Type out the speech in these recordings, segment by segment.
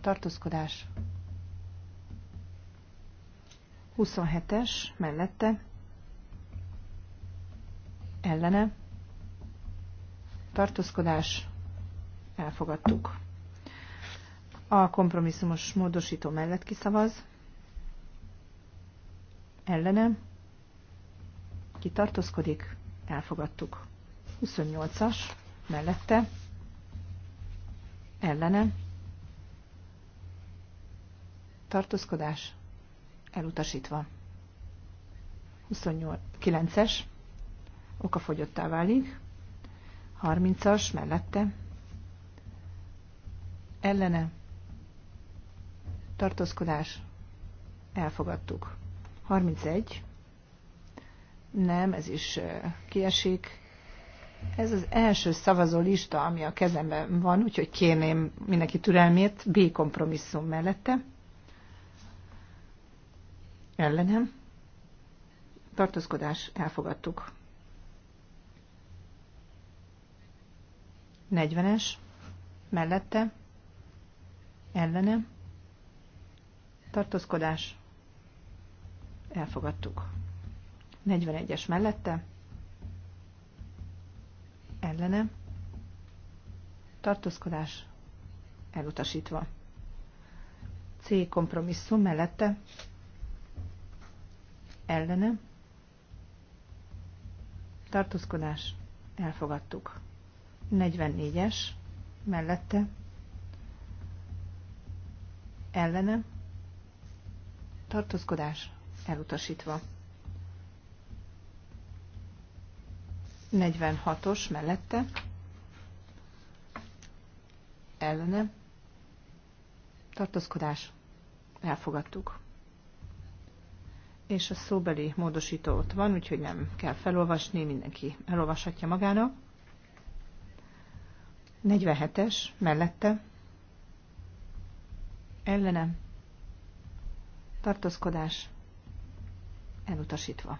tartózkodás. 27-es mellette, ellene, tartózkodás, elfogadtuk. A kompromisszumos módosító mellett kiszavaz, ellene, kitartózkodik, elfogadtuk. 28-as mellette, ellene, tartózkodás elutasítva. 29-es okafogyottá válik, 30-as mellette, ellene, tartózkodás, elfogadtuk. 31, nem, ez is kiesik. Ez az első szavazó lista, ami a kezemben van, úgyhogy kérném mindenki türelmét, B kompromisszum mellette, ellenem, tartózkodás elfogadtuk. 40-es, mellette, ellene, tartózkodás, elfogadtuk. 41-es mellette, ellene, tartózkodás, elutasítva. C kompromisszum mellette, ellene, tartózkodás, elfogadtuk. 44-es, mellette, ellene, tartózkodás, elutasítva. 46-os mellette, ellene, tartózkodás, elfogadtuk és a szóbeli módosító ott van, úgyhogy nem kell felolvasni, mindenki elolvashatja magának. 47-es mellette. Ellenem. Tartózkodás. Elutasítva.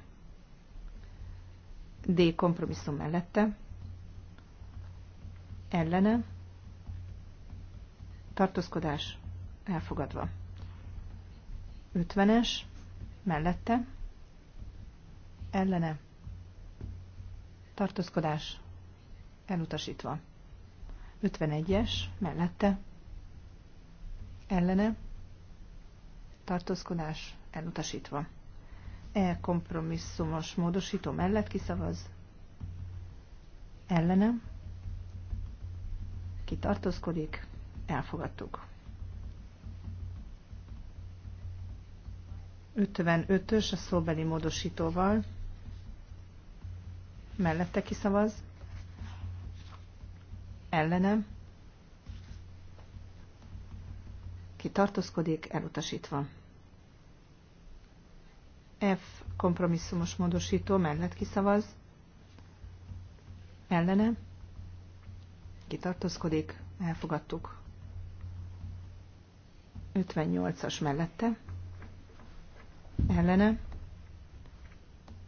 D. Kompromisszum mellette. Ellene. Tartózkodás. Elfogadva. 50-es mellette, ellene, tartózkodás, elutasítva. 51-es, mellette, ellene, tartózkodás, elutasítva. E kompromisszumos módosító mellett kiszavaz, ellene, kitartózkodik, elfogadtuk. 55-ös a szóbeli módosítóval. Mellette kiszavaz. Ellenem. Ki tartózkodik, elutasítva. F kompromisszumos módosító mellett kiszavaz. Ellene. Ki tartózkodik, elfogadtuk. 58-as mellette ellene,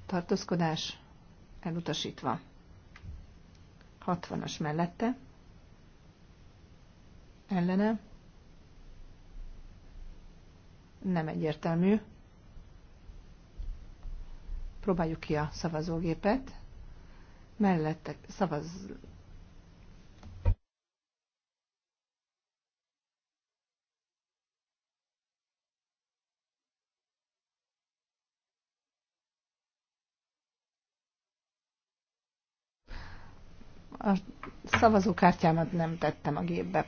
tartózkodás elutasítva. 60-as mellette, ellene, nem egyértelmű. Próbáljuk ki a szavazógépet. Mellette szavaz, A szavazókártyámat nem tettem a gépbe.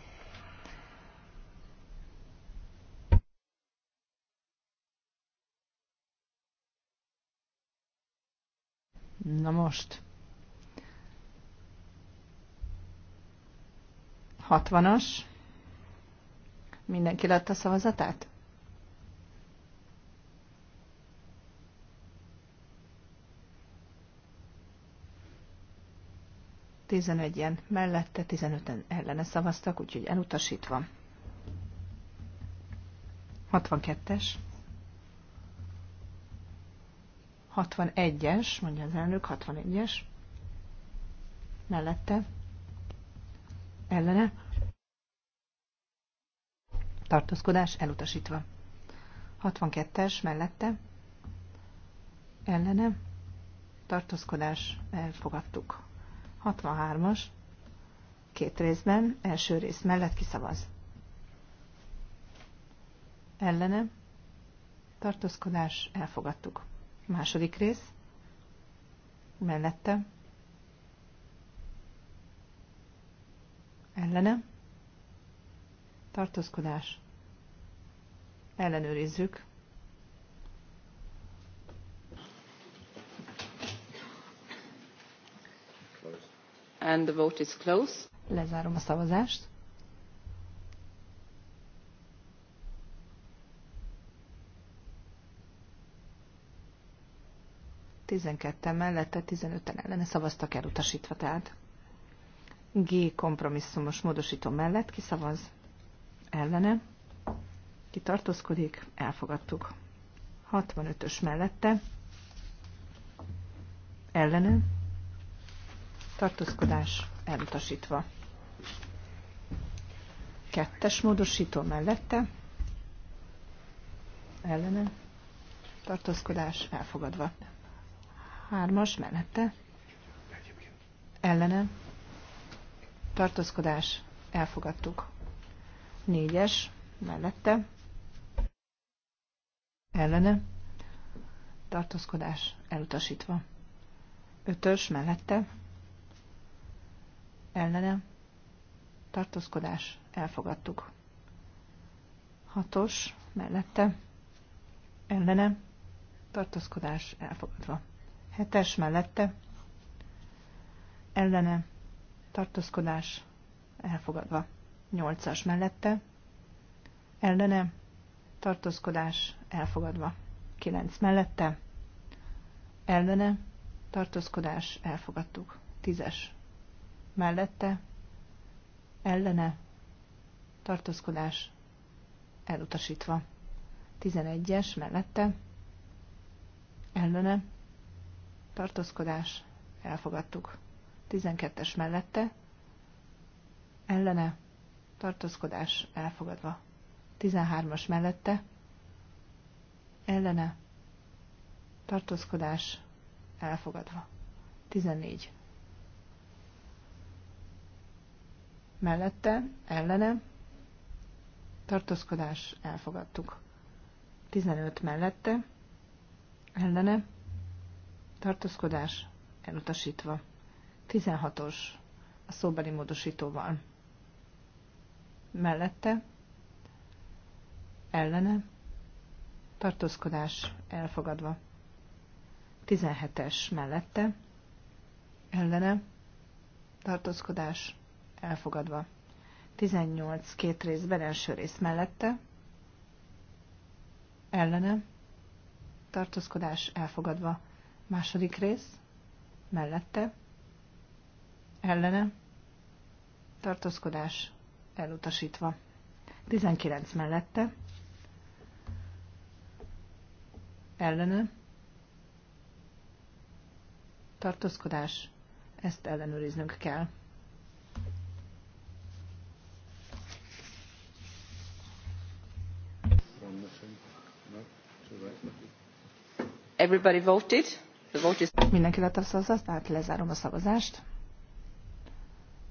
Na most. 60-as. Mindenki látta a szavazatát? 11-en mellette, 15-en ellene szavaztak, úgyhogy elutasítva. 62-es. 61-es, mondja az elnök, 61-es. Mellette. Ellene. Tartózkodás elutasítva. 62-es mellette. Ellene. Tartózkodás elfogadtuk. 63-as, két részben, első rész mellett kiszavaz. Ellene, tartózkodás, elfogadtuk. Második rész, mellette, ellene, tartózkodás, ellenőrizzük, And the vote is closed. Lezárom a szavazást. Tizenketten mellette, tizenöten ellene szavaztak utasítva, tehát G kompromisszumos módosító mellett kiszavaz, ellene, kitartózkodik, elfogadtuk. 65-ös mellette, ellene, tartózkodás elutasítva. Kettes módosító mellette, ellene, tartózkodás elfogadva. Hármas mellette, ellene, tartózkodás elfogadtuk. Négyes mellette, ellene, tartózkodás elutasítva. Ötös mellette, ellene, tartózkodás, elfogadtuk. Hatos, mellette, ellene, tartózkodás, elfogadva. Hetes, mellette, ellene, tartózkodás, elfogadva. Nyolcas, mellette, ellene, tartózkodás, elfogadva. Kilenc, mellette, ellene, tartózkodás, elfogadtuk. Tízes, mellette, ellene, tartózkodás, elutasítva. 11-es mellette, ellene, tartózkodás, elfogadtuk. 12-es mellette, ellene, tartózkodás, elfogadva. 13-as mellette, ellene, tartózkodás, elfogadva. 14 mellette, ellene, tartózkodás, elfogadtuk. 15 mellette, ellene, tartózkodás, elutasítva. 16-os, a szóbeli módosítóval. Mellette, ellene, tartózkodás, elfogadva. 17-es mellette, ellene, tartózkodás, elfogadva. 18 két részben első rész mellette, ellene, tartózkodás elfogadva. Második rész, mellette, ellene, tartózkodás elutasítva. 19 mellette, ellene, tartózkodás, ezt ellenőriznünk kell. Szóval. Everybody voted. The vote is... Mindenki lett a szavazat, tehát lezárom a szavazást.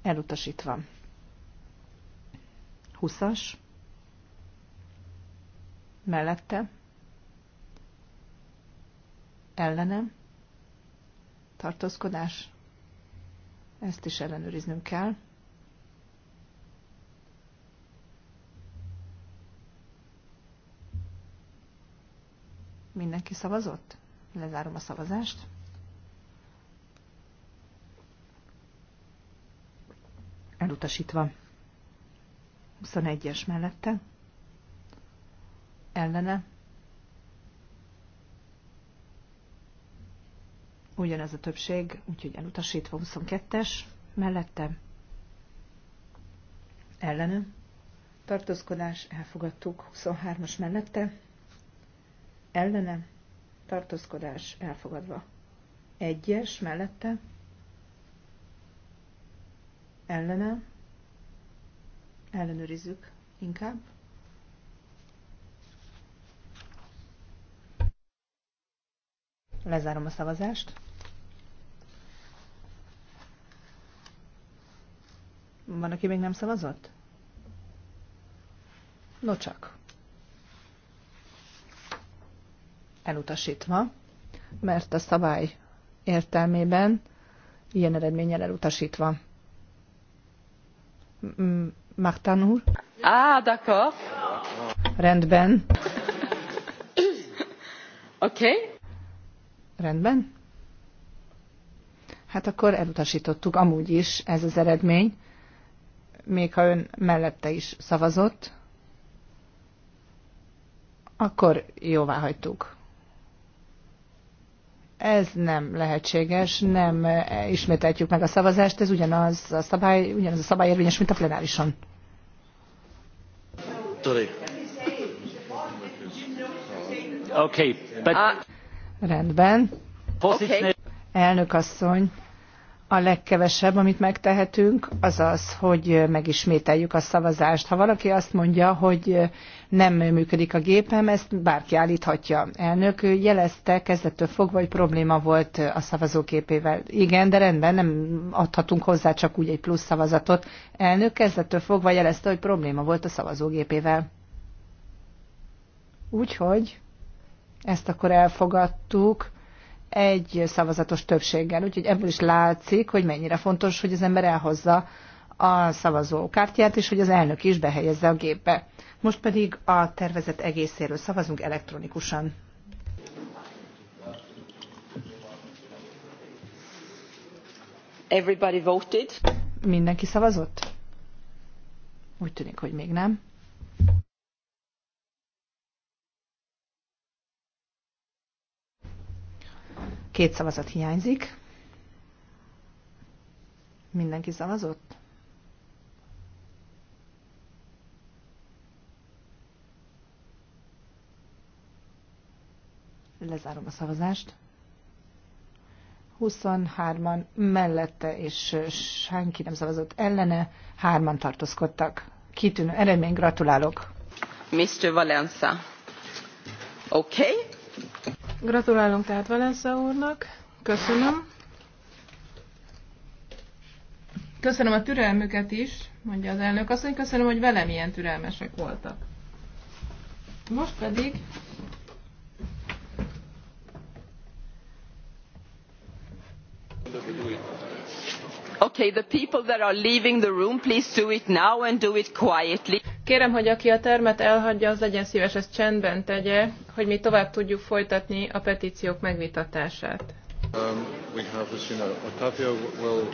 Elutasítva. 20-as. Mellette. Ellenem. Tartózkodás. Ezt is ellenőriznünk kell. Mindenki szavazott? Lezárom a szavazást. Elutasítva. 21-es mellette. Ellene. Ugyanez a többség, úgyhogy elutasítva 22-es mellette. Ellene. Tartózkodás elfogadtuk 23-as mellette ellene, tartózkodás elfogadva. Egyes mellette, ellene, ellenőrizzük inkább. Lezárom a szavazást. Van, aki még nem szavazott? No csak. elutasítva, mert a szabály értelmében ilyen eredménnyel elutasítva. Magtan úr? Á, ah, d'accord. Rendben. Oké. Okay. Rendben. Hát akkor elutasítottuk amúgy is ez az eredmény, még ha ön mellette is szavazott, akkor jóvá hagytuk ez nem lehetséges, nem eh, ismételjük meg a szavazást, ez ugyanaz a szabály, ugyanaz a szabály érvényes, mint a plenárison. Okay, but... Ah. Rendben. Okay. Elnök asszony a legkevesebb, amit megtehetünk, az az, hogy megismételjük a szavazást. Ha valaki azt mondja, hogy nem működik a gépem, ezt bárki állíthatja. Elnök jelezte kezdettől fogva, hogy probléma volt a szavazóképével. Igen, de rendben, nem adhatunk hozzá csak úgy egy plusz szavazatot. Elnök kezdettől fogva jelezte, hogy probléma volt a szavazógépével. Úgyhogy ezt akkor elfogadtuk egy szavazatos többséggel. Úgyhogy ebből is látszik, hogy mennyire fontos, hogy az ember elhozza a szavazókártyát, és hogy az elnök is behelyezze a gépbe. Most pedig a tervezet egészéről szavazunk elektronikusan. Everybody voted. Mindenki szavazott? Úgy tűnik, hogy még nem. Két szavazat hiányzik. Mindenki szavazott? Lezárom a szavazást. 23-an mellette, és senki nem szavazott ellene, hárman tartózkodtak. Kitűnő eredmény, gratulálok. Mr. Valenza. Oké. Okay. Gratulálunk tehát Valensza úrnak. Köszönöm. Köszönöm a türelmüket is, mondja az elnök asszony. Köszönöm, hogy velem ilyen türelmesek voltak. Most pedig Okay, the people that are leaving the room, please do it now and do it quietly. Kérem, hogy aki a termet elhagyja, az legyen szíves, ezt csendben tegye, hogy mi tovább tudjuk folytatni a petíciók megvitatását. Um, we have, as you know, will...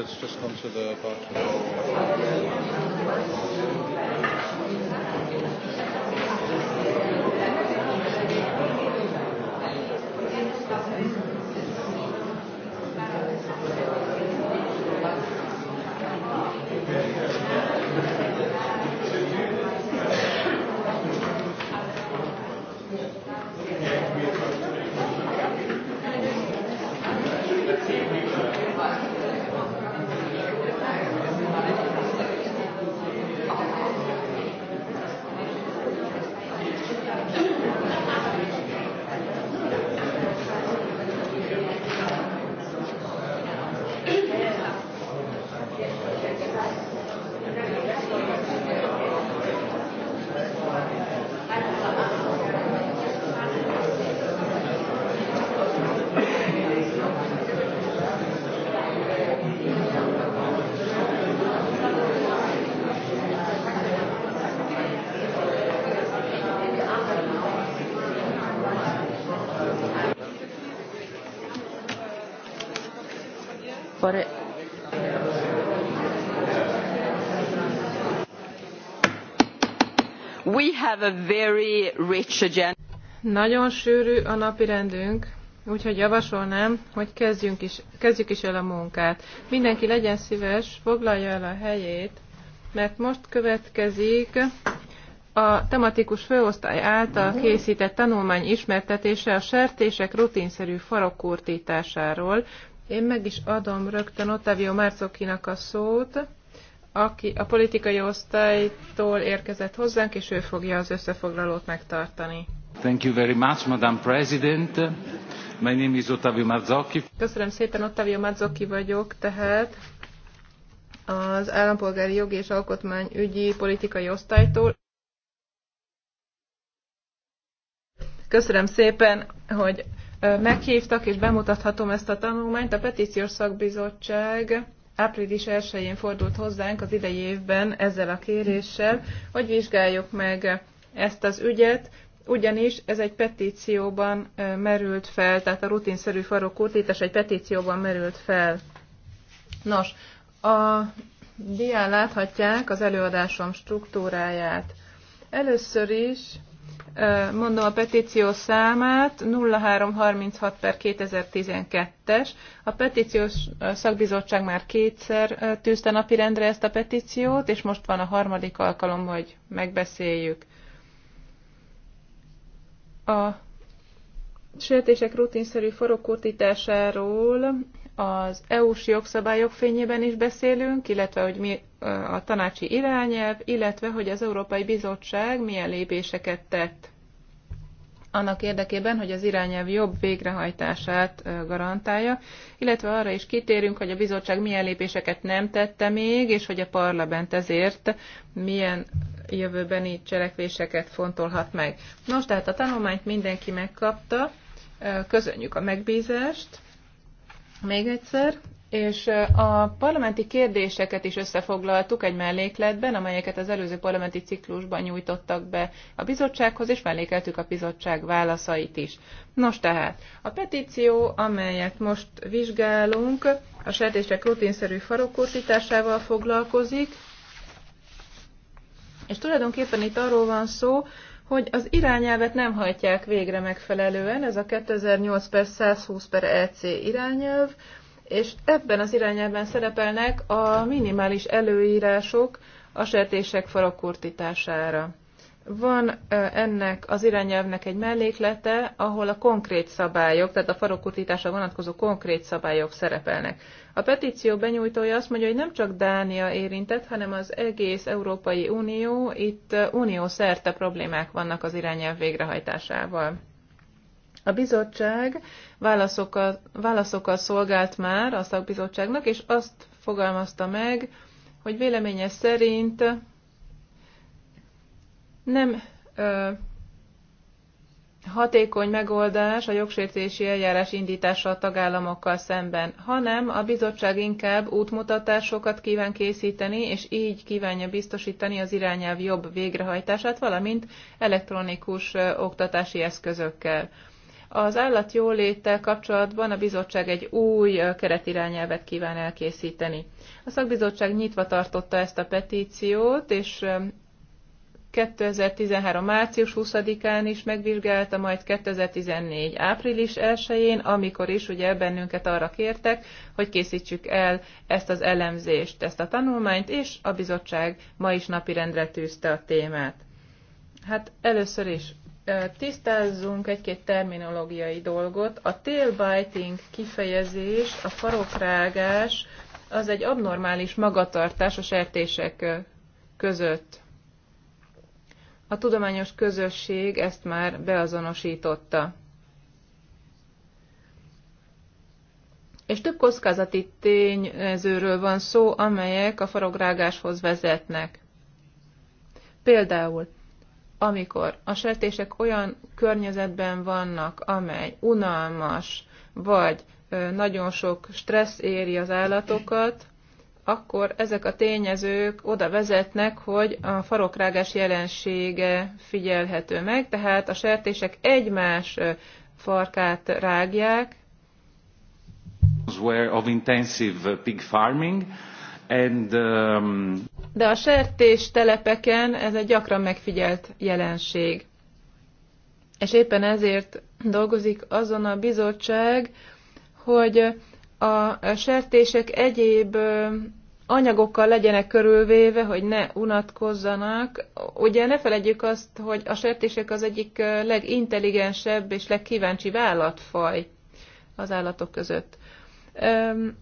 afterwards just come to the bathroom. have a very rich agenda. Nagyon sűrű a napi rendünk, úgyhogy javasolnám, hogy kezdjünk is, kezdjük is el a munkát. Mindenki legyen szíves, foglalja el a helyét, mert most következik a tematikus főosztály által készített tanulmány ismertetése a sertések rutinszerű farokkurtításáról. Én meg is adom rögtön Otávio Márcokinak a szót aki a politikai osztálytól érkezett hozzánk, és ő fogja az összefoglalót megtartani. Thank you very much, Madam President. My name is Ottavio Mazzocchi. Köszönöm szépen, Ottavio Mazzocchi vagyok, tehát az állampolgári jogi és alkotmányügyi politikai osztálytól. Köszönöm szépen, hogy meghívtak és bemutathatom ezt a tanulmányt. A petíciós szakbizottság április 1-én fordult hozzánk az idei évben ezzel a kéréssel, hogy vizsgáljuk meg ezt az ügyet, ugyanis ez egy petícióban merült fel, tehát a rutinszerű farokkurtítás egy petícióban merült fel. Nos, a dián láthatják az előadásom struktúráját. Először is mondom a petíció számát, 0336 per 2012-es. A petíciós szakbizottság már kétszer tűzte napirendre ezt a petíciót, és most van a harmadik alkalom, hogy megbeszéljük. A sértések rutinszerű forogkurtításáról az EU-s jogszabályok fényében is beszélünk, illetve hogy mi a tanácsi irányelv, illetve hogy az Európai Bizottság milyen lépéseket tett annak érdekében, hogy az irányelv jobb végrehajtását garantálja, illetve arra is kitérünk, hogy a bizottság milyen lépéseket nem tette még, és hogy a parlament ezért milyen jövőbeni cselekvéseket fontolhat meg. Nos, tehát a tanulmányt mindenki megkapta, köszönjük a megbízást még egyszer, és a parlamenti kérdéseket is összefoglaltuk egy mellékletben, amelyeket az előző parlamenti ciklusban nyújtottak be a bizottsághoz, és mellékeltük a bizottság válaszait is. Nos tehát, a petíció, amelyet most vizsgálunk, a sertések rutinszerű farokkurtításával foglalkozik, és tulajdonképpen itt arról van szó, hogy az irányelvet nem hajtják végre megfelelően, ez a 2008 per 120 per EC irányelv, és ebben az irányában szerepelnek a minimális előírások a sertések farakurtítására. Van ennek az irányelvnek egy melléklete, ahol a konkrét szabályok, tehát a farokurtításra vonatkozó konkrét szabályok szerepelnek. A petíció benyújtója azt mondja, hogy nem csak Dánia érintett, hanem az egész Európai Unió, itt unió szerte problémák vannak az irányelv végrehajtásával. A bizottság válaszokkal, válaszokkal szolgált már a szakbizottságnak, és azt fogalmazta meg, hogy véleménye szerint nem ö, hatékony megoldás a jogsértési eljárás indítása a tagállamokkal szemben, hanem a bizottság inkább útmutatásokat kíván készíteni, és így kívánja biztosítani az irányelv jobb végrehajtását, valamint elektronikus oktatási eszközökkel. Az állatjóléttel kapcsolatban a bizottság egy új keretirányelvet kíván elkészíteni. A szakbizottság nyitva tartotta ezt a petíciót, és 2013. március 20-án is megvizsgálta, majd 2014. április 1-én, amikor is ugye bennünket arra kértek, hogy készítsük el ezt az elemzést, ezt a tanulmányt, és a bizottság ma is napirendre tűzte a témát. Hát először is tisztázzunk egy-két terminológiai dolgot. A tailbiting kifejezés, a farokrágás, az egy abnormális magatartás a sertések között. A tudományos közösség ezt már beazonosította. És több kockázati tényezőről van szó, amelyek a farokrágáshoz vezetnek. Például amikor a sertések olyan környezetben vannak, amely unalmas, vagy nagyon sok stressz éri az állatokat, akkor ezek a tényezők oda vezetnek, hogy a farokrágás jelensége figyelhető meg, tehát a sertések egymás farkát rágják. Were of intensive pig farming and um... De a sertés telepeken ez egy gyakran megfigyelt jelenség. És éppen ezért dolgozik azon a bizottság, hogy a sertések egyéb anyagokkal legyenek körülvéve, hogy ne unatkozzanak. Ugye ne felejtjük azt, hogy a sertések az egyik legintelligensebb és legkíváncsi állatfaj az állatok között.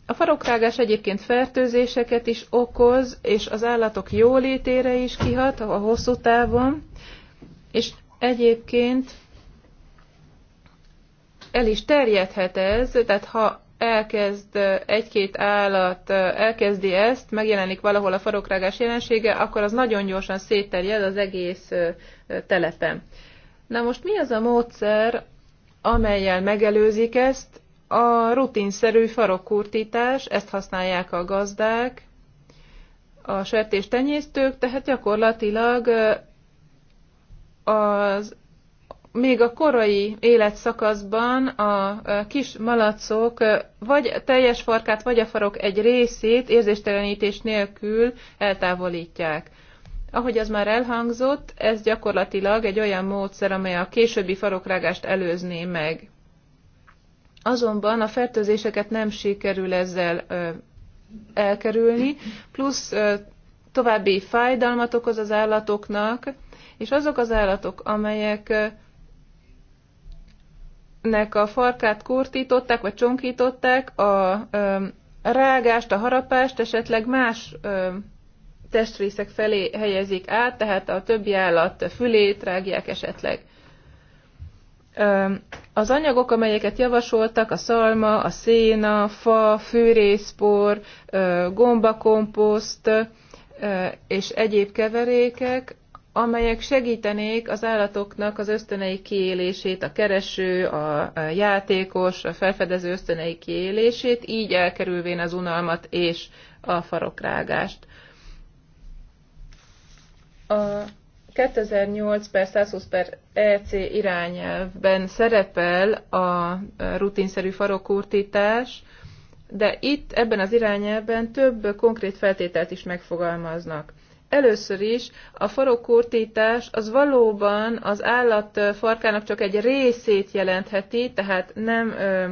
A farokrágás egyébként fertőzéseket is okoz, és az állatok jólétére is kihat a hosszú távon, és egyébként el is terjedhet ez, tehát ha elkezd egy-két állat, elkezdi ezt, megjelenik valahol a farokrágás jelensége, akkor az nagyon gyorsan szétterjed az egész telepen. Na most mi az a módszer, amelyel megelőzik ezt, a rutinszerű farokkurtítás, ezt használják a gazdák, a sertés tenyésztők, tehát gyakorlatilag az még a korai életszakaszban a kis malacok vagy teljes farkát, vagy a farok egy részét érzéstelenítés nélkül eltávolítják. Ahogy az már elhangzott, ez gyakorlatilag egy olyan módszer, amely a későbbi farokrágást előzné meg. Azonban a fertőzéseket nem sikerül ezzel elkerülni, plusz további fájdalmat okoz az állatoknak, és azok az állatok, amelyek nek a farkát kurtították, vagy csonkították, a ö, rágást, a harapást esetleg más ö, testrészek felé helyezik át, tehát a többi állat fülét rágják esetleg. Az anyagok, amelyeket javasoltak, a szalma, a széna, fa, fűrészpor, gombakomposzt és egyéb keverékek, amelyek segítenék az állatoknak az ösztönei kiélését, a kereső, a játékos, a felfedező ösztönei kiélését, így elkerülvén az unalmat és a farokrágást. A 2008 per 120 per EC irányelvben szerepel a e, rutinszerű farokúrtítás, de itt ebben az irányelvben több konkrét feltételt is megfogalmaznak. Először is a farokkurtítás az valóban az állat farkának csak egy részét jelentheti, tehát nem e,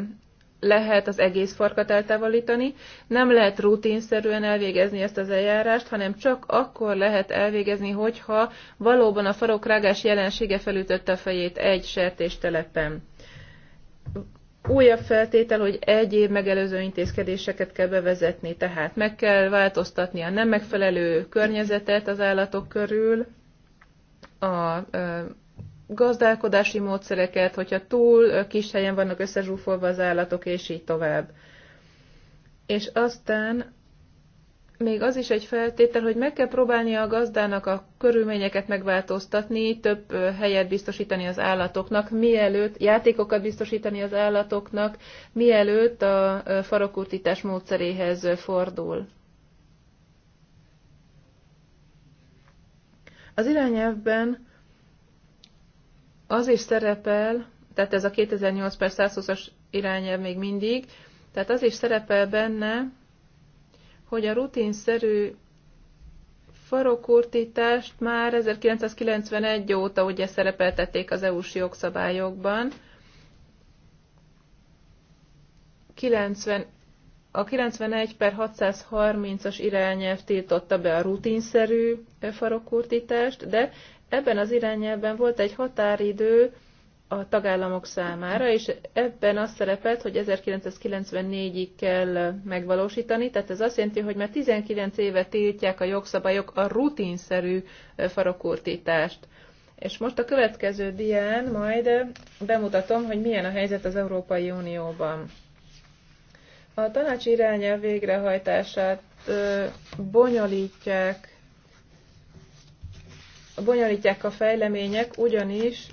lehet az egész farkat eltávolítani, nem lehet rutinszerűen elvégezni ezt az eljárást, hanem csak akkor lehet elvégezni, hogyha valóban a farokrágás jelensége felütötte a fejét egy sertéstelepen. Újabb feltétel, hogy egy év megelőző intézkedéseket kell bevezetni, tehát meg kell változtatni a nem megfelelő környezetet az állatok körül, a gazdálkodási módszereket, hogyha túl kis helyen vannak összezsúfolva az állatok, és így tovább. És aztán még az is egy feltétel, hogy meg kell próbálnia a gazdának a körülményeket megváltoztatni, több helyet biztosítani az állatoknak, mielőtt játékokat biztosítani az állatoknak, mielőtt a farokurtítás módszeréhez fordul. Az irányelvben az is szerepel, tehát ez a 2008 per 120-as irányel még mindig, tehát az is szerepel benne, hogy a rutinszerű farokurtítást már 1991 óta ugye szerepeltették az EU-s jogszabályokban. 90, a 91 per 630-as irányelv tiltotta be a rutinszerű farokurtítást, de ebben az irányelben volt egy határidő a tagállamok számára, és ebben az szerepelt, hogy 1994-ig kell megvalósítani, tehát ez azt jelenti, hogy már 19 éve tiltják a jogszabályok a rutinszerű farokurtítást. És most a következő dián majd bemutatom, hogy milyen a helyzet az Európai Unióban. A tanács irányel végrehajtását bonyolítják bonyolítják a fejlemények, ugyanis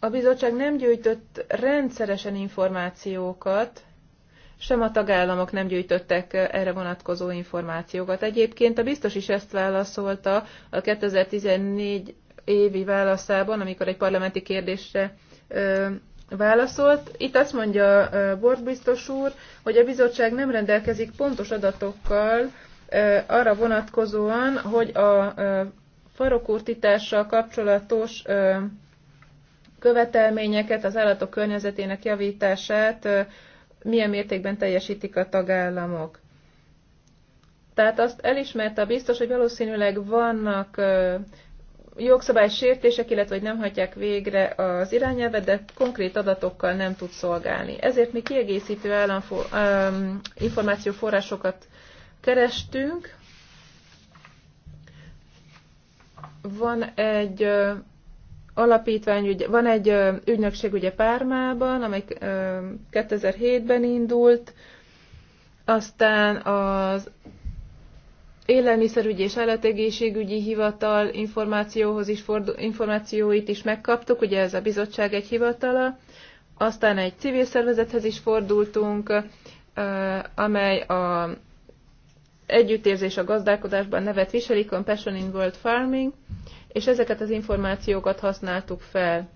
a bizottság nem gyűjtött rendszeresen információkat, sem a tagállamok nem gyűjtöttek erre vonatkozó információkat. Egyébként a biztos is ezt válaszolta a 2014 évi válaszában, amikor egy parlamenti kérdésre ö, válaszolt. Itt azt mondja Bort biztos úr, hogy a bizottság nem rendelkezik pontos adatokkal arra vonatkozóan, hogy a farokurtítással kapcsolatos követelményeket, az állatok környezetének javítását milyen mértékben teljesítik a tagállamok. Tehát azt elismerte a biztos, hogy valószínűleg vannak sértések, illetve hogy nem hagyják végre az irányelvet, de konkrét adatokkal nem tud szolgálni. Ezért mi kiegészítő államfo- információforrásokat kerestünk. Van egy alapítvány, ügy, van egy ügynökség ugye Pármában, amely 2007-ben indult, aztán az élelmiszerügyi és állategészségügyi hivatal információhoz is fordul, információit is megkaptuk, ugye ez a bizottság egy hivatala, aztán egy civil szervezethez is fordultunk, amely a együttérzés a gazdálkodásban nevet viselik Compassion in World Farming, és ezeket az információkat használtuk fel.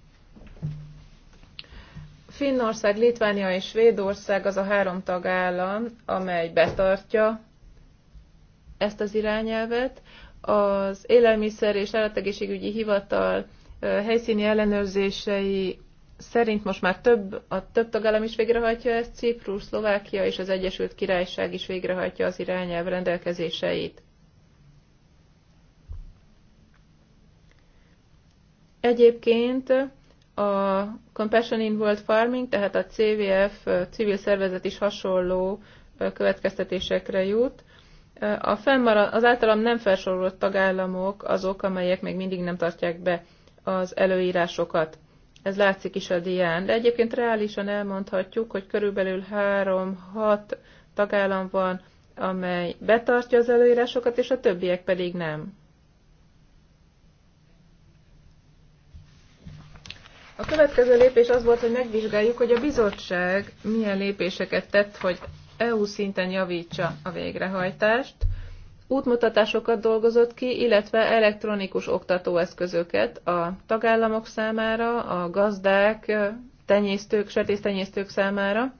Finnország, Litvánia és Svédország az a három tagállam, amely betartja ezt az irányelvet. Az élelmiszer és állategészségügyi hivatal helyszíni ellenőrzései szerint most már több, a több tagállam is végrehajtja ezt, Ciprus, Szlovákia és az Egyesült Királyság is végrehajtja az irányelv rendelkezéseit. Egyébként a Compassion in World Farming, tehát a CVF civil szervezet is hasonló következtetésekre jut. A fennmarad, az általam nem felsorolt tagállamok azok, amelyek még mindig nem tartják be az előírásokat. Ez látszik is a dián, de egyébként reálisan elmondhatjuk, hogy körülbelül 3-6 tagállam van, amely betartja az előírásokat, és a többiek pedig nem. A következő lépés az volt, hogy megvizsgáljuk, hogy a bizottság milyen lépéseket tett, hogy EU szinten javítsa a végrehajtást, útmutatásokat dolgozott ki, illetve elektronikus oktatóeszközöket a tagállamok számára, a gazdák, tenyésztők, sertésztenyésztők számára,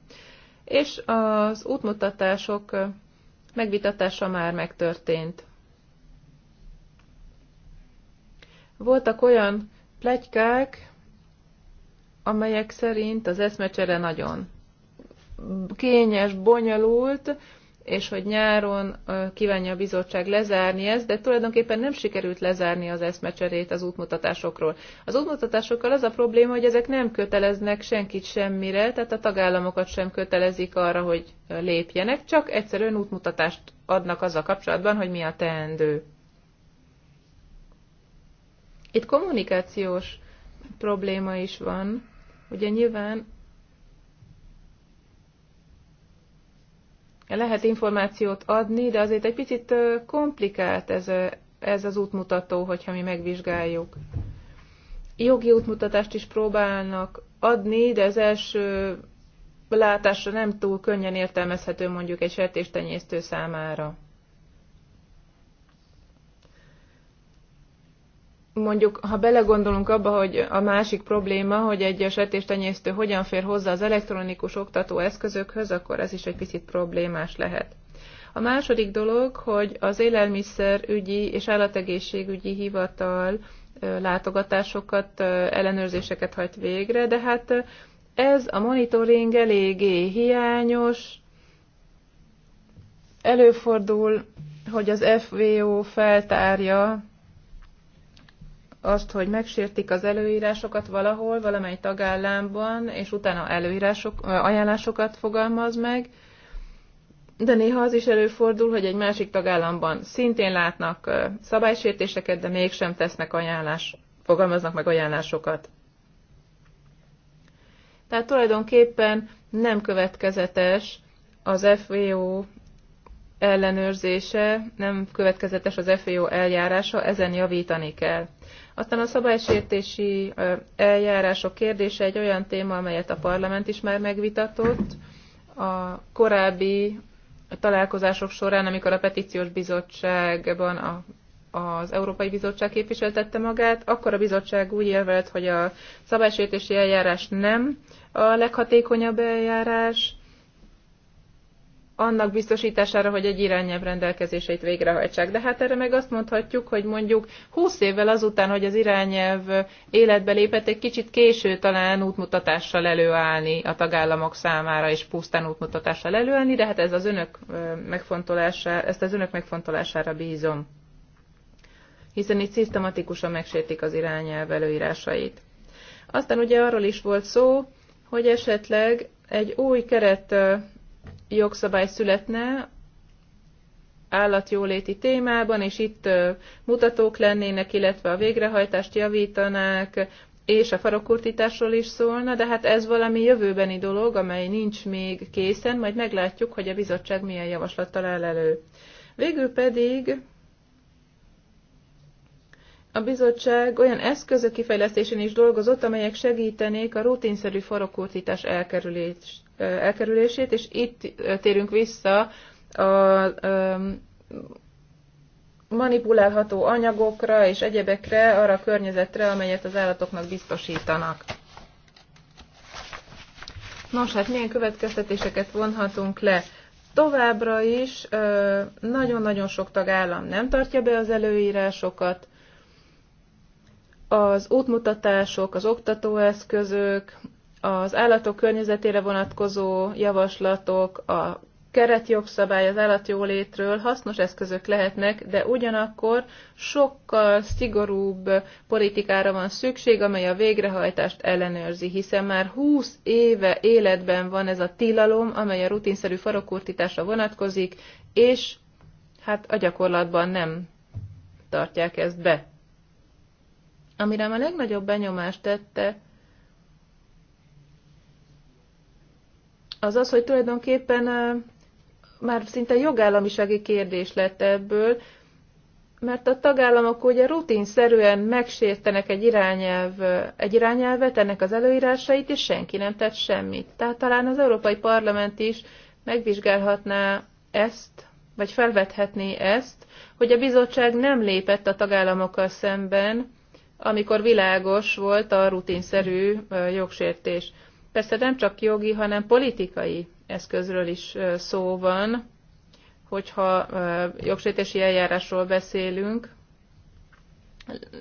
és az útmutatások megvitatása már megtörtént. Voltak olyan plegykák, amelyek szerint az eszmecsere nagyon kényes, bonyolult, és hogy nyáron kívánja a bizottság lezárni ezt, de tulajdonképpen nem sikerült lezárni az eszmecserét az útmutatásokról. Az útmutatásokkal az a probléma, hogy ezek nem köteleznek senkit semmire, tehát a tagállamokat sem kötelezik arra, hogy lépjenek, csak egyszerűen útmutatást adnak az a kapcsolatban, hogy mi a teendő. Itt kommunikációs probléma is van. Ugye nyilván lehet információt adni, de azért egy picit komplikált ez, ez az útmutató, hogyha mi megvizsgáljuk. Jogi útmutatást is próbálnak adni, de az első látásra nem túl könnyen értelmezhető mondjuk egy sertéstenyésztő számára. mondjuk, ha belegondolunk abba, hogy a másik probléma, hogy egy sertéstenyésztő hogyan fér hozzá az elektronikus oktató eszközökhöz, akkor ez is egy picit problémás lehet. A második dolog, hogy az élelmiszerügyi és állategészségügyi hivatal látogatásokat, ellenőrzéseket hajt végre, de hát ez a monitoring eléggé hiányos, előfordul, hogy az FVO feltárja azt, hogy megsértik az előírásokat valahol, valamely tagállamban, és utána előírások, ajánlásokat fogalmaz meg, de néha az is előfordul, hogy egy másik tagállamban szintén látnak szabálysértéseket, de mégsem tesznek ajánlás, fogalmaznak meg ajánlásokat. Tehát tulajdonképpen nem következetes az FVO ellenőrzése nem következetes az FAO eljárása, ezen javítani kell. Aztán a szabálysértési eljárások kérdése egy olyan téma, amelyet a parlament is már megvitatott. A korábbi találkozások során, amikor a petíciós bizottságban a az Európai Bizottság képviseltette magát, akkor a bizottság úgy érvelt, hogy a szabálysértési eljárás nem a leghatékonyabb eljárás, annak biztosítására, hogy egy irányelv rendelkezéseit végrehajtsák. De hát erre meg azt mondhatjuk, hogy mondjuk 20 évvel azután, hogy az irányelv életbe lépett, egy kicsit késő talán útmutatással előállni a tagállamok számára, és pusztán útmutatással előállni, de hát ez az önök megfontolására, ezt az önök megfontolására bízom. Hiszen itt szisztematikusan megsértik az irányelv előírásait. Aztán ugye arról is volt szó, hogy esetleg egy új keret jogszabály születne állatjóléti témában, és itt mutatók lennének, illetve a végrehajtást javítanák, és a farokurtításról is szólna, de hát ez valami jövőbeni dolog, amely nincs még készen, majd meglátjuk, hogy a bizottság milyen javaslattal áll elő. Végül pedig a bizottság olyan eszközök kifejlesztésén is dolgozott, amelyek segítenék a rutinszerű farokurtítás elkerülést elkerülését, és itt térünk vissza a manipulálható anyagokra és egyebekre, arra a környezetre, amelyet az állatoknak biztosítanak. Nos, hát milyen következtetéseket vonhatunk le? Továbbra is nagyon-nagyon sok tagállam nem tartja be az előírásokat, az útmutatások, az oktatóeszközök, az állatok környezetére vonatkozó javaslatok, a keretjogszabály az állatjólétről hasznos eszközök lehetnek, de ugyanakkor sokkal szigorúbb politikára van szükség, amely a végrehajtást ellenőrzi, hiszen már 20 éve életben van ez a tilalom, amely a rutinszerű farokurtításra vonatkozik, és hát a gyakorlatban nem tartják ezt be. Amire a legnagyobb benyomást tette, az az, hogy tulajdonképpen már szinte jogállamisági kérdés lett ebből, mert a tagállamok ugye rutinszerűen megsértenek egy, irányelv, egy irányelvet, ennek az előírásait, és senki nem tett semmit. Tehát talán az Európai Parlament is megvizsgálhatná ezt, vagy felvethetné ezt, hogy a bizottság nem lépett a tagállamokkal szemben, amikor világos volt a rutinszerű jogsértés persze nem csak jogi, hanem politikai eszközről is szó van, hogyha jogsértési eljárásról beszélünk,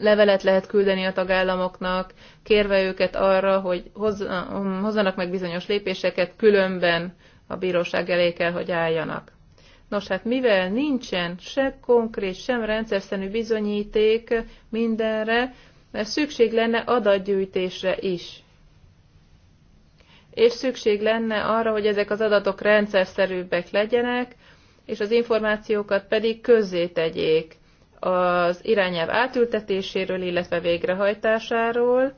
levelet lehet küldeni a tagállamoknak, kérve őket arra, hogy um, hozzanak meg bizonyos lépéseket, különben a bíróság elé kell, hogy álljanak. Nos, hát mivel nincsen se konkrét, sem rendszerszerű bizonyíték mindenre, mert szükség lenne adatgyűjtésre is és szükség lenne arra, hogy ezek az adatok rendszerszerűbbek legyenek, és az információkat pedig közzé tegyék az irányelv átültetéséről, illetve végrehajtásáról,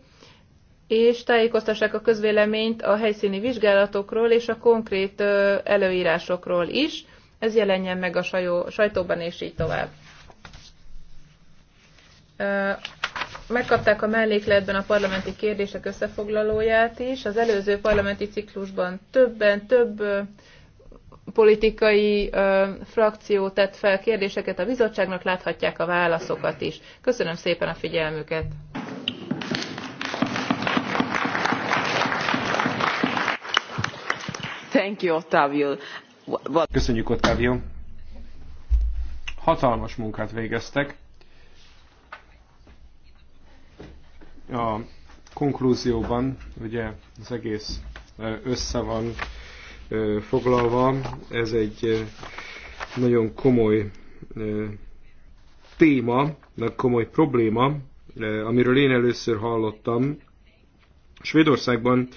és tájékoztassák a közvéleményt a helyszíni vizsgálatokról és a konkrét előírásokról is. Ez jelenjen meg a sajó, sajtóban, és így tovább megkapták a mellékletben a parlamenti kérdések összefoglalóját is. Az előző parlamenti ciklusban többen, több politikai ö, frakció tett fel kérdéseket a bizottságnak, láthatják a válaszokat is. Köszönöm szépen a figyelmüket! Thank you, Ottavio. Köszönjük, Ottavio. Hatalmas munkát végeztek. a konklúzióban ugye az egész össze van foglalva. Ez egy nagyon komoly téma, nagyon komoly probléma, amiről én először hallottam. Svédországban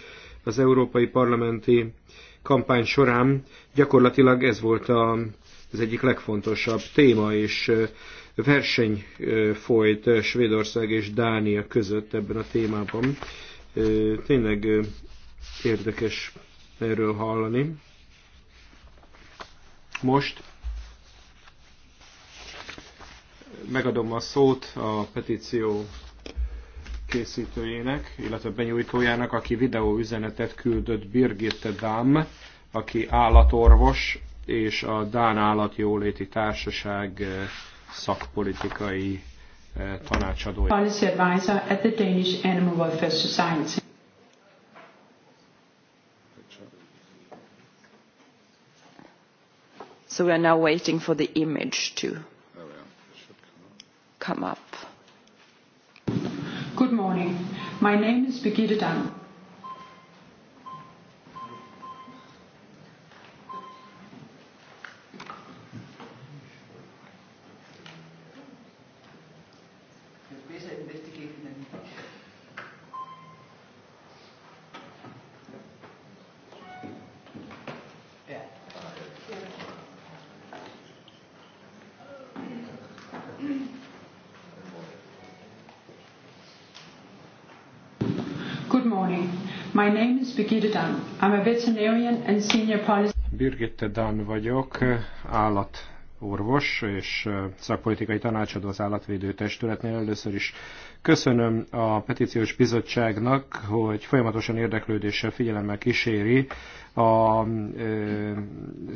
az európai parlamenti kampány során gyakorlatilag ez volt a, az egyik legfontosabb téma, és verseny folyt Svédország és Dánia között ebben a témában. Tényleg érdekes erről hallani. Most megadom a szót a petíció készítőjének, illetve benyújtójának, aki videó üzenetet küldött Birgitte Dám, aki állatorvos, és a Dán Állatjóléti Társaság szakpolitikai eh, tanácsadója. Policy advisor at the Danish Animal Welfare Society. So we are now waiting for the image to come up. Good morning. My name is Birgitte Dam. My name is Birgitte Dan. I'm a veterinarian and senior policy... Birgitte Dan vagyok, állatorvos és szakpolitikai tanácsadó az állatvédő testületnél. Először is köszönöm a petíciós bizottságnak, hogy folyamatosan érdeklődéssel figyelemmel kíséri a, az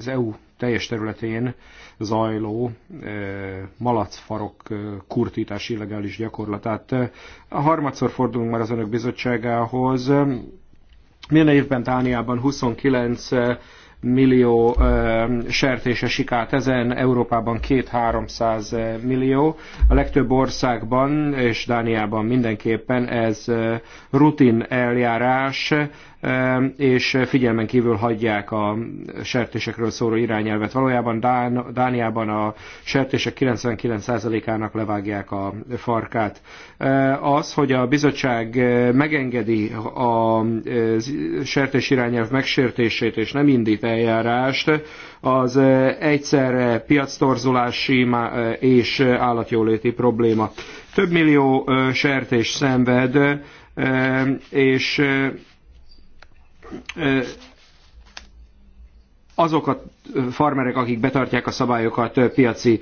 EU teljes területén zajló malacfarok kurtítás illegális gyakorlatát. A harmadszor fordulunk már az önök bizottságához, milyen évben Dániában 29 millió sertése sikált ezen, Európában 2-300 millió. A legtöbb országban és Dániában mindenképpen ez rutin eljárás, és figyelmen kívül hagyják a sertésekről szóló irányelvet. Valójában Dán, Dániában a sertések 99%-ának levágják a farkát. Az, hogy a bizottság megengedi a sertés irányelv megsértését és nem indít eljárást, az egyszerre piactorzulási és állatjóléti probléma. Több millió sertés szenved, és azok a farmerek, akik betartják a szabályokat, piaci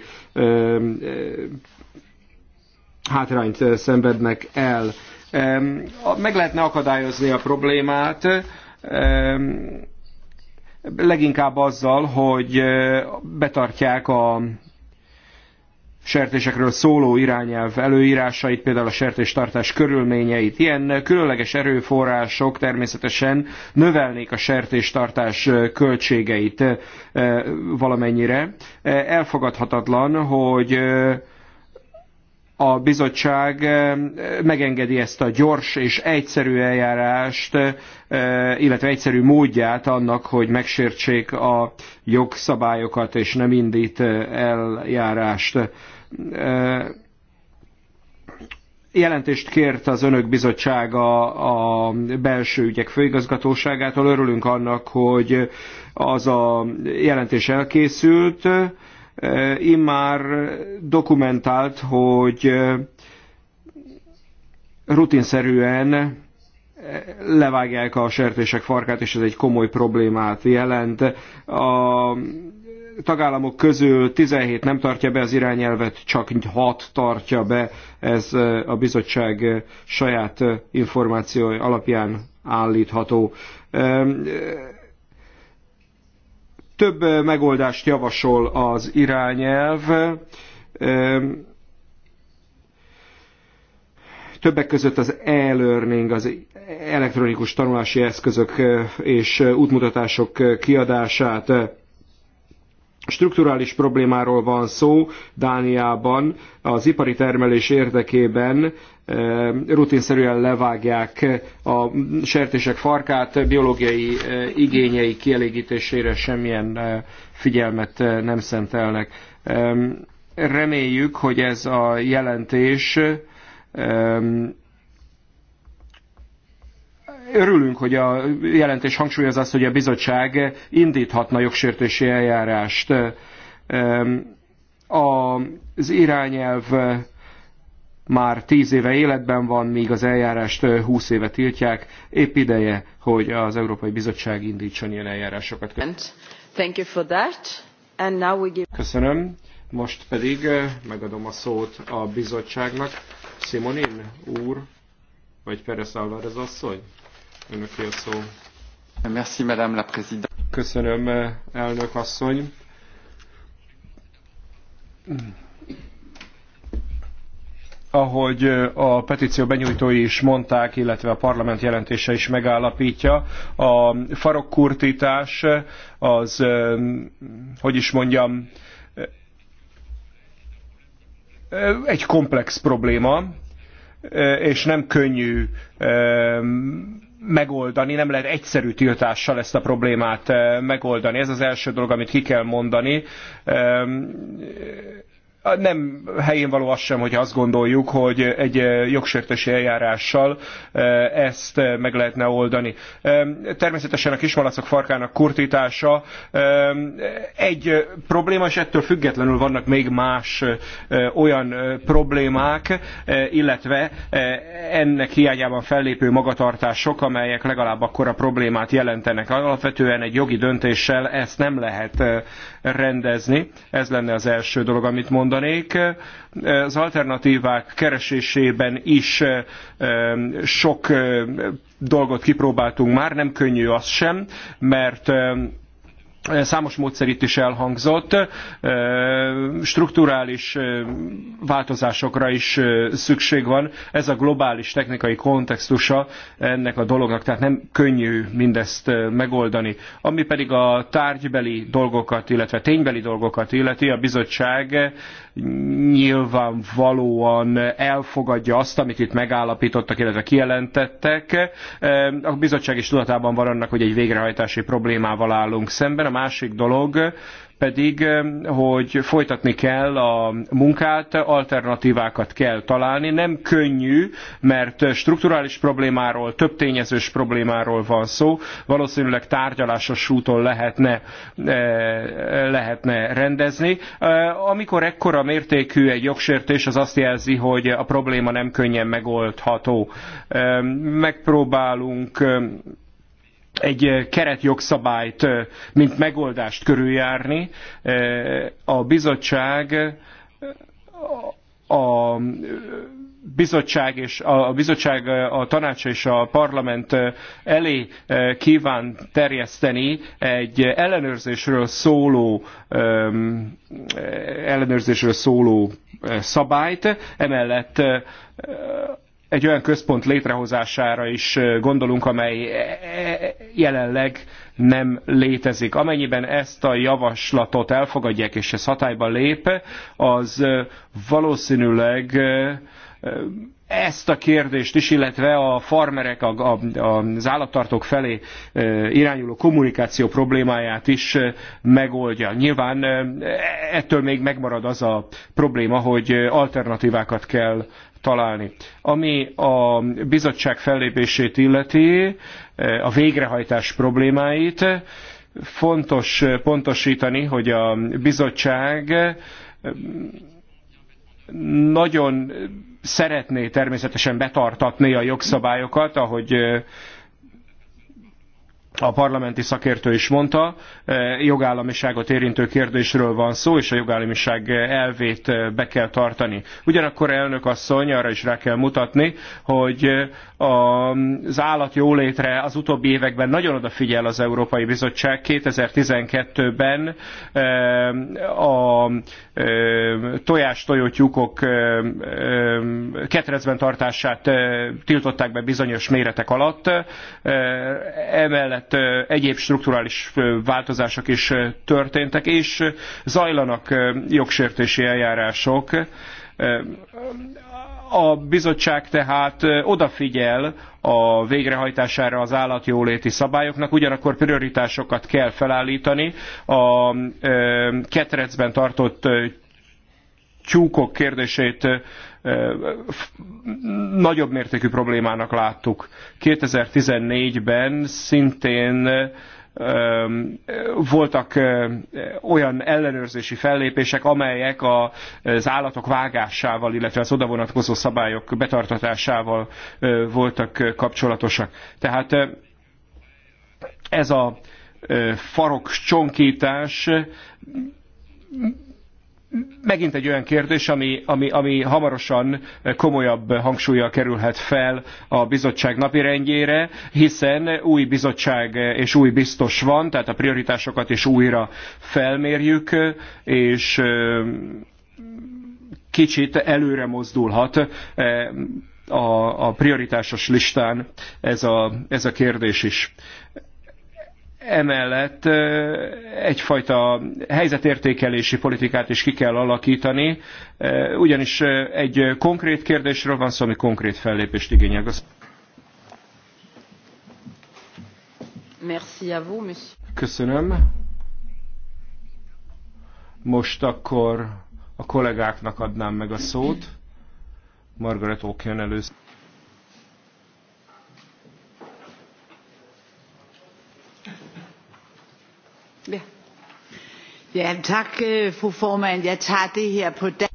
hátrányt szenvednek el. Meg lehetne akadályozni a problémát, leginkább azzal, hogy betartják a sertésekről szóló irányelv előírásait, például a sertéstartás körülményeit. Ilyen különleges erőforrások természetesen növelnék a sertéstartás költségeit valamennyire. Elfogadhatatlan, hogy a bizottság megengedi ezt a gyors és egyszerű eljárást, illetve egyszerű módját annak, hogy megsértsék a jogszabályokat, és nem indít eljárást jelentést kért az önök bizottsága a belső ügyek főigazgatóságától. Örülünk annak, hogy az a jelentés elkészült. Immár dokumentált, hogy rutinszerűen levágják a sertések farkát, és ez egy komoly problémát jelent. A tagállamok közül 17 nem tartja be az irányelvet, csak 6 tartja be, ez a bizottság saját információi alapján állítható. Több megoldást javasol az irányelv, többek között az e-learning, az elektronikus tanulási eszközök és útmutatások kiadását Strukturális problémáról van szó Dániában, az ipari termelés érdekében eh, rutinszerűen levágják a sertések farkát, biológiai eh, igényei kielégítésére semmilyen eh, figyelmet nem szentelnek. Reméljük, hogy ez a jelentés örülünk, hogy a jelentés hangsúlyozza azt, hogy a bizottság indíthatna jogsértési eljárást. Az irányelv már tíz éve életben van, míg az eljárást húsz éve tiltják. Épp ideje, hogy az Európai Bizottság indítson ilyen eljárásokat. Thank you for that. And now we give... Köszönöm. Most pedig eh, megadom a szót a bizottságnak. Simonin úr, vagy Perez Alvarez asszony? Önöké a szó. Merci, Madame la Présidente. Köszönöm, elnök asszony. ahogy a petíció benyújtói is mondták, illetve a parlament jelentése is megállapítja, a farokkurtítás az, hogy is mondjam, egy komplex probléma, és nem könnyű megoldani, nem lehet egyszerű tiltással ezt a problémát eh, megoldani. Ez az első dolog, amit ki kell mondani nem helyén való az sem, hogy azt gondoljuk, hogy egy jogsértési eljárással ezt meg lehetne oldani. Természetesen a kismalacok farkának kurtítása egy probléma, és ettől függetlenül vannak még más olyan problémák, illetve ennek hiányában fellépő magatartások, amelyek legalább akkora problémát jelentenek. Alapvetően egy jogi döntéssel ezt nem lehet rendezni. Ez lenne az első dolog, amit mondanék. Az alternatívák keresésében is sok dolgot kipróbáltunk már, nem könnyű az sem, mert számos módszer itt is elhangzott, strukturális változásokra is szükség van. Ez a globális technikai kontextusa ennek a dolognak, tehát nem könnyű mindezt megoldani. Ami pedig a tárgybeli dolgokat, illetve ténybeli dolgokat illeti, a bizottság nyilvánvalóan elfogadja azt, amit itt megállapítottak, illetve kijelentettek. A bizottság is tudatában van annak, hogy egy végrehajtási problémával állunk szemben. A másik dolog, pedig, hogy folytatni kell a munkát, alternatívákat kell találni. Nem könnyű, mert strukturális problémáról, több tényezős problémáról van szó. Valószínűleg tárgyalásos úton lehetne, lehetne rendezni. Amikor ekkora mértékű egy jogsértés, az azt jelzi, hogy a probléma nem könnyen megoldható. Megpróbálunk egy keretjogszabályt, mint megoldást körüljárni. A bizottság a bizottság és a, bizottság, a tanács és a parlament elé kíván terjeszteni egy ellenőrzésről szóló ellenőrzésről szóló szabályt, emellett egy olyan központ létrehozására is gondolunk, amely e, e, jelenleg nem létezik. Amennyiben ezt a javaslatot elfogadják, és ez hatályba lép, az valószínűleg ezt a kérdést is, illetve a farmerek, a, a, az állattartók felé irányuló kommunikáció problémáját is megoldja. Nyilván ettől még megmarad az a probléma, hogy alternatívákat kell találni. Ami a bizottság fellépését illeti, a végrehajtás problémáit, fontos pontosítani, hogy a bizottság nagyon szeretné természetesen betartatni a jogszabályokat, ahogy a parlamenti szakértő is mondta, e, jogállamiságot érintő kérdésről van szó, és a jogállamiság elvét e, be kell tartani. Ugyanakkor elnök asszony, arra is rá kell mutatni, hogy e, az állat jólétre az utóbbi években nagyon odafigyel az Európai Bizottság. 2012-ben a tojás-tojótyúkok ketrecben tartását tiltották be bizonyos méretek alatt. Emellett mellett egyéb strukturális változások is történtek, és zajlanak jogsértési eljárások. A bizottság tehát odafigyel a végrehajtására az állatjóléti szabályoknak, ugyanakkor prioritásokat kell felállítani. A ketrecben tartott tyúkok kérdését nagyobb mértékű problémának láttuk. 2014-ben szintén voltak olyan ellenőrzési fellépések, amelyek az állatok vágásával, illetve az oda vonatkozó szabályok betartatásával voltak kapcsolatosak. Tehát ez a farok csonkítás megint egy olyan kérdés, ami, ami, ami hamarosan komolyabb hangsúlyjal kerülhet fel a bizottság napirendjére, hiszen új bizottság és új biztos van, tehát a prioritásokat is újra felmérjük, és kicsit előre mozdulhat a, a prioritásos listán ez a, ez a kérdés is emellett egyfajta helyzetértékelési politikát is ki kell alakítani, ugyanis egy konkrét kérdésről van szó, ami konkrét fellépést igényel. Köszönöm. Most akkor a kollégáknak adnám meg a szót. Margaret Oken először.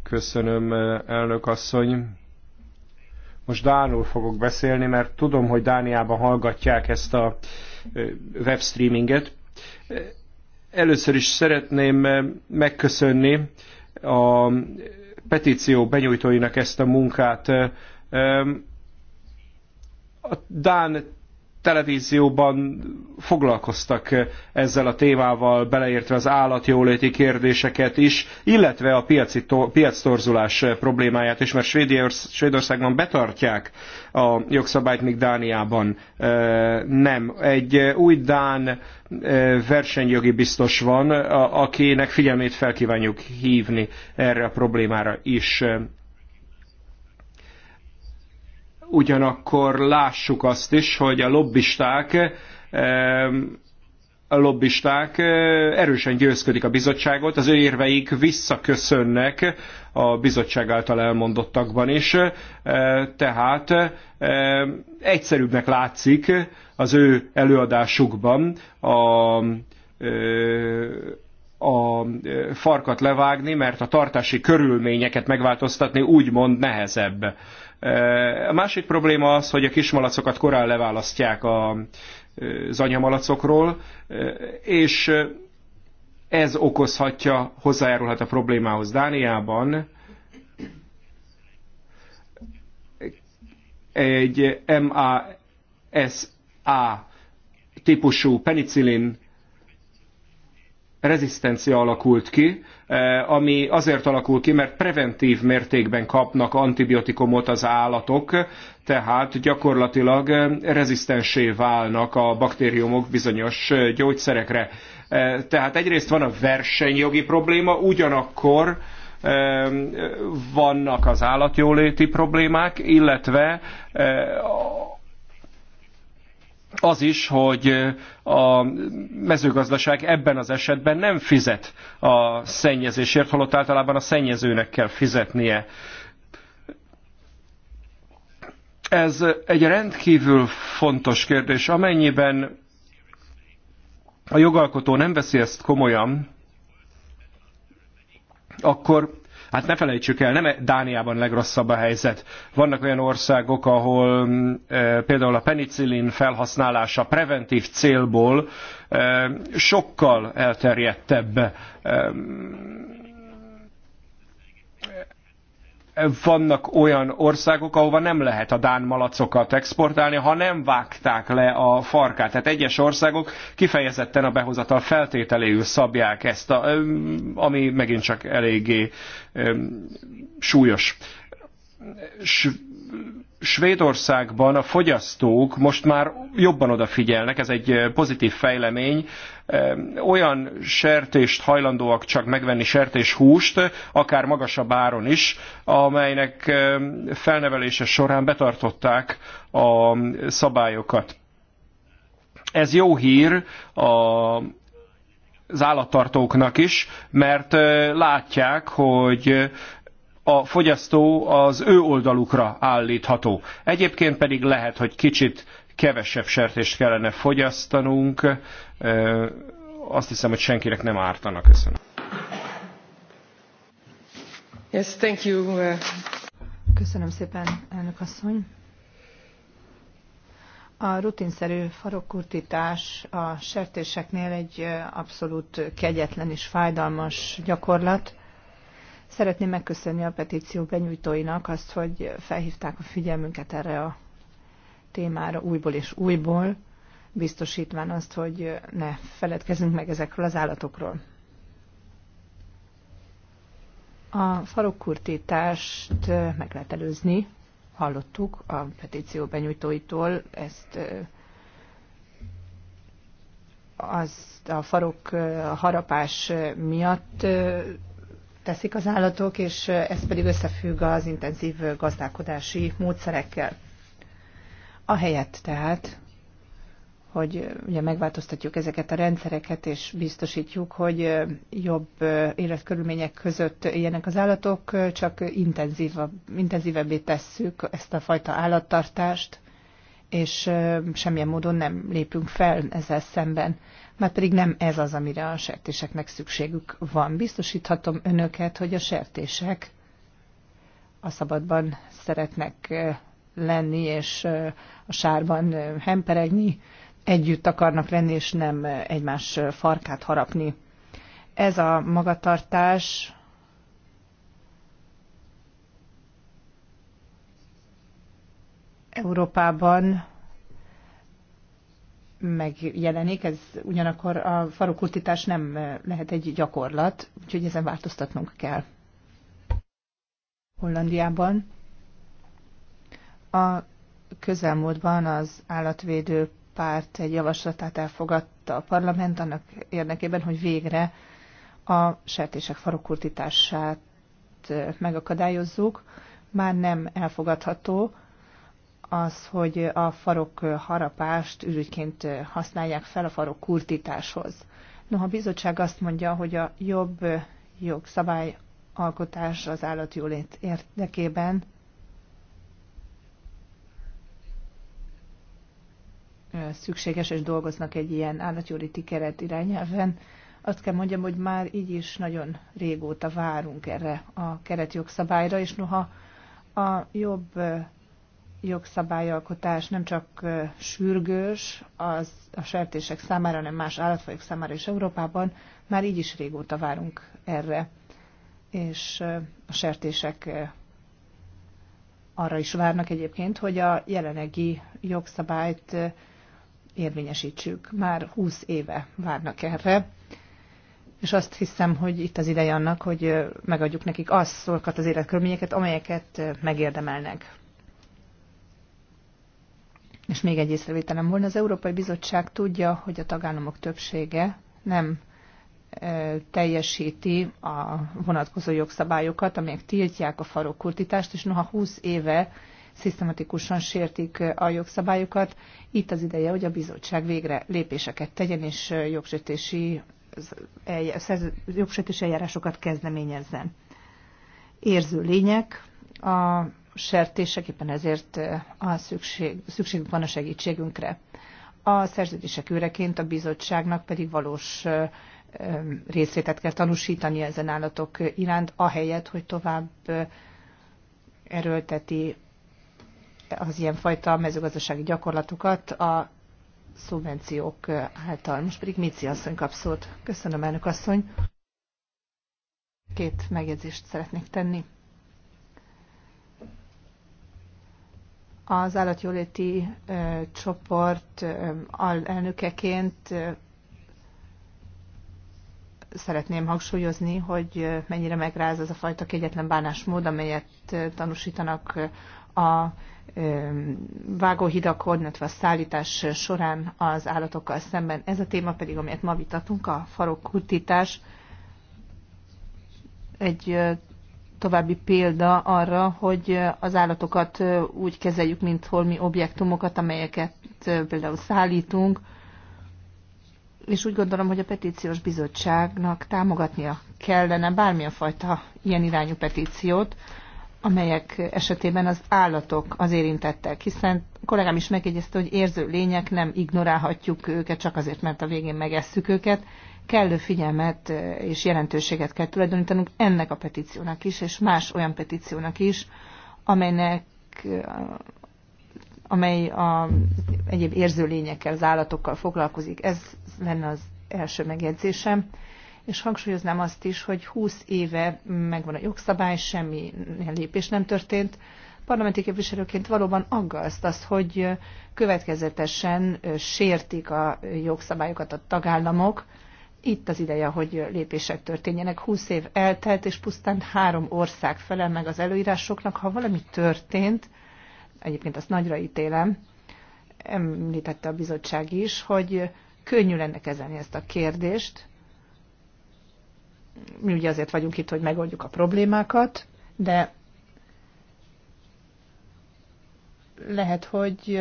Köszönöm, elnök asszony. Most Dánul fogok beszélni, mert tudom, hogy Dániában hallgatják ezt a webstreaminget. Először is szeretném megköszönni a petíció benyújtóinak ezt a munkát. A Dán televízióban foglalkoztak ezzel a témával, beleértve az állatjóléti kérdéseket is, illetve a piaci to, piactorzulás problémáját is, mert Svédországban betartják a jogszabályt, míg Dániában nem. Egy új Dán versenyjogi biztos van, akinek figyelmét felkívánjuk hívni erre a problémára is ugyanakkor lássuk azt is, hogy a lobbisták a lobbisták erősen győzködik a bizottságot, az ő érveik visszaköszönnek a bizottság által elmondottakban is, tehát egyszerűbbnek látszik az ő előadásukban a, a farkat levágni, mert a tartási körülményeket megváltoztatni úgymond nehezebb. Eh, a másik probléma az, hogy a kismalacokat korán leválasztják a, eh, az anyamalacokról, eh, és ez okozhatja, hozzájárulhat a problémához Dániában. Egy MASA típusú penicillin rezisztencia alakult ki, eh, ami azért alakul ki, mert preventív mértékben kapnak antibiotikumot az állatok, tehát gyakorlatilag eh, rezisztensé válnak a baktériumok bizonyos eh, gyógyszerekre. Tehát egyrészt van a versenyjogi probléma, ugyanakkor vannak az állatjóléti problémák, illetve az is, hogy a mezőgazdaság ebben az esetben nem fizet a szennyezésért, holott általában a szennyezőnek kell fizetnie. Ez egy rendkívül fontos kérdés. Amennyiben a jogalkotó nem veszi ezt komolyan, akkor Hát ne felejtsük el, nem e- Dániában legrosszabb a helyzet. Vannak olyan országok, ahol mm, e, például a penicillin felhasználása preventív célból e, sokkal elterjedtebb. E, vannak olyan országok, ahova nem lehet a dán malacokat exportálni, ha nem vágták le a farkát. Tehát egyes országok kifejezetten a behozatal feltételéül szabják ezt, a, ami megint csak eléggé súlyos. Svédországban a fogyasztók most már jobban odafigyelnek, ez egy pozitív fejlemény, olyan sertést hajlandóak csak megvenni húst, akár magasabb áron is, amelynek felnevelése során betartották a szabályokat. Ez jó hír a az állattartóknak is, mert látják, hogy a fogyasztó az ő oldalukra állítható. Egyébként pedig lehet, hogy kicsit kevesebb sertést kellene fogyasztanunk. Azt hiszem, hogy senkinek nem ártana. Köszönöm. Yes, thank you. Uh, Köszönöm szépen, elnök asszony. A rutinszerű farokkurtítás a sertéseknél egy abszolút kegyetlen és fájdalmas gyakorlat. Szeretném megköszönni a petíció benyújtóinak azt, hogy felhívták a figyelmünket erre a témára újból és újból, biztosítván azt, hogy ne feledkezzünk meg ezekről az állatokról. A farokkurtítást meg lehet előzni, hallottuk a petíció benyújtóitól, ezt az a farok harapás miatt teszik az állatok, és ez pedig összefügg az intenzív gazdálkodási módszerekkel. A helyet tehát, hogy ugye megváltoztatjuk ezeket a rendszereket, és biztosítjuk, hogy jobb életkörülmények között éljenek az állatok, csak intenzívabb, intenzívebbé tesszük ezt a fajta állattartást, és semmilyen módon nem lépünk fel ezzel szemben. Mert pedig nem ez az, amire a sertéseknek szükségük van. Biztosíthatom önöket, hogy a sertések a szabadban szeretnek lenni, és a sárban hemperegni, együtt akarnak lenni, és nem egymás farkát harapni. Ez a magatartás Európában megjelenik, ez ugyanakkor a farokultítás nem lehet egy gyakorlat, úgyhogy ezen változtatnunk kell. Hollandiában a közelmúltban az állatvédő párt egy javaslatát elfogadta a parlament annak érdekében, hogy végre a sertések farokultítását megakadályozzuk. Már nem elfogadható, az, hogy a farok harapást ürügyként használják fel a farok kurtításhoz. Noha a bizottság azt mondja, hogy a jobb jogszabályalkotás alkotás az állatjólét érdekében szükséges, és dolgoznak egy ilyen állatjóléti keret irányelven. Azt kell mondjam, hogy már így is nagyon régóta várunk erre a keretjogszabályra, és noha a jobb jogszabályalkotás nem csak sürgős az a sertések számára, hanem más állatfajok számára is Európában. Már így is régóta várunk erre, és a sertések arra is várnak egyébként, hogy a jelenlegi jogszabályt érvényesítsük. Már 20 éve várnak erre, és azt hiszem, hogy itt az ideje annak, hogy megadjuk nekik azokat az életkörülményeket, amelyeket megérdemelnek. És még egy észrevételem volna, az Európai Bizottság tudja, hogy a tagállamok többsége nem teljesíti a vonatkozó jogszabályokat, amelyek tiltják a farokkurtítást, és noha 20 éve szisztematikusan sértik a jogszabályokat. Itt az ideje, hogy a bizottság végre lépéseket tegyen, és jogsértési, jogsértési eljárásokat kezdeményezzen. Érző lények, a sertések, éppen ezért a szükség, szükségük van a segítségünkre. A szerződések őreként a bizottságnak pedig valós részvétet kell tanúsítani ezen állatok iránt, ahelyett, hogy tovább erőlteti az ilyenfajta mezőgazdasági gyakorlatokat a szubvenciók által. Most pedig Mici asszony kap szót. Köszönöm, elnök asszony. Két megjegyzést szeretnék tenni. az állatjóléti csoport alelnökeként szeretném hangsúlyozni, hogy mennyire megráz az a fajta kegyetlen bánásmód, amelyet tanúsítanak a vágóhidakon, illetve a szállítás során az állatokkal szemben. Ez a téma pedig, amelyet ma vitatunk, a farokkultítás. egy további példa arra, hogy az állatokat úgy kezeljük, mint holmi objektumokat, amelyeket például szállítunk, és úgy gondolom, hogy a petíciós bizottságnak támogatnia kellene bármilyen fajta ilyen irányú petíciót, amelyek esetében az állatok az érintettek, hiszen a kollégám is megjegyezte, hogy érző lények, nem ignorálhatjuk őket csak azért, mert a végén megesszük őket, kellő figyelmet és jelentőséget kell tulajdonítanunk ennek a petíciónak is, és más olyan petíciónak is, amelynek amely a egyéb érző lényekkel, az állatokkal foglalkozik. Ez lenne az első megjegyzésem. És hangsúlyoznám azt is, hogy 20 éve megvan a jogszabály, semmi lépés nem történt. Parlamenti képviselőként valóban aggaszt az, hogy következetesen sértik a jogszabályokat a tagállamok, itt az ideje, hogy lépések történjenek. 20 év eltelt, és pusztán három ország felel meg az előírásoknak. Ha valami történt, egyébként azt nagyra ítélem, említette a bizottság is, hogy könnyű lenne kezelni ezt a kérdést. Mi ugye azért vagyunk itt, hogy megoldjuk a problémákat, de lehet, hogy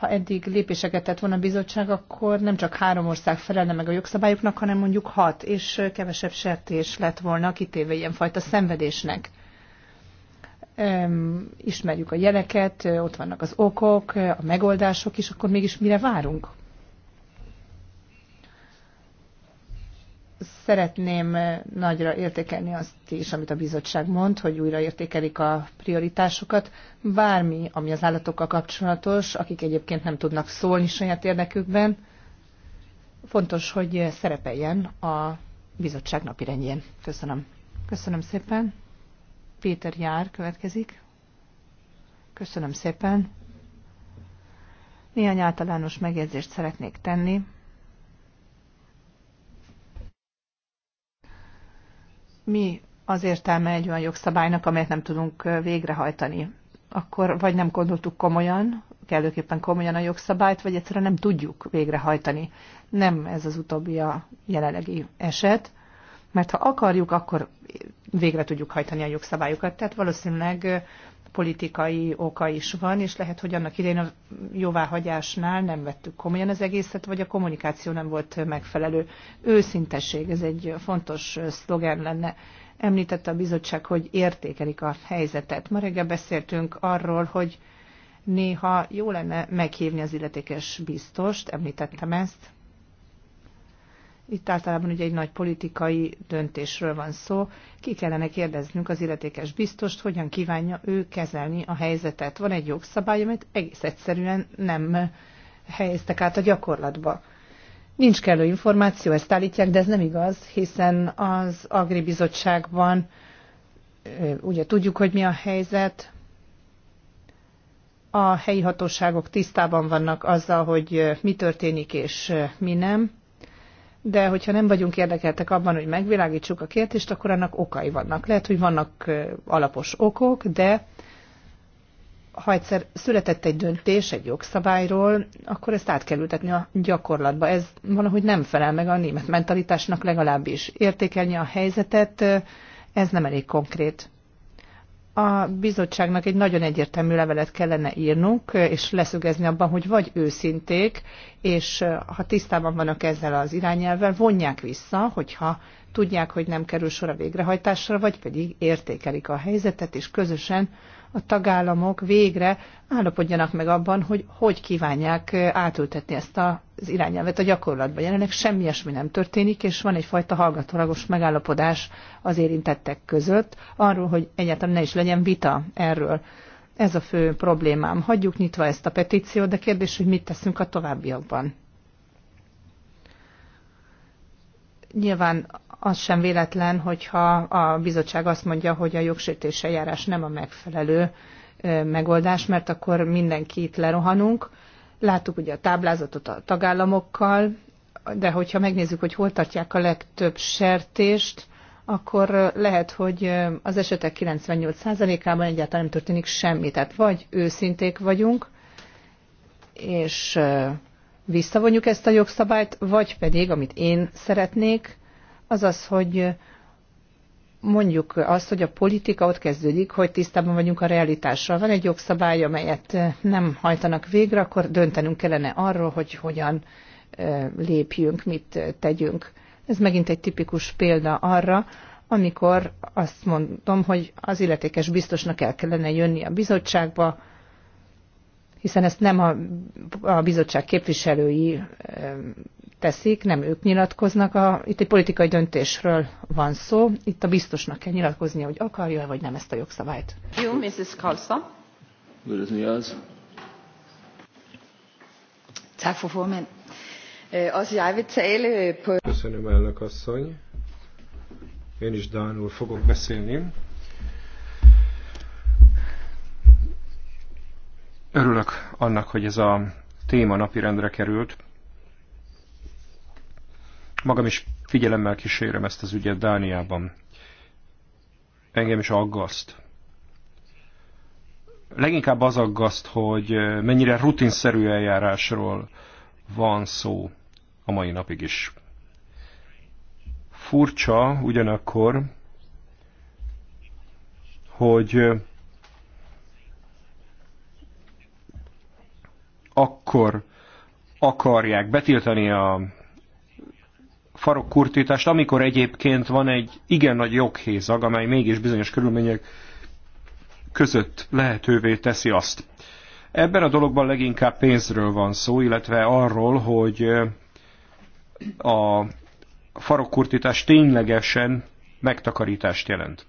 ha eddig lépéseket tett volna a bizottság, akkor nem csak három ország felelne meg a jogszabályoknak, hanem mondjuk hat, és kevesebb sertés lett volna kitéve ilyenfajta szenvedésnek. Ismerjük a jeleket, ott vannak az okok, a megoldások, is, akkor mégis mire várunk? Szeretném eh, nagyra értékelni azt is, amit a bizottság mond, hogy újra értékelik a prioritásokat. Bármi, ami az állatokkal kapcsolatos, akik egyébként nem tudnak szólni saját érdekükben, fontos, hogy szerepeljen a bizottság napirendjén. Köszönöm. Köszönöm szépen. Péter Jár következik. Köszönöm szépen. Néhány általános megjegyzést szeretnék tenni. mi az értelme egy olyan jogszabálynak, amelyet nem tudunk végrehajtani? Akkor vagy nem gondoltuk komolyan, kellőképpen komolyan a jogszabályt, vagy egyszerűen nem tudjuk végrehajtani. Nem ez az utóbbi a jelenlegi eset, mert ha akarjuk, akkor végre tudjuk hajtani a jogszabályokat. Tehát valószínűleg politikai oka is van, és lehet, hogy annak idején a jóváhagyásnál nem vettük komolyan az egészet, vagy a kommunikáció nem volt megfelelő. Őszintesség, ez egy fontos szlogen lenne. Említette a bizottság, hogy értékelik a helyzetet. Ma reggel beszéltünk arról, hogy néha jó lenne meghívni az illetékes biztost, említettem ezt, itt általában ugye egy nagy politikai döntésről van szó. Ki kellene kérdeznünk az illetékes biztost, hogyan kívánja ő kezelni a helyzetet. Van egy jogszabály, amit egész egyszerűen nem helyeztek át a gyakorlatba. Nincs kellő információ, ezt állítják, de ez nem igaz, hiszen az Agri Bizottságban ugye tudjuk, hogy mi a helyzet, a helyi hatóságok tisztában vannak azzal, hogy mi történik és mi nem de hogyha nem vagyunk érdekeltek abban, hogy megvilágítsuk a kérdést, akkor annak okai vannak. Lehet, hogy vannak alapos okok, de ha egyszer született egy döntés egy jogszabályról, akkor ezt át kell ültetni a gyakorlatba. Ez valahogy nem felel meg a német mentalitásnak legalábbis. Értékelni a helyzetet, ez nem elég konkrét a bizottságnak egy nagyon egyértelmű levelet kellene írnunk, és leszögezni abban, hogy vagy őszinték, és ha tisztában vannak ezzel az irányelvvel, vonják vissza, hogyha tudják, hogy nem kerül sor a végrehajtásra, vagy pedig értékelik a helyzetet, és közösen a tagállamok végre állapodjanak meg abban, hogy hogy kívánják átültetni ezt az irányelvet a gyakorlatban. Jelenleg semmi ilyesmi nem történik, és van egyfajta hallgatólagos megállapodás az érintettek között arról, hogy egyáltalán ne is legyen vita erről. Ez a fő problémám. Hagyjuk nyitva ezt a petíciót, de kérdés, hogy mit teszünk a továbbiakban. Nyilván az sem véletlen, hogyha a bizottság azt mondja, hogy a jogsértése járás nem a megfelelő megoldás, mert akkor mindenkit lerohanunk. Láttuk ugye a táblázatot a tagállamokkal, de hogyha megnézzük, hogy hol tartják a legtöbb sertést, akkor lehet, hogy az esetek 98%-ában egyáltalán nem történik semmi. Tehát vagy őszinték vagyunk, és visszavonjuk ezt a jogszabályt, vagy pedig, amit én szeretnék, az az, hogy mondjuk azt, hogy a politika ott kezdődik, hogy tisztában vagyunk a realitással. Van egy jogszabály, amelyet nem hajtanak végre, akkor döntenünk kellene arról, hogy hogyan lépjünk, mit tegyünk. Ez megint egy tipikus példa arra, amikor azt mondom, hogy az illetékes biztosnak el kellene jönni a bizottságba, hiszen ezt nem a, a bizottság képviselői teszik, nem ők nyilatkoznak. A, itt egy politikai döntésről van szó. Itt a biztosnak kell nyilatkoznia, hogy akarja vagy nem ezt a jogszabályt. Jó, Mrs. Carlson. Tak for formand. Øh, også jeg vil tale øh, på... Köszönöm, elnök asszony. Én is Dánul fogok beszélni. Örülök annak, hogy ez a téma napirendre került Magam is figyelemmel kísérem ezt az ügyet Dániában. Engem is aggaszt. Leginkább az aggaszt, hogy eh, mennyire rutinszerű eljárásról van szó a mai napig is. Furcsa ugyanakkor, hogy eh, akkor akarják betiltani a farokkurtítást, amikor egyébként van egy igen nagy joghézag, amely mégis bizonyos körülmények között lehetővé teszi azt. Ebben a dologban leginkább pénzről van szó, illetve arról, hogy a farokkurtítás ténylegesen megtakarítást jelent.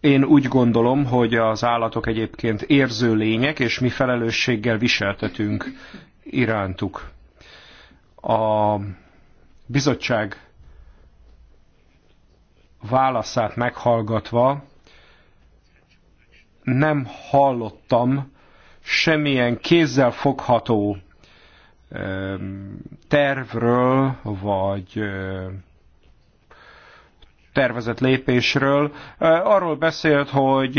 Én úgy gondolom, hogy az állatok egyébként érző lények, és mi felelősséggel viseltetünk irántuk a bizottság válaszát meghallgatva nem hallottam semmilyen kézzel fogható tervről, vagy tervezett lépésről. Arról beszélt, hogy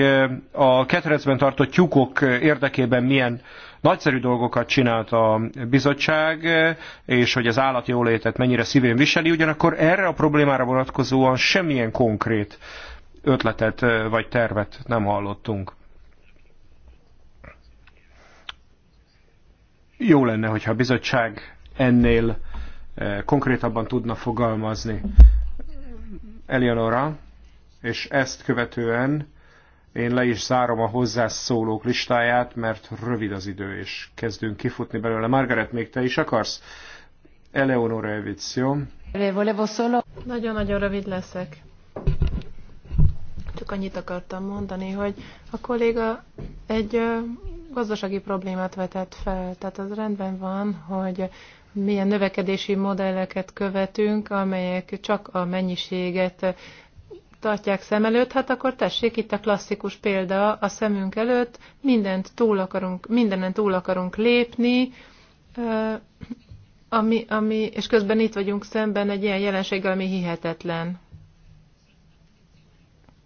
a ketrecben tartott tyúkok érdekében milyen nagyszerű dolgokat csinált a bizottság, és hogy az állatjólétet mennyire szívén viseli, ugyanakkor erre a problémára vonatkozóan semmilyen konkrét ötletet vagy tervet nem hallottunk. Jó lenne, hogyha a bizottság ennél konkrétabban tudna fogalmazni. Eleonora, és ezt követően én le is zárom a hozzászólók listáját, mert rövid az idő, és kezdünk kifutni belőle. Margaret, még te is akarsz? Eleonora Evic, jó? Eh, Nagyon-nagyon rövid leszek. Csak annyit akartam mondani, hogy a kolléga egy gazdasági problémát vetett fel. Tehát az rendben van, hogy milyen növekedési modelleket követünk, amelyek csak a mennyiséget tartják szem előtt, hát akkor tessék, itt a klasszikus példa a szemünk előtt, mindent túl akarunk, mindenen túl akarunk lépni, ami, ami, és közben itt vagyunk szemben egy ilyen jelenséggel, ami hihetetlen.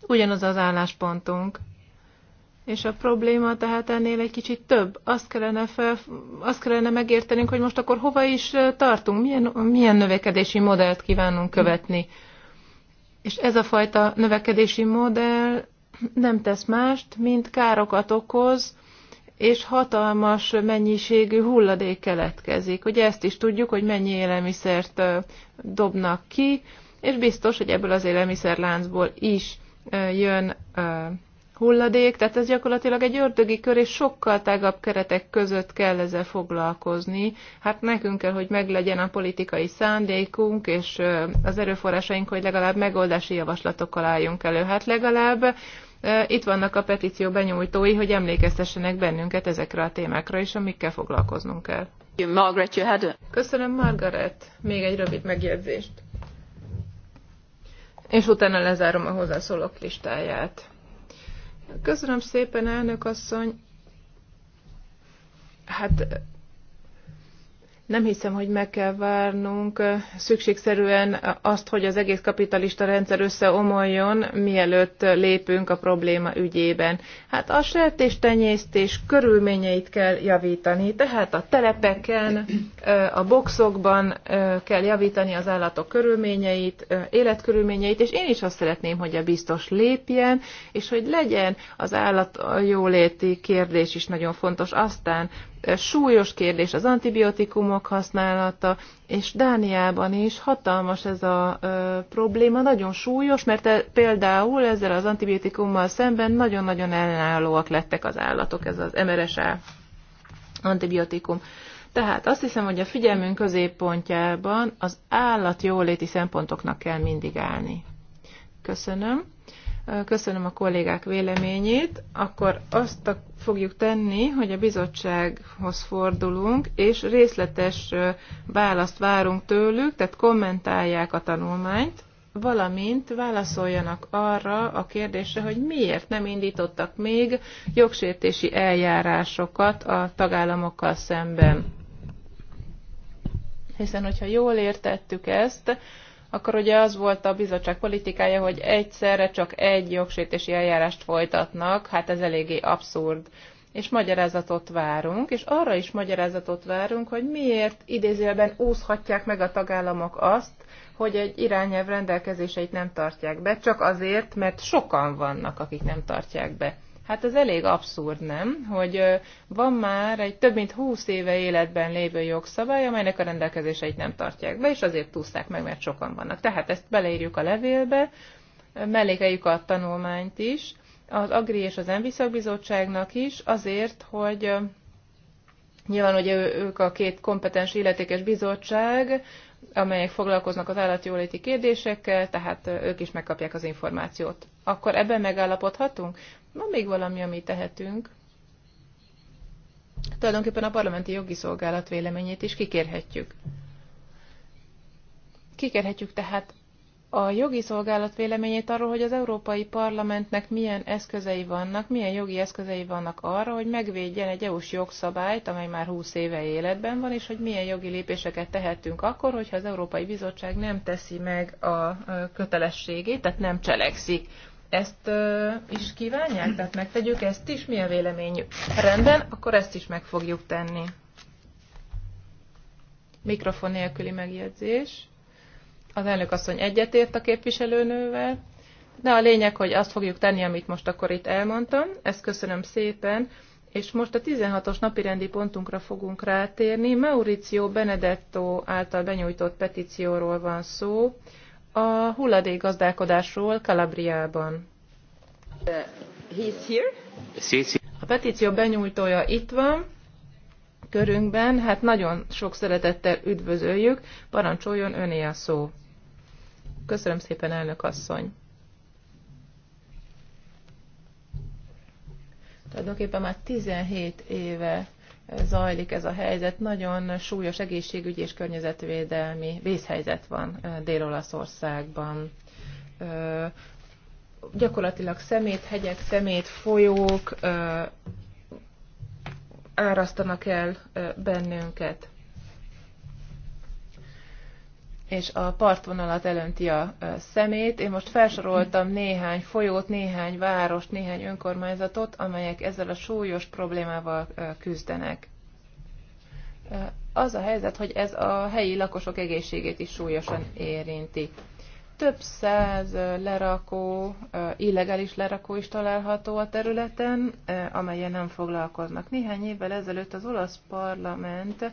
Ugyanaz az álláspontunk. És a probléma tehát ennél egy kicsit több. Azt kellene, fel, azt kellene megértenünk, hogy most akkor hova is tartunk, milyen, milyen növekedési modellt kívánunk követni. Hm és ez a fajta növekedési modell nem tesz mást, mint károkat okoz, és hatalmas mennyiségű hulladék keletkezik. Ugye ezt is tudjuk, hogy mennyi élelmiszert dobnak ki, és biztos, hogy ebből az élelmiszerláncból is jön hulladék, tehát ez gyakorlatilag egy ördögi kör, és sokkal tágabb keretek között kell ezzel foglalkozni. Hát nekünk kell, hogy meglegyen a politikai szándékunk, és az erőforrásaink, hogy legalább megoldási javaslatokkal álljunk elő. Hát legalább itt vannak a petíció benyújtói, hogy emlékeztessenek bennünket ezekre a témákra is, amikkel foglalkoznunk kell. Margaret, you had a... Köszönöm, Margaret. Még egy rövid megjegyzést. És utána lezárom a hozzászólók listáját. Köszönöm szépen, elnök asszony. Hát nem hiszem, hogy meg kell várnunk szükségszerűen azt, hogy az egész kapitalista rendszer összeomoljon, mielőtt lépünk a probléma ügyében. Hát a sertéstenyésztés körülményeit kell javítani, tehát a telepeken, a boxokban kell javítani az állatok körülményeit, életkörülményeit, és én is azt szeretném, hogy a biztos lépjen, és hogy legyen az állat jóléti kérdés is nagyon fontos. Aztán súlyos kérdés az antibiotikumok használata, és Dániában is hatalmas ez a ö, probléma, nagyon súlyos, mert e, például ezzel az antibiotikummal szemben nagyon-nagyon ellenállóak lettek az állatok, ez az MRSA antibiotikum. Tehát azt hiszem, hogy a figyelmünk középpontjában az jóléti szempontoknak kell mindig állni. Köszönöm köszönöm a kollégák véleményét, akkor azt fogjuk tenni, hogy a bizottsághoz fordulunk, és részletes választ várunk tőlük, tehát kommentálják a tanulmányt, valamint válaszoljanak arra a kérdésre, hogy miért nem indítottak még jogsértési eljárásokat a tagállamokkal szemben. Hiszen, hogyha jól értettük ezt, akkor ugye az volt a bizottság politikája, hogy egyszerre csak egy jogsértési eljárást folytatnak, hát ez eléggé abszurd. És magyarázatot várunk, és arra is magyarázatot várunk, hogy miért idézőben úszhatják meg a tagállamok azt, hogy egy irányelv rendelkezéseit nem tartják be, csak azért, mert sokan vannak, akik nem tartják be. Hát ez elég abszurd, nem? Hogy van már egy több mint 20 éve életben lévő jogszabály, amelynek a rendelkezéseit nem tartják be, és azért túszták meg, mert sokan vannak. Tehát ezt beleírjuk a levélbe, mellékeljük a tanulmányt is, az Agri és az Enviszak Bizottságnak is, azért, hogy nyilván ugye ők a két kompetens illetékes bizottság, amelyek foglalkoznak az állatjóléti kérdésekkel, tehát ők is megkapják az információt. Akkor ebben megállapodhatunk? Van még valami, amit tehetünk. Tulajdonképpen a parlamenti jogi szolgálat véleményét is kikérhetjük. Kikérhetjük tehát a jogi szolgálat véleményét arról, hogy az Európai Parlamentnek milyen eszközei vannak, milyen jogi eszközei vannak arra, hogy megvédjen egy EU-s jogszabályt, amely már 20 éve életben van, és hogy milyen jogi lépéseket tehetünk akkor, hogyha az Európai Bizottság nem teszi meg a kötelességét, tehát nem cselekszik. Ezt ö, is kívánják? Tehát megtegyük ezt is? Mi a véleményük? Rendben, akkor ezt is meg fogjuk tenni. Mikrofon nélküli megjegyzés. Az elnök asszony egyetért a képviselőnővel, de a lényeg, hogy azt fogjuk tenni, amit most akkor itt elmondtam. Ezt köszönöm szépen. És most a 16-os napirendi pontunkra fogunk rátérni. Mauricio Benedetto által benyújtott petícióról van szó a gazdálkodásról Kalabriában. A petíció benyújtója itt van, körünkben, hát nagyon sok szeretettel üdvözöljük, parancsoljon öné a szó. Köszönöm szépen, elnök asszony. Tulajdonképpen már 17 éve zajlik ez a helyzet. Nagyon súlyos egészségügyi és környezetvédelmi vészhelyzet van Dél-Olaszországban. Gyakorlatilag szemét, hegyek, szemét, folyók árasztanak el bennünket és a partvonalat elönti a szemét. Én most felsoroltam néhány folyót, néhány várost, néhány önkormányzatot, amelyek ezzel a súlyos problémával küzdenek. Az a helyzet, hogy ez a helyi lakosok egészségét is súlyosan érinti. Több száz lerakó, illegális lerakó is található a területen, amelyen nem foglalkoznak. Néhány évvel ezelőtt az olasz parlament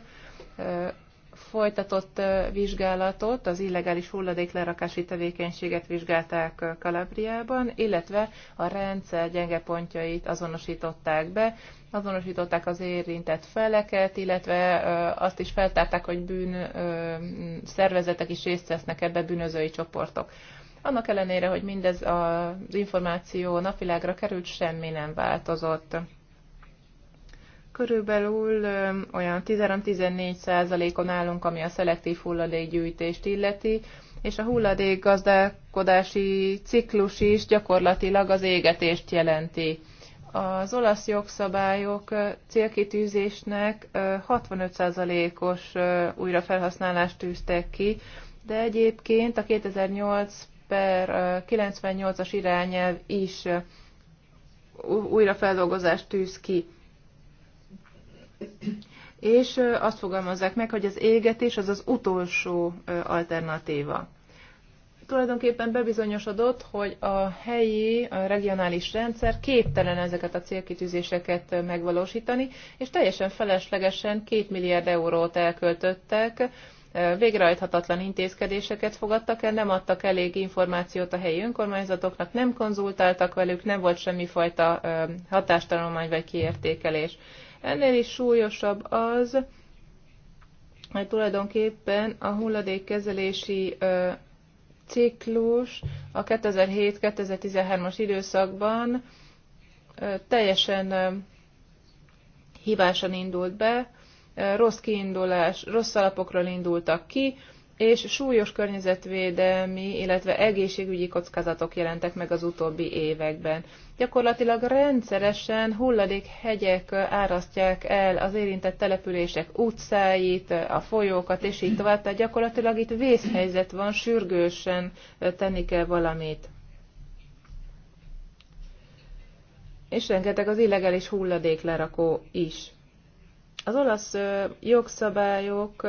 folytatott vizsgálatot, az illegális hulladéklerakási tevékenységet vizsgálták Kalabriában, illetve a rendszer gyenge pontjait azonosították be, azonosították az érintett feleket, illetve azt is feltárták, hogy bűn szervezetek is részt vesznek ebbe bűnözői csoportok. Annak ellenére, hogy mindez az információ napvilágra került, semmi nem változott. Körülbelül olyan 13-14 százalékon állunk, ami a szelektív hulladékgyűjtést illeti, és a hulladék gazdálkodási ciklus is gyakorlatilag az égetést jelenti. Az olasz jogszabályok célkitűzésnek 65%-os újrafelhasználást tűztek ki, de egyébként a 2008 per 98-as irányelv is újrafeldolgozást tűz ki és azt fogalmazzák meg, hogy az égetés az az utolsó alternatíva. Tulajdonképpen bebizonyosodott, hogy a helyi, a regionális rendszer képtelen ezeket a célkitűzéseket megvalósítani, és teljesen feleslegesen 2 milliárd eurót elköltöttek, végrehajthatatlan intézkedéseket fogadtak el, nem adtak elég információt a helyi önkormányzatoknak, nem konzultáltak velük, nem volt semmifajta hatástanulmány vagy kiértékelés. Ennél is súlyosabb az, hogy tulajdonképpen a hulladékkezelési ciklus a 2007-2013-as időszakban teljesen hibásan indult be, rossz kiindulás, rossz alapokról indultak ki, és súlyos környezetvédelmi, illetve egészségügyi kockázatok jelentek meg az utóbbi években. Gyakorlatilag rendszeresen hulladékhegyek árasztják el az érintett települések utcáit, a folyókat, és így tovább. Tehát gyakorlatilag itt vészhelyzet van, sürgősen tenni kell valamit. És rengeteg az illegális hulladéklerakó is. Az olasz jogszabályok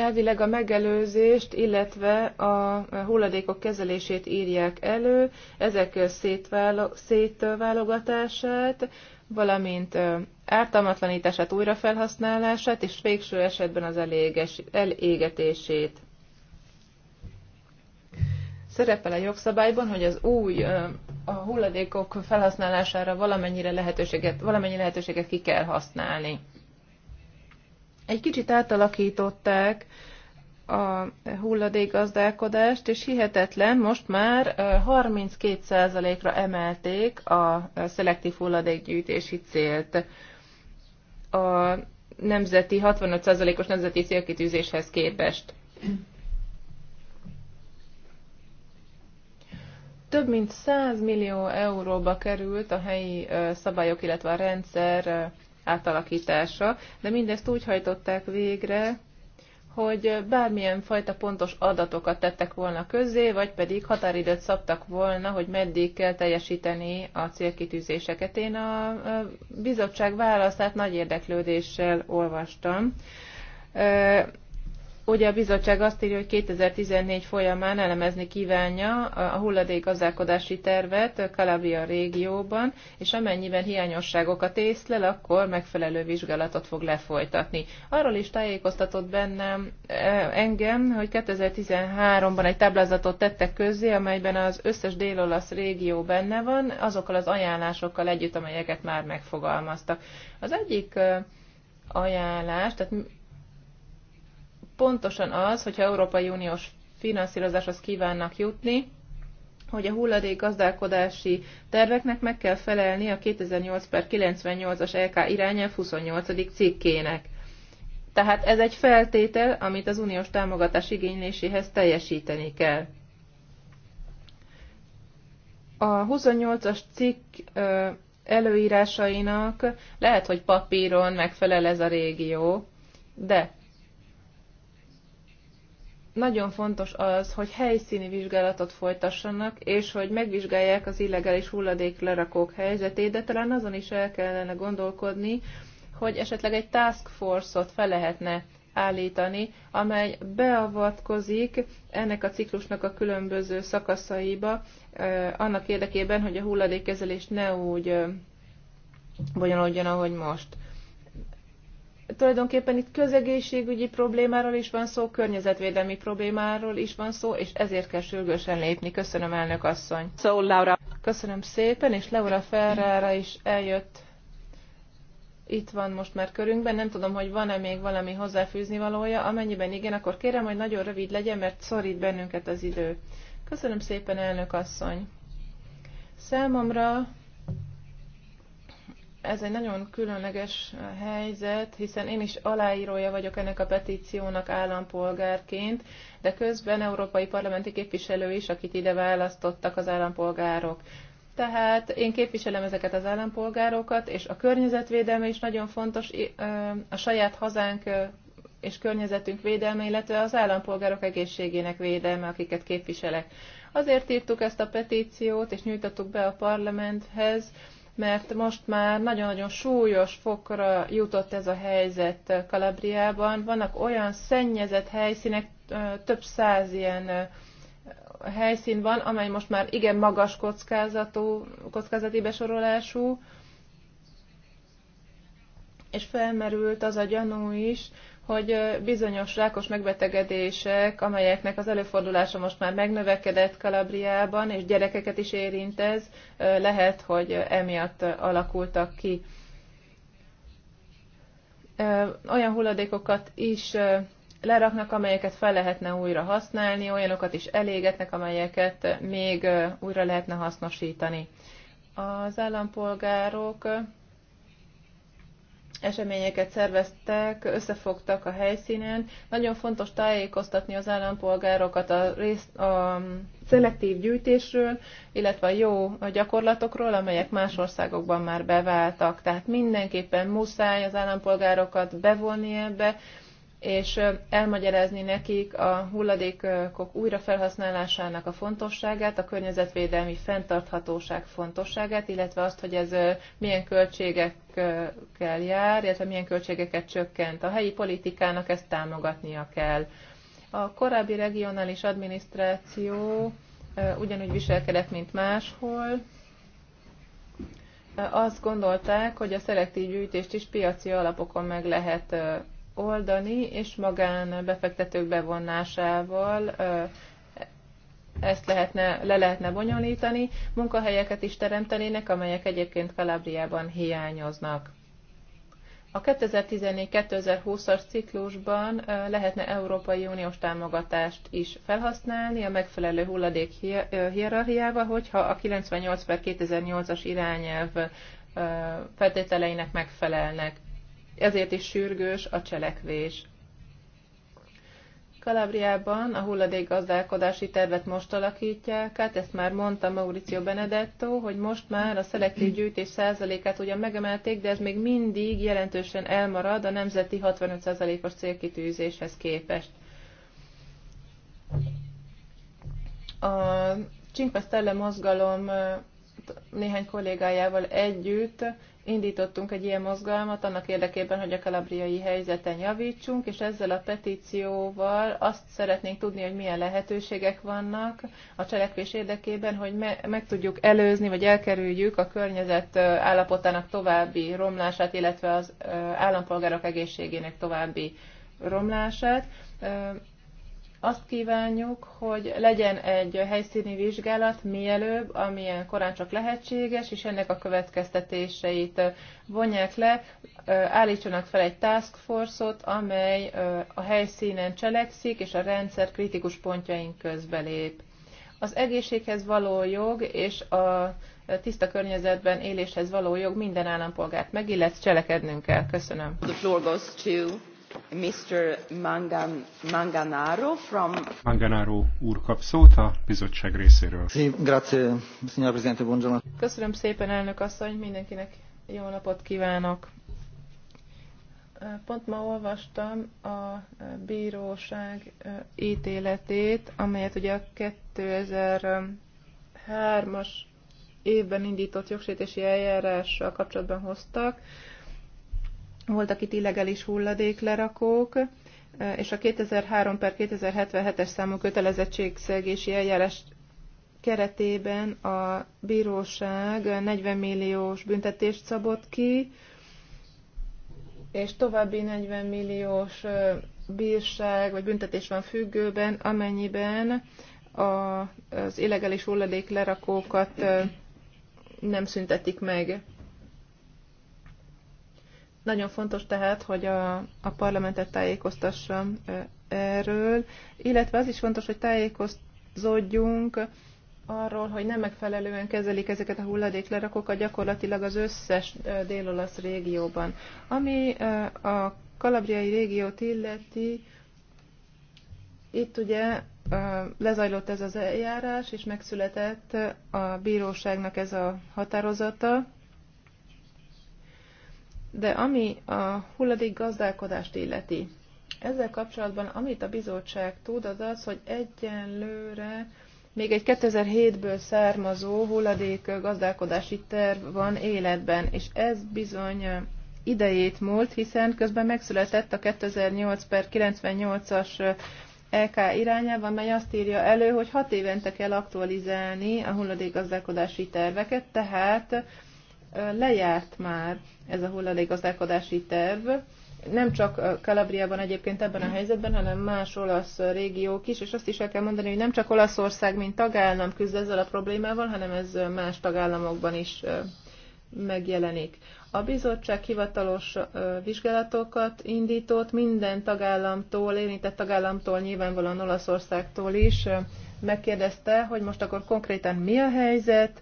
elvileg a megelőzést, illetve a hulladékok kezelését írják elő, ezek szétválogatását, valamint ártalmatlanítását, újrafelhasználását, és végső esetben az eléges, elégetését. Szerepel a jogszabályban, hogy az új a hulladékok felhasználására valamennyire lehetőséget, valamennyi lehetőséget ki kell használni. Egy kicsit átalakították a hulladékgazdálkodást, és hihetetlen, most már 32%-ra emelték a szelektív hulladékgyűjtési célt. A nemzeti 65%-os nemzeti célkitűzéshez képest. Több mint 100 millió euróba került a helyi szabályok, illetve a rendszer átalakítása, de mindezt úgy hajtották végre, hogy bármilyen fajta pontos adatokat tettek volna közzé, vagy pedig határidőt szabtak volna, hogy meddig kell teljesíteni a célkitűzéseket. Én a bizottság választát nagy érdeklődéssel olvastam Ugye a bizottság azt írja, hogy 2014 folyamán elemezni kívánja a hulladékgazdálkodási tervet Calabria régióban, és amennyiben hiányosságokat észlel, akkor megfelelő vizsgálatot fog lefolytatni. Arról is tájékoztatott bennem e, engem, hogy 2013-ban egy táblázatot tettek közzé, amelyben az összes olasz régió benne van, azokkal az ajánlásokkal együtt, amelyeket már megfogalmaztak. Az egyik e, ajánlás, tehát pontosan az, hogyha Európai Uniós finanszírozáshoz kívánnak jutni, hogy a hulladék gazdálkodási terveknek meg kell felelni a 2008 per 98-as LK irányelv 28. cikkének. Tehát ez egy feltétel, amit az uniós támogatás igényléséhez teljesíteni kell. A 28-as cikk előírásainak lehet, hogy papíron megfelel ez a régió, de nagyon fontos az, hogy helyszíni vizsgálatot folytassanak, és hogy megvizsgálják az illegális hulladék lerakók helyzetét, de talán azon is el kellene gondolkodni, hogy esetleg egy task force-ot fel lehetne állítani, amely beavatkozik ennek a ciklusnak a különböző szakaszaiba, annak érdekében, hogy a hulladékkezelés ne úgy bonyolódjon, ahogy most tulajdonképpen itt közegészségügyi problémáról is van szó, környezetvédelmi problémáról is van szó, és ezért kell sürgősen lépni. Köszönöm, elnök asszony. So, Laura. Köszönöm szépen, és Laura Ferrara is eljött. Itt van most már körünkben, nem tudom, hogy van-e még valami hozzáfűzni valója. Amennyiben igen, akkor kérem, hogy nagyon rövid legyen, mert szorít bennünket az idő. Köszönöm szépen, elnök asszony. Számomra ez egy nagyon különleges eh, helyzet, hiszen én is aláírója vagyok ennek a petíciónak állampolgárként, de közben európai parlamenti képviselő is, akit ide választottak az állampolgárok. Tehát én képviselem ezeket az állampolgárokat, és a környezetvédelme is nagyon fontos, eh, a saját hazánk eh, és környezetünk védelme, illetve az állampolgárok egészségének védelme, akiket képviselek. Azért írtuk ezt a petíciót, és nyújtottuk be a parlamenthez, mert most már nagyon-nagyon súlyos fokra jutott ez a helyzet Kalabriában. Vannak olyan szennyezett helyszínek, több száz ilyen helyszín van, amely most már igen magas kockázatú, kockázati besorolású, és felmerült az a gyanú is, hogy bizonyos rákos megbetegedések, amelyeknek az előfordulása most már megnövekedett Kalabriában, és gyerekeket is érint ez, lehet, hogy emiatt alakultak ki. Olyan hulladékokat is leraknak, amelyeket fel lehetne újra használni, olyanokat is elégetnek, amelyeket még újra lehetne hasznosítani. Az állampolgárok eseményeket szerveztek, összefogtak a helyszínen. Nagyon fontos tájékoztatni az állampolgárokat a, rész, a szelektív gyűjtésről, illetve a jó gyakorlatokról, amelyek más országokban már beváltak. Tehát mindenképpen muszáj az állampolgárokat bevonni ebbe, és elmagyarázni nekik a hulladékok újrafelhasználásának a fontosságát, a környezetvédelmi fenntarthatóság fontosságát, illetve azt, hogy ez milyen költségekkel jár, illetve milyen költségeket csökkent. A helyi politikának ezt támogatnia kell. A korábbi regionális adminisztráció ugyanúgy viselkedett, mint máshol, azt gondolták, hogy a szelektív gyűjtést is piaci alapokon meg lehet oldani, és magán befektetők bevonásával ezt lehetne, le lehetne bonyolítani, munkahelyeket is teremtenének, amelyek egyébként Kalábriában hiányoznak. A 2014-2020-as ciklusban lehetne Európai Uniós támogatást is felhasználni a megfelelő hulladék hierarchiával, hogyha a 98 per 2008-as irányelv feltételeinek megfelelnek ezért is sürgős a cselekvés. Kalabriában a gazdálkodási tervet most alakítják hát ezt már mondta Mauricio Benedetto, hogy most már a szelektív gyűjtés százalékát ugyan megemelték, de ez még mindig jelentősen elmarad a nemzeti 65%-os célkitűzéshez képest. A Csinkpesztelle mozgalom néhány kollégájával együtt indítottunk egy ilyen mozgalmat annak érdekében, hogy a kalabriai helyzeten javítsunk, és ezzel a petícióval azt szeretnénk tudni, hogy milyen lehetőségek vannak a cselekvés érdekében, hogy me- meg tudjuk előzni, vagy elkerüljük a környezet állapotának további romlását, illetve az állampolgárok egészségének további romlását azt kívánjuk, hogy legyen egy helyszíni vizsgálat mielőbb, amilyen korán csak lehetséges, és ennek a következtetéseit vonják le, állítsanak fel egy task force-ot, amely a helyszínen cselekszik, és a rendszer kritikus pontjaink közbelép. Az egészséghez való jog és a tiszta környezetben éléshez való jog minden állampolgárt megillet, cselekednünk kell. Köszönöm. The floor goes to Mr. Manganaro úr kap szót a bizottság részéről. Köszönöm szépen, elnök asszony, mindenkinek jó napot kívánok. Pont ma olvastam a bíróság ítéletét, amelyet ugye a 2003-as évben indított jogsértési eljárással kapcsolatban hoztak voltak itt illegális hulladéklerakók, és a 2003 per 2077-es számú kötelezettségszegési eljárás keretében a bíróság 40 milliós büntetést szabott ki, és további 40 milliós bírság vagy büntetés van függőben, amennyiben a, az illegális hulladék lerakókat nem szüntetik meg. Nagyon fontos tehát, hogy a, a parlamentet tájékoztassam erről, illetve az is fontos, hogy tájékozódjunk arról, hogy nem megfelelően kezelik ezeket a hulladéklerakokat gyakorlatilag az összes dél-olasz régióban. Ami a kalabriai régiót illeti, itt ugye lezajlott ez az eljárás, és megszületett a bíróságnak ez a határozata, de ami a hulladék gazdálkodást illeti, ezzel kapcsolatban amit a bizottság tud, az az, hogy egyenlőre még egy 2007-ből származó hulladék gazdálkodási terv van életben, és ez bizony idejét múlt, hiszen közben megszületett a 2008 per 98-as LK irányában, mely azt írja elő, hogy hat évente kell aktualizálni a gazdálkodási terveket, tehát lejárt már ez a hulladékgazdálkodási terv. Nem csak Kalabriában egyébként ebben a helyzetben, hanem más olasz régiók is, és azt is el kell mondani, hogy nem csak Olaszország, mint tagállam küzd ezzel a problémával, hanem ez más tagállamokban is megjelenik. A bizottság hivatalos vizsgálatokat indított minden tagállamtól, érintett tagállamtól, nyilvánvalóan Olaszországtól is, megkérdezte, hogy most akkor konkrétan mi a helyzet,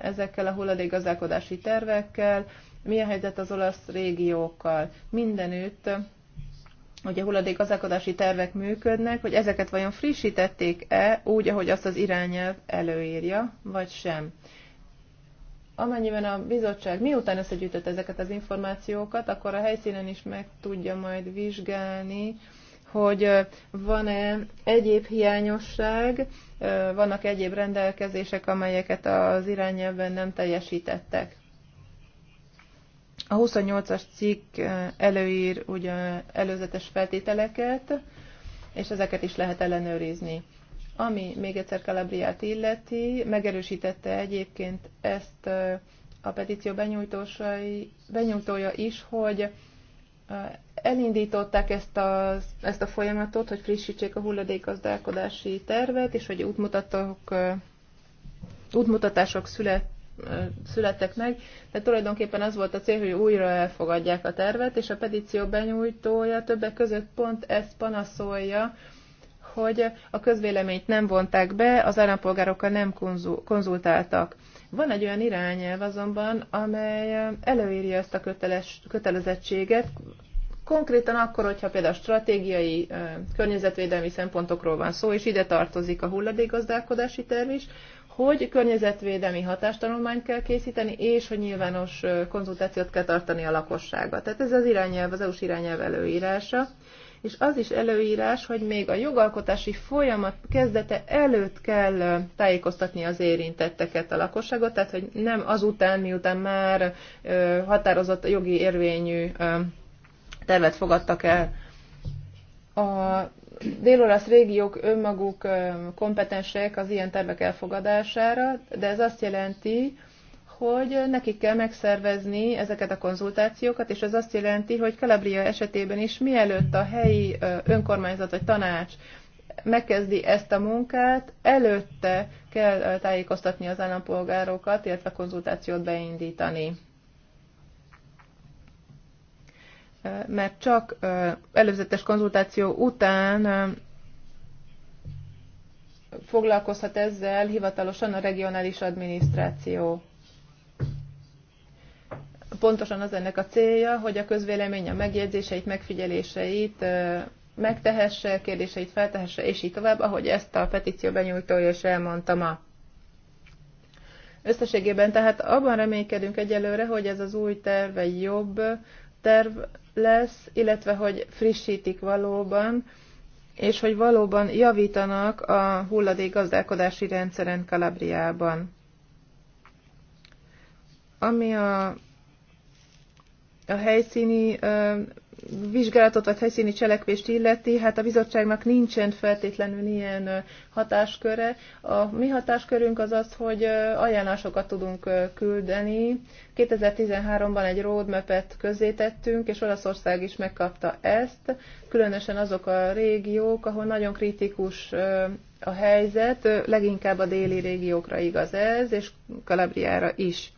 ezekkel a hulladékgazdálkodási tervekkel, mi a helyzet az olasz régiókkal. Mindenütt hogy a hulladékgazdálkodási tervek működnek, hogy ezeket vajon frissítették-e úgy, ahogy azt az irányelv előírja, vagy sem. Amennyiben a bizottság miután összegyűjtött ezeket az információkat, akkor a helyszínen is meg tudja majd vizsgálni, hogy van-e egyéb hiányosság, vannak egyéb rendelkezések, amelyeket az irányelven nem teljesítettek. A 28-as cikk előír ugye előzetes feltételeket, és ezeket is lehet ellenőrizni. Ami még egyszer Kalabriát illeti, megerősítette egyébként ezt a petíció benyújtója is, hogy elindították ezt a, ezt a folyamatot, hogy frissítsék a hulladékazdálkodási tervet, és hogy útmutatók, útmutatások szület, születtek meg, de tulajdonképpen az volt a cél, hogy újra elfogadják a tervet, és a petíció benyújtója többek között pont ezt panaszolja, hogy a közvéleményt nem vonták be, az állampolgárokkal nem konzultáltak. Van egy olyan irányelv azonban, amely előírja ezt a köteles, kötelezettséget, konkrétan akkor, hogyha például stratégiai környezetvédelmi szempontokról van szó, és ide tartozik a hulladékgazdálkodási terv is, hogy környezetvédelmi hatástanulmányt kell készíteni, és hogy nyilvános konzultációt kell tartani a lakossága. Tehát ez az irányelv, az EU-s irányelv előírása és az is előírás, hogy még a jogalkotási folyamat kezdete előtt kell tájékoztatni az érintetteket, a lakosságot, tehát hogy nem azután, miután már határozott a jogi érvényű tervet fogadtak el. A dél-olasz régiók önmaguk kompetensek az ilyen tervek elfogadására, de ez azt jelenti, hogy nekik kell megszervezni ezeket a konzultációkat, és ez azt jelenti, hogy Calabria esetében is mielőtt a helyi önkormányzat vagy tanács megkezdi ezt a munkát, előtte kell tájékoztatni az állampolgárokat, illetve konzultációt beindítani. Mert csak előzetes konzultáció után foglalkozhat ezzel hivatalosan a regionális adminisztráció pontosan az ennek a célja, hogy a közvélemény a megjegyzéseit, megfigyeléseit megtehesse, kérdéseit feltehesse, és így tovább, ahogy ezt a petíció benyújtója is elmondta ma. Összességében tehát abban reménykedünk egyelőre, hogy ez az új terv egy jobb terv lesz, illetve hogy frissítik valóban, és hogy valóban javítanak a hulladék gazdálkodási rendszeren Kalabriában. Ami a a helyszíni vizsgálatot vagy helyszíni cselekvést illeti, hát a bizottságnak nincsen feltétlenül ilyen hatásköre. A mi hatáskörünk az az, hogy ajánlásokat tudunk küldeni. 2013-ban egy roadmap-et tettünk, és Olaszország is megkapta ezt, különösen azok a régiók, ahol nagyon kritikus a helyzet, leginkább a déli régiókra igaz ez, és Kalabriára is.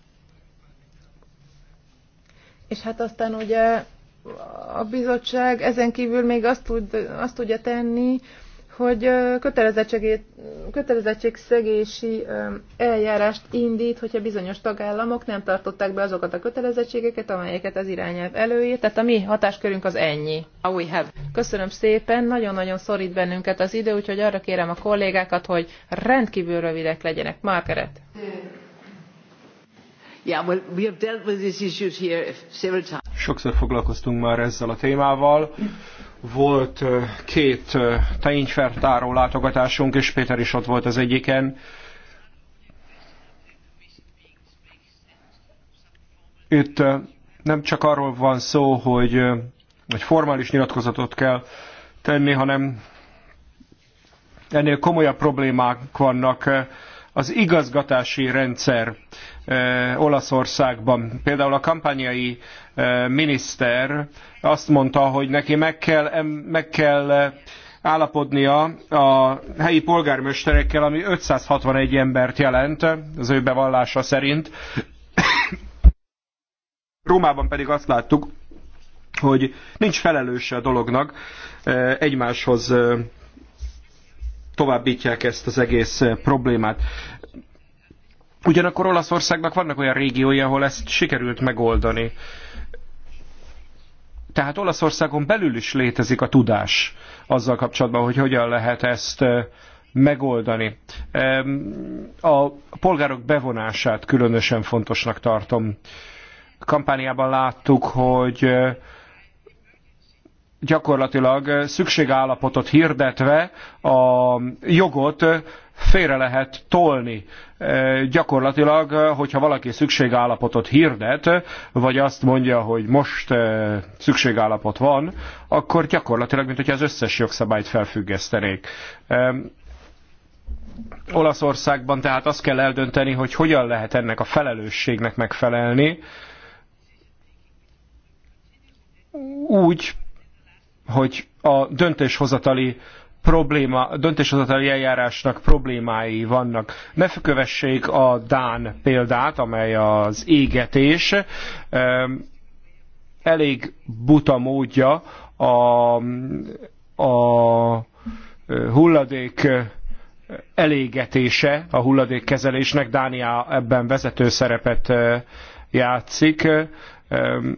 És hát aztán ugye a bizottság ezen kívül még azt, tud, azt tudja tenni, hogy kötelezettségszegési eljárást indít, hogyha bizonyos tagállamok nem tartották be azokat a kötelezettségeket, amelyeket az irányelv előír. Tehát a mi hatáskörünk az ennyi. we have. Köszönöm szépen, nagyon-nagyon szorít bennünket az idő, úgyhogy arra kérem a kollégákat, hogy rendkívül rövidek legyenek. Margaret. Yeah. Sokszor foglalkoztunk már ezzel a témával. Volt két tejinfertáró látogatásunk, és Péter is ott volt az egyiken. Itt nem csak arról van szó, hogy egy formális nyilatkozatot kell tenni, hanem ennél komolyabb problémák vannak az igazgatási rendszer Olaszországban. Például a kampányai miniszter azt mondta, hogy neki meg kell, meg kell állapodnia a helyi polgármesterekkel, ami 561 embert jelent, az ő bevallása szerint. Rómában pedig azt láttuk, hogy nincs felelőse a dolognak, egymáshoz továbbítják ezt az egész eh, problémát. Ugyanakkor Olaszországnak vannak olyan régiói, ahol ezt sikerült megoldani. Tehát Olaszországon belül is létezik a tudás azzal kapcsolatban, hogy hogyan lehet ezt eh, megoldani. A polgárok bevonását különösen fontosnak tartom. kampányában láttuk, hogy eh, gyakorlatilag szükségállapotot hirdetve a jogot félre lehet tolni. Gyakorlatilag, hogyha valaki szükségállapotot hirdet, vagy azt mondja, hogy most szükségállapot van, akkor gyakorlatilag, mint hogy az összes jogszabályt felfüggesztenék. Olaszországban tehát azt kell eldönteni, hogy hogyan lehet ennek a felelősségnek megfelelni, úgy, hogy a döntéshozatali probléma, döntéshozatali eljárásnak problémái vannak. Ne kövessék a Dán példát, amely az égetés. Ehm, elég buta módja a, a hulladék elégetése a hulladékkezelésnek. Dánia ebben vezető szerepet eh, játszik ehm,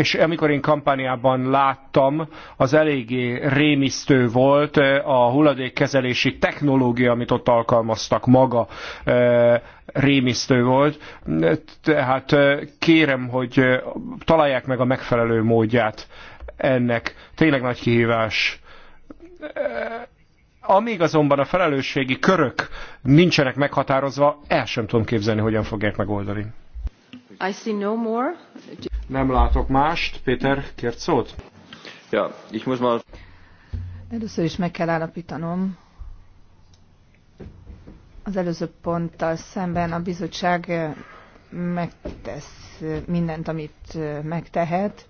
és amikor én kampányában láttam, az eléggé rémisztő volt a hulladékkezelési technológia, amit ott alkalmaztak maga rémisztő volt. Tehát kérem, hogy találják meg a megfelelő módját ennek. Tényleg nagy kihívás. Amíg azonban a felelősségi körök nincsenek meghatározva, el sem tudom képzelni, hogyan fogják megoldani. I see no more. Nem látok mást. Péter, kért szót? Ja, ich muss mal... Először is meg kell állapítanom, az előző ponttal szemben a bizottság eh, megtesz eh, mindent, amit eh, megtehet,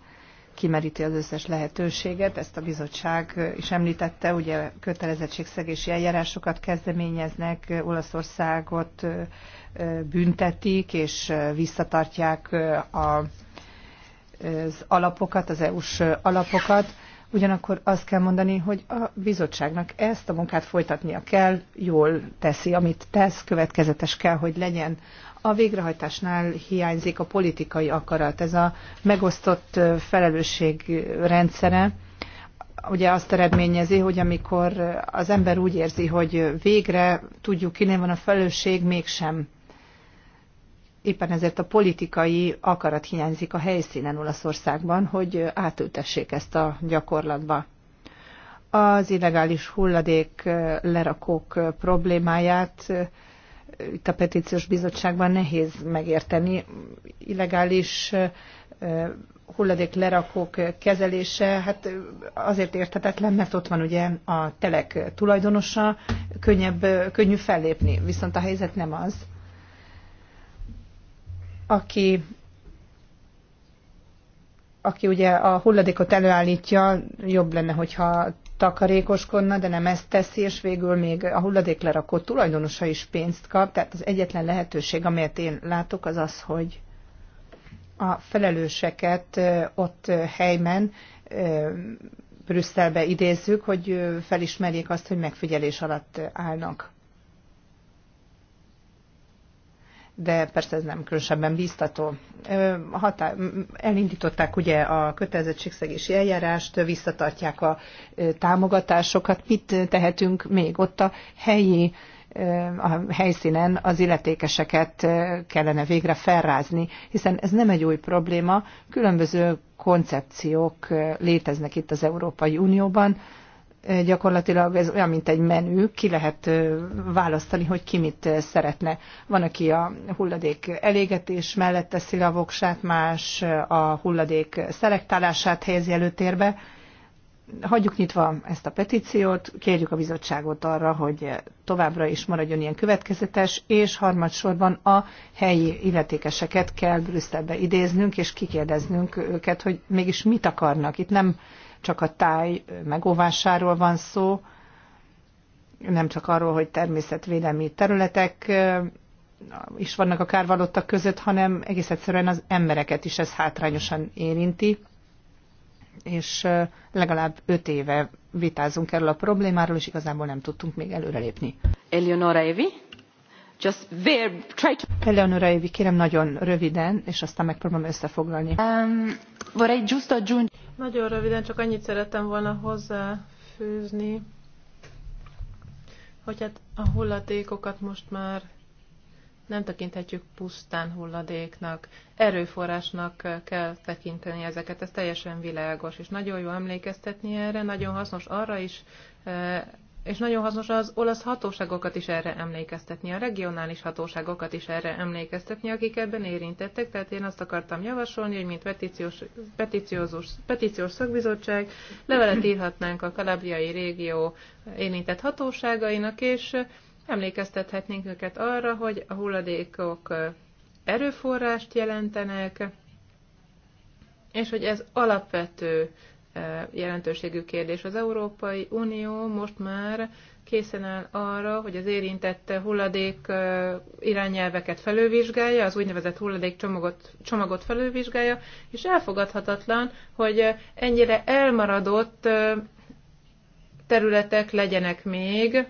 kimeríti az összes lehetőséget, ezt a bizottság is említette, ugye kötelezettségszegési eljárásokat kezdeményeznek, Olaszországot büntetik, és visszatartják a az alapokat, az EU-s alapokat, ugyanakkor azt kell mondani, hogy a bizottságnak ezt a munkát folytatnia kell, jól teszi, amit tesz, következetes kell, hogy legyen. A végrehajtásnál hiányzik a politikai akarat, ez a megosztott felelősség rendszere, ugye azt eredményezi, hogy amikor az ember úgy érzi, hogy végre tudjuk, kinél van a felelősség, mégsem éppen ezért a politikai akarat hiányzik a helyszínen Olaszországban, hogy átültessék ezt a gyakorlatba. Az illegális hulladék lerakók problémáját itt a petíciós bizottságban nehéz megérteni. Illegális hulladék lerakók kezelése, hát azért érthetetlen, mert ott van ugye a telek tulajdonosa, könnyebb, könnyű fellépni, viszont a helyzet nem az aki aki ugye a hulladékot előállítja, jobb lenne, hogyha takarékoskodna, de nem ezt teszi, és végül még a hulladéklerakó tulajdonosa is pénzt kap. Tehát az egyetlen lehetőség, amelyet én látok, az az, hogy a felelőseket ott helyben Brüsszelbe idézzük, hogy felismerjék azt, hogy megfigyelés alatt állnak. de persze ez nem különösebben bíztató. Hatá elindították ugye a kötelezettségszegési eljárást, visszatartják a támogatásokat. Mit tehetünk még ott a helyi a helyszínen az illetékeseket kellene végre felrázni, hiszen ez nem egy új probléma, különböző koncepciók léteznek itt az Európai Unióban, gyakorlatilag ez olyan, mint egy menü, ki lehet választani, hogy ki mit szeretne. Van, aki a hulladék elégetés mellett teszi a voksát, más a hulladék szelektálását helyezi előtérbe. Hagyjuk nyitva ezt a petíciót, kérjük a bizottságot arra, hogy továbbra is maradjon ilyen következetes, és harmadsorban a helyi illetékeseket kell Brüsszelbe idéznünk, és kikérdeznünk őket, hogy mégis mit akarnak. Itt nem csak a táj megóvásáról van szó, nem csak arról, hogy természetvédelmi területek is vannak a kárvalottak között, hanem egész egyszerűen az embereket is ez hátrányosan érinti, és legalább öt éve vitázunk erről a problémáról, és igazából nem tudtunk még előrelépni. Eleonora Evi? Eleonora kérem nagyon röviden, és aztán megpróbálom összefoglalni. Um, nagyon röviden, csak annyit szerettem volna hozzáfűzni, hogy hát a hulladékokat most már nem tekinthetjük pusztán hulladéknak, erőforrásnak kell tekinteni ezeket, ez teljesen világos, és nagyon jó emlékeztetni erre, nagyon hasznos arra is eh, és nagyon hasznos az olasz hatóságokat is erre emlékeztetni, a regionális hatóságokat is erre emlékeztetni, akik ebben érintettek. Tehát én azt akartam javasolni, hogy mint petíciós, petíciós, petíciós szakbizottság levelet írhatnánk a kalabriai régió érintett hatóságainak, és emlékeztethetnénk őket arra, hogy a hulladékok erőforrást jelentenek, és hogy ez alapvető jelentőségű kérdés. Az Európai Unió most már készen áll arra, hogy az érintett hulladék irányelveket felővizsgálja, az úgynevezett hulladék csomagot, csomagot felővizsgálja, és elfogadhatatlan, hogy ennyire elmaradott területek legyenek még,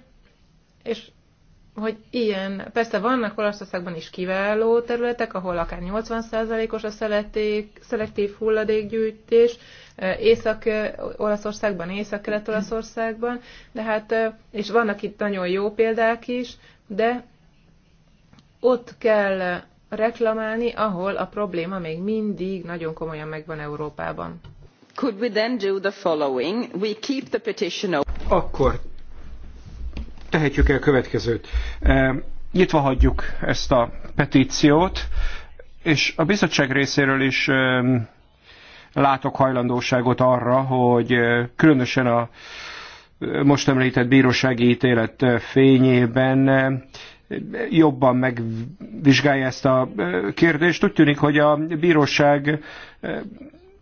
és hogy ilyen, persze vannak Olaszországban is kiváló területek, ahol akár 80%-os a szeleték, szelektív hulladékgyűjtés, Észak-Olaszországban, Észak-Kelet-Olaszországban, de hát, és vannak itt nagyon jó példák is, de ott kell reklamálni, ahol a probléma még mindig nagyon komolyan megvan Európában. Could we then do the following? We keep the petition open. Akkor tehetjük el következőt. Nyitva hagyjuk ezt a petíciót, és a bizottság részéről is látok hajlandóságot arra, hogy különösen a most említett bírósági ítélet fényében jobban megvizsgálja ezt a kérdést. Úgy tűnik, hogy a bíróság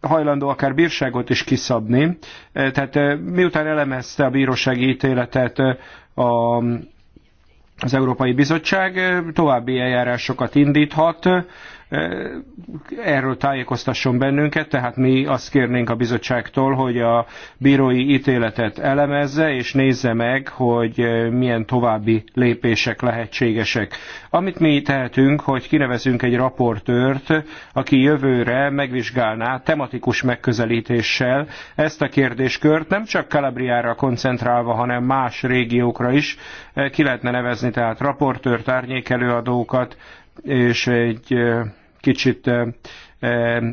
hajlandó akár bírságot is kiszabni. Tehát miután elemezte a bírósági ítéletet, a, az Európai Bizottság további eljárásokat indíthat Eh, erről tájékoztasson bennünket, tehát mi azt kérnénk a bizottságtól, hogy a bírói ítéletet elemezze, és nézze meg, hogy eh, milyen további lépések lehetségesek. Amit mi tehetünk, hogy kinevezünk egy raportőrt, aki jövőre megvizsgálná tematikus megközelítéssel ezt a kérdéskört, nem csak Kalabriára koncentrálva, hanem más régiókra is. Eh, ki lehetne nevezni tehát raportőrt, árnyékelőadókat, és egy kicsit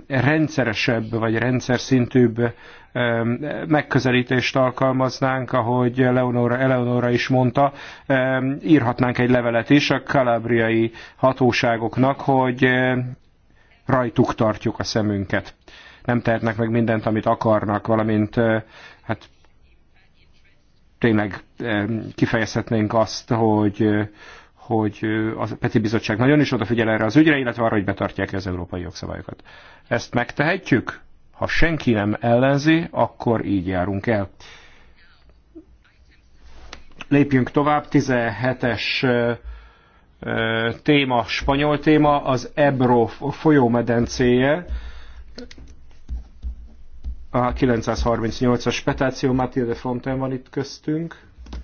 rendszeresebb vagy rendszer szintűbb megközelítést alkalmaznánk, ahogy Leonora, Eleonora is mondta, írhatnánk egy levelet is a kalábriai hatóságoknak, hogy rajtuk tartjuk a szemünket. Nem tehetnek meg mindent, amit akarnak, valamint hát tényleg kifejezhetnénk azt, hogy hogy a Peti Bizottság nagyon is odafigyel erre az ügyre, illetve arra, hogy betartják az európai jogszabályokat. Ezt megtehetjük? Ha senki nem ellenzi, akkor így járunk el. Lépjünk tovább. 17-es téma, spanyol téma, az Ebro folyómedencéje. A 938-as petáció, Matilde Fronten van itt köztünk.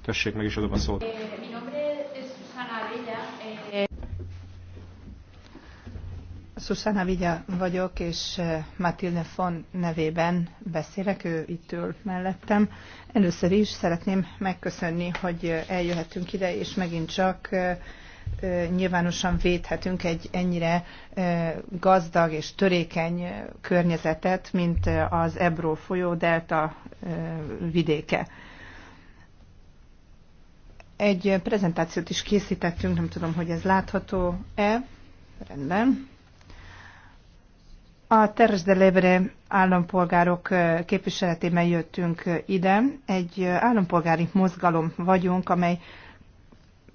Tessék, meg is adom a szót. Susana Vigya vagyok, és eh, Matilde von nevében beszélek, ő itt ül mellettem. Először is szeretném megköszönni, hogy eh, eljöhetünk ide, és megint csak eh, nyilvánosan védhetünk egy ennyire gazdag és törékeny környezetet, mint az Ebro folyó delta vidéke. Egy prezentációt is készítettünk, nem tudom, hogy ez látható-e. Rendben. A Terres de Lebre állampolgárok képviseletében jöttünk ide. Egy állampolgári mozgalom vagyunk, amely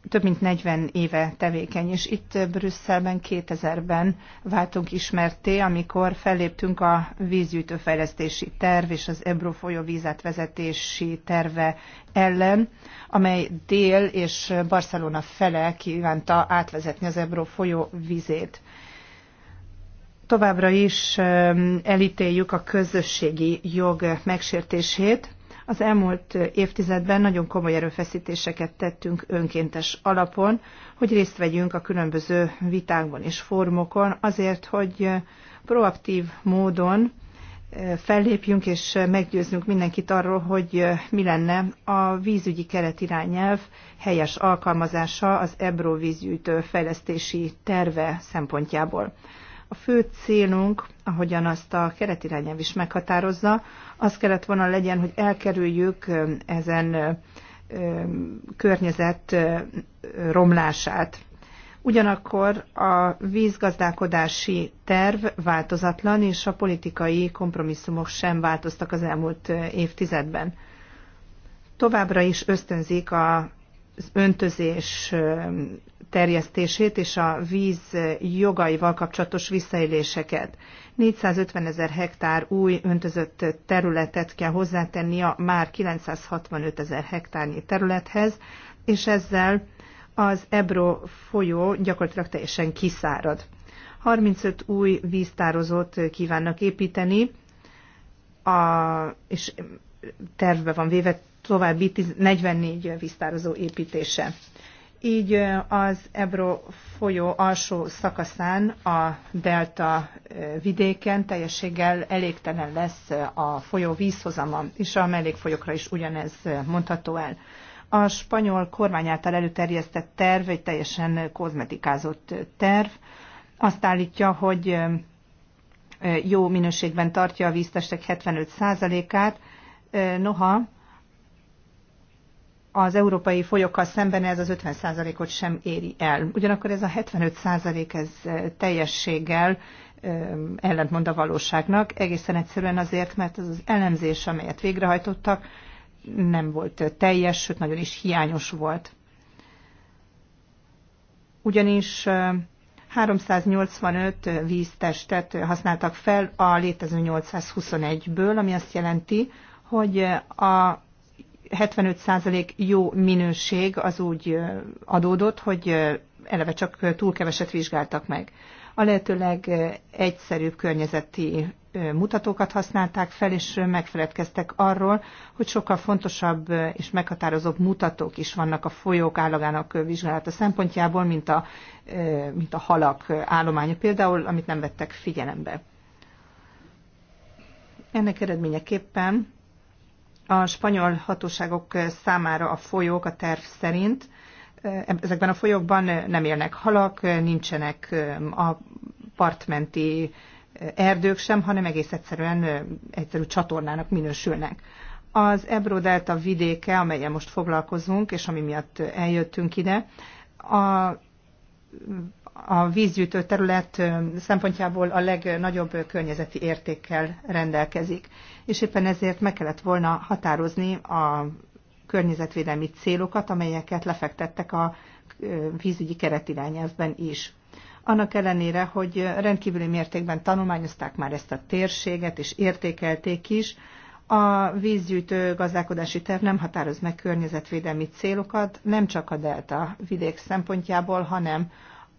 több mint 40 éve tevékeny, és itt Brüsszelben 2000-ben váltunk ismerté, amikor felléptünk a vízgyűjtőfejlesztési terv és az Ebro folyó vízátvezetési terve ellen, amely Dél és Barcelona fele kívánta átvezetni az Ebro folyó vízét. Továbbra is elítéljük a közösségi jog megsértését, az elmúlt évtizedben nagyon komoly erőfeszítéseket tettünk önkéntes alapon, hogy részt vegyünk a különböző vitákban és fórumokon, azért, hogy proaktív módon eh, fellépjünk és meggyőzzünk mindenkit arról, hogy eh, mi lenne a vízügyi keretirányelv helyes alkalmazása az Ebro vízgyűjtő fejlesztési terve szempontjából. A fő célunk, ahogyan azt a keretirányelv is meghatározza, az kellett volna legyen, hogy elkerüljük ezen környezet romlását. Ugyanakkor a vízgazdálkodási terv változatlan, és a politikai kompromisszumok sem változtak az elmúlt évtizedben. Továbbra is ösztönzik a az öntözés terjesztését és a víz jogaival kapcsolatos visszaéléseket. 450 ezer hektár új öntözött területet kell hozzátenni a már 965 ezer hektárnyi területhez, és ezzel az Ebro folyó gyakorlatilag teljesen kiszárad. 35 új víztározót kívánnak építeni, a, és tervbe van véve további 44 víztározó építése. Így az Ebro folyó alsó szakaszán a delta vidéken teljességgel elégtelen lesz a folyó vízhozama, és a mellékfolyókra is ugyanez mondható el. A spanyol kormány által előterjesztett terv egy teljesen kozmetikázott terv. Azt állítja, hogy jó minőségben tartja a víztestek 75%-át, noha az európai folyokkal szemben ez az 50%-ot sem éri el. Ugyanakkor ez a 75% ez teljességgel ellentmond a valóságnak, egészen egyszerűen azért, mert az az elemzés, amelyet végrehajtottak, nem volt teljes, sőt nagyon is hiányos volt. Ugyanis 385 víztestet használtak fel a létező 821-ből, ami azt jelenti, hogy a 75% jó minőség az úgy adódott, hogy eleve csak túl keveset vizsgáltak meg. A lehetőleg egyszerűbb környezeti mutatókat használták fel, és megfeledkeztek arról, hogy sokkal fontosabb és meghatározóbb mutatók is vannak a folyók állagának vizsgálata szempontjából, mint a, mint a halak állománya például, amit nem vettek figyelembe. Ennek eredményeképpen a spanyol hatóságok számára a folyók a terv szerint, ezekben a folyókban nem élnek halak, nincsenek a partmenti erdők sem, hanem egész egyszerűen egyszerű csatornának minősülnek. Az Ebro Delta vidéke, amelyen most foglalkozunk, és ami miatt eljöttünk ide, a a vízgyűjtő terület szempontjából a legnagyobb környezeti értékkel rendelkezik. És éppen ezért meg kellett volna határozni a környezetvédelmi célokat, amelyeket lefektettek a vízügyi keretirányelvben is. Annak ellenére, hogy rendkívüli mértékben tanulmányozták már ezt a térséget, és értékelték is, a vízgyűjtő gazdálkodási terv nem határoz meg környezetvédelmi célokat, nem csak a delta vidék szempontjából, hanem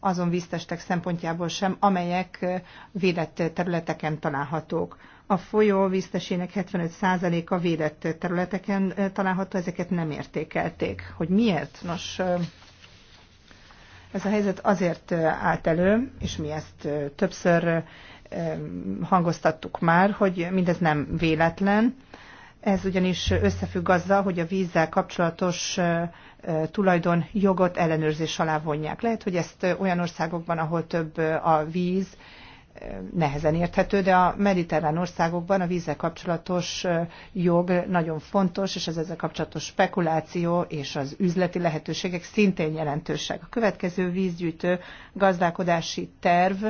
azon víztestek szempontjából sem, amelyek védett területeken találhatók. A folyó víztesének 75%-a védett területeken található, ezeket nem értékelték. Hogy miért? Nos, ez a helyzet azért állt elő, és mi ezt többször hangoztattuk már, hogy mindez nem véletlen. Ez ugyanis összefügg azzal, hogy a vízzel kapcsolatos Tulajdon jogot ellenőrzés alá vonják. Lehet, hogy ezt olyan országokban, ahol több a víz, nehezen érthető, de a mediterrán országokban a vízzel kapcsolatos jog nagyon fontos, és az ezzel kapcsolatos spekuláció és az üzleti lehetőségek szintén jelentősek. A következő vízgyűjtő gazdálkodási terv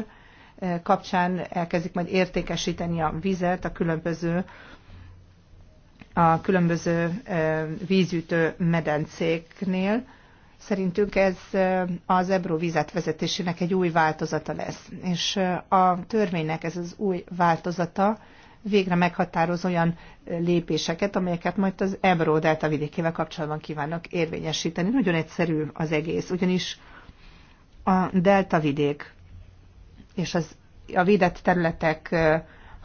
kapcsán elkezdik majd értékesíteni a vizet a különböző a különböző vízütő medencéknél. Szerintünk ez az Ebro vízátvezetésének egy új változata lesz. És a törvénynek ez az új változata végre meghatároz olyan lépéseket, amelyeket majd az Ebro delta vidékével kapcsolatban kívánnak érvényesíteni. Nagyon egyszerű az egész, ugyanis a delta vidék és az, a védett területek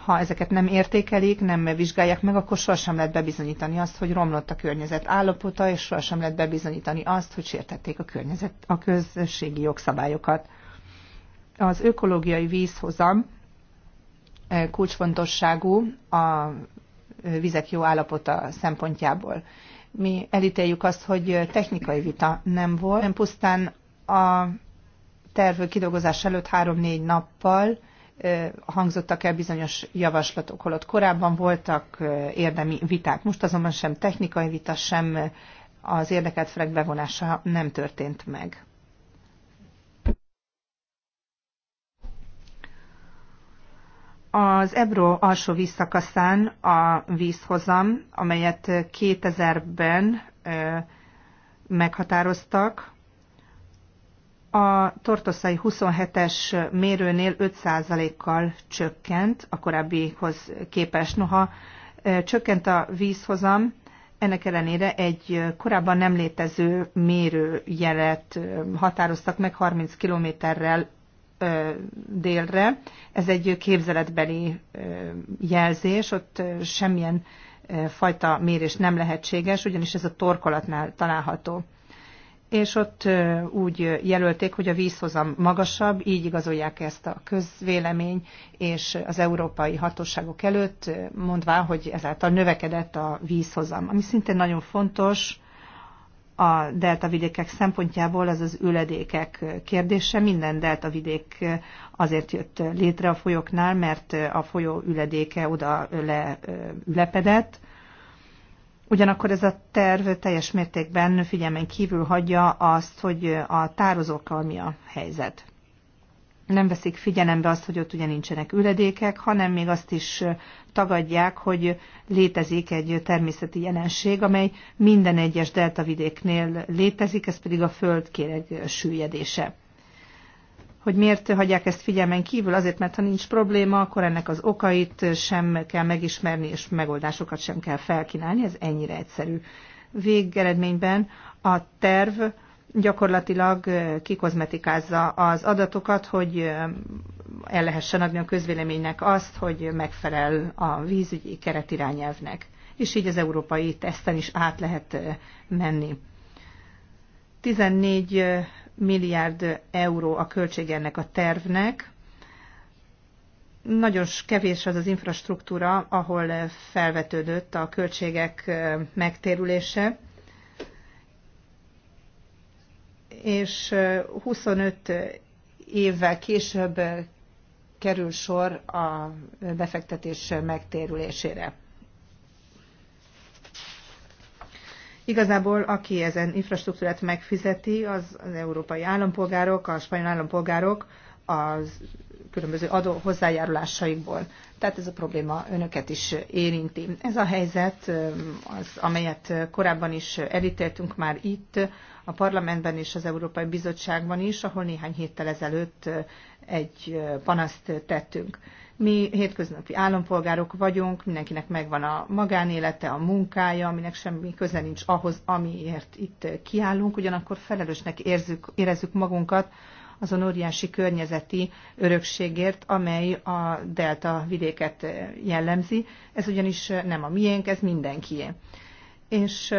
ha ezeket nem értékelik, nem vizsgálják meg, akkor sohasem lehet bebizonyítani azt, hogy romlott a környezet állapota, és sohasem lehet bebizonyítani azt, hogy sértették a, környezet, a közösségi jogszabályokat. Az ökológiai vízhozam eh, kulcsfontosságú a eh, vizek jó állapota szempontjából. Mi elítéljük azt, hogy eh, technikai vita nem volt, nem pusztán a terv kidolgozás előtt három-négy nappal hangzottak el bizonyos javaslatok, holott korábban voltak érdemi viták. Most azonban sem technikai vita, sem az érdekelt felek bevonása nem történt meg. Az Ebro alsó vízszakaszán a vízhozam, amelyet 2000-ben meghatároztak, a tortoszai 27-es mérőnél 5%-kal csökkent a korábbihoz képest. Noha csökkent a vízhozam, ennek ellenére egy korábban nem létező mérőjelet határoztak meg 30 kilométerrel délre. Ez egy képzeletbeli jelzés, ott semmilyen fajta mérés nem lehetséges, ugyanis ez a torkolatnál található és ott úgy jelölték, hogy a vízhozam magasabb, így igazolják ezt a közvélemény és az európai hatóságok előtt, mondvá, hogy ezáltal növekedett a vízhozam. Ami szintén nagyon fontos a vidékek szempontjából, ez az üledékek kérdése. Minden vidék azért jött létre a folyóknál, mert a folyó üledéke oda le, Ugyanakkor ez a terv teljes mértékben figyelmen kívül hagyja azt, hogy a tározókkal mi a helyzet. Nem veszik figyelembe azt, hogy ott ugye nincsenek üledékek, hanem még azt is tagadják, hogy létezik egy természeti jelenség, amely minden egyes deltavidéknél létezik, ez pedig a földkéreg süllyedése hogy miért hagyják ezt figyelmen kívül, azért, mert ha nincs probléma, akkor ennek az okait sem kell megismerni, és megoldásokat sem kell felkínálni, ez ennyire egyszerű. Végeredményben a terv gyakorlatilag eh, kikozmetikázza az adatokat, hogy eh, el lehessen adni a közvéleménynek azt, hogy megfelel a vízügyi keretirányelvnek. És így az európai teszten is át lehet eh, menni. 14 milliárd euró a költség ennek a tervnek. Nagyon kevés az az infrastruktúra, ahol felvetődött a költségek megtérülése, és 25 évvel később kerül sor a befektetés megtérülésére. Igazából aki ezen infrastruktúrát megfizeti, az az európai állampolgárok, a spanyol állampolgárok az különböző adó hozzájárulásaikból. Tehát ez a probléma önöket is érinti. Ez a helyzet, az, amelyet korábban is elítéltünk már itt, a parlamentben és az Európai Bizottságban is, ahol néhány héttel ezelőtt egy panaszt tettünk. Mi hétköznapi állampolgárok vagyunk, mindenkinek megvan a magánélete, a munkája, aminek semmi köze nincs ahhoz, amiért itt kiállunk, ugyanakkor felelősnek érzük, érezzük magunkat azon óriási környezeti örökségért, amely a delta vidéket jellemzi. Ez ugyanis nem a miénk, ez mindenkié és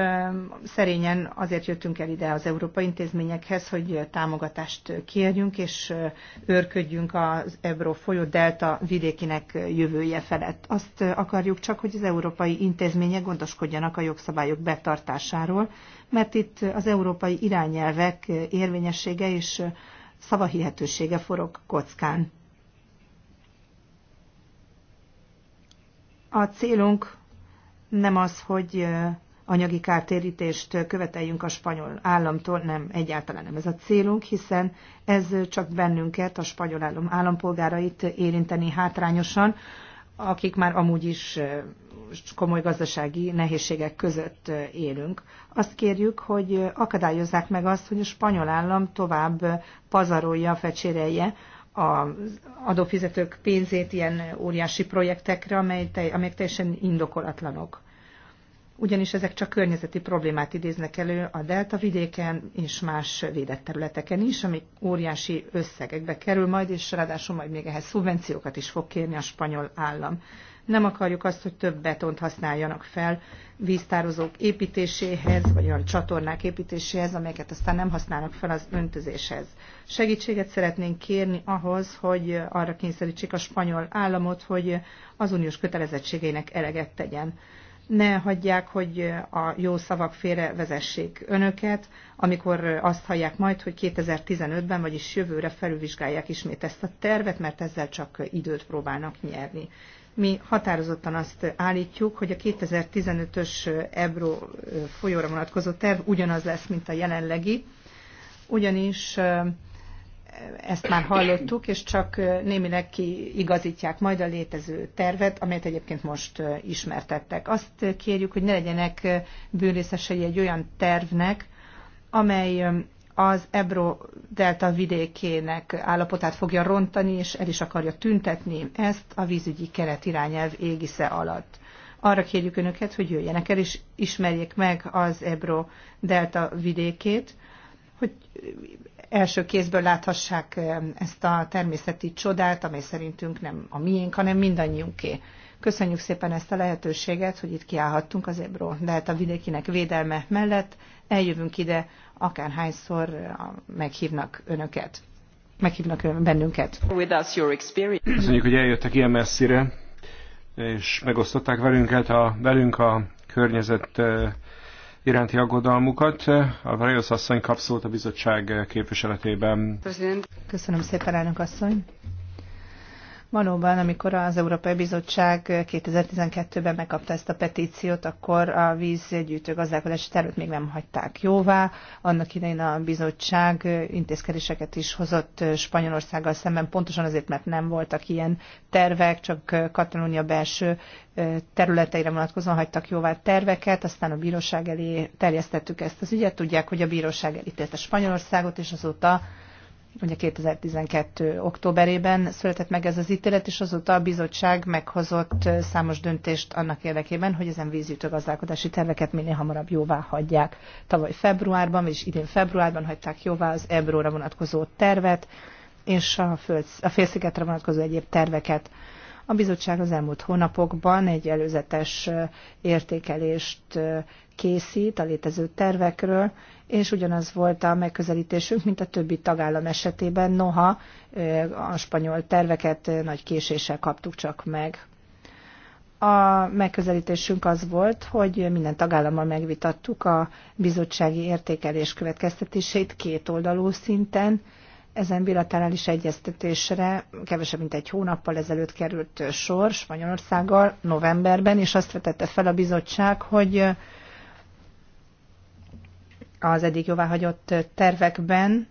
szerényen azért jöttünk el ide az európai intézményekhez, hogy támogatást kérjünk, és őrködjünk az Ebro folyó delta vidékinek jövője felett. Azt akarjuk csak, hogy az európai intézmények gondoskodjanak a jogszabályok betartásáról, mert itt az európai irányelvek érvényessége és szavahihetősége forog kockán. A célunk nem az, hogy anyagi kártérítést követeljünk a spanyol államtól, nem, egyáltalán nem ez a célunk, hiszen ez csak bennünket, a spanyol állam állampolgárait érinteni hátrányosan, akik már amúgy is komoly gazdasági nehézségek között élünk. Azt kérjük, hogy akadályozzák meg azt, hogy a spanyol állam tovább pazarolja, fecsérelje az adófizetők pénzét ilyen óriási projektekre, amelyek teljesen indokolatlanok ugyanis ezek csak környezeti problémát idéznek elő a delta vidéken és más védett területeken is, ami óriási összegekbe kerül majd, és ráadásul majd még ehhez szubvenciókat is fog kérni a spanyol állam. Nem akarjuk azt, hogy több betont használjanak fel víztározók építéséhez, vagy olyan csatornák építéséhez, amelyeket aztán nem használnak fel az öntözéshez. Segítséget szeretnénk kérni ahhoz, hogy arra kényszerítsék a spanyol államot, hogy az uniós kötelezettségeinek eleget tegyen ne hagyják, hogy a jó szavak félre vezessék önöket, amikor azt hallják majd, hogy 2015-ben, vagyis jövőre felülvizsgálják ismét ezt a tervet, mert ezzel csak időt próbálnak nyerni. Mi határozottan azt állítjuk, hogy a 2015-ös Ebró folyóra vonatkozó terv ugyanaz lesz, mint a jelenlegi, ugyanis ezt már hallottuk, és csak némileg kiigazítják majd a létező tervet, amelyet egyébként most ismertettek. Azt kérjük, hogy ne legyenek bűnrészesei egy olyan tervnek, amely az Ebro delta vidékének állapotát fogja rontani, és el is akarja tüntetni ezt a vízügyi keret irányelv égisze alatt. Arra kérjük Önöket, hogy jöjjenek el, és ismerjék meg az Ebro delta vidékét, hogy első kézből láthassák ezt a természeti csodát, amely szerintünk nem a miénk, hanem mindannyiunké. Köszönjük szépen ezt a lehetőséget, hogy itt kiállhattunk az Ebro hát a vidékinek védelme mellett. Eljövünk ide, akárhányszor meghívnak önöket. Meghívnak bennünket. Köszönjük, hogy eljöttek ilyen messzire, és megosztották velünk, a, velünk a környezet iránti aggodalmukat. A Vareos asszony kap a bizottság képviseletében. Köszönöm szépen, elnök asszony. Valóban, amikor az Európai Bizottság 2012-ben megkapta ezt a petíciót, akkor a vízgyűjtő gazdálkodási tervet még nem hagyták jóvá. Annak idején a bizottság intézkedéseket is hozott Spanyolországgal szemben, pontosan azért, mert nem voltak ilyen tervek, csak Katalónia belső területeire vonatkozóan hagytak jóvá terveket, aztán a bíróság elé terjesztettük ezt az ügyet. Tudják, hogy a bíróság elítélte Spanyolországot, és azóta ugye 2012. októberében született meg ez az ítélet, és azóta a bizottság meghozott számos döntést annak érdekében, hogy ezen vízütőgazdálkodási terveket minél hamarabb jóvá hagyják. Tavaly februárban, vagyis idén februárban hagyták jóvá az Ebróra vonatkozó tervet, és a, föld, a félszigetre vonatkozó egyéb terveket. A bizottság az elmúlt hónapokban egy előzetes értékelést készít a létező tervekről, és ugyanaz volt a megközelítésünk, mint a többi tagállam esetében, noha a spanyol terveket nagy késéssel kaptuk csak meg. A megközelítésünk az volt, hogy minden tagállammal megvitattuk a bizottsági értékelés következtetését két oldalú szinten, ezen bilaterális egyeztetésre kevesebb mint egy hónappal ezelőtt került sor Spanyolországgal novemberben, és azt vetette fel a bizottság, hogy az eddig jóváhagyott tervekben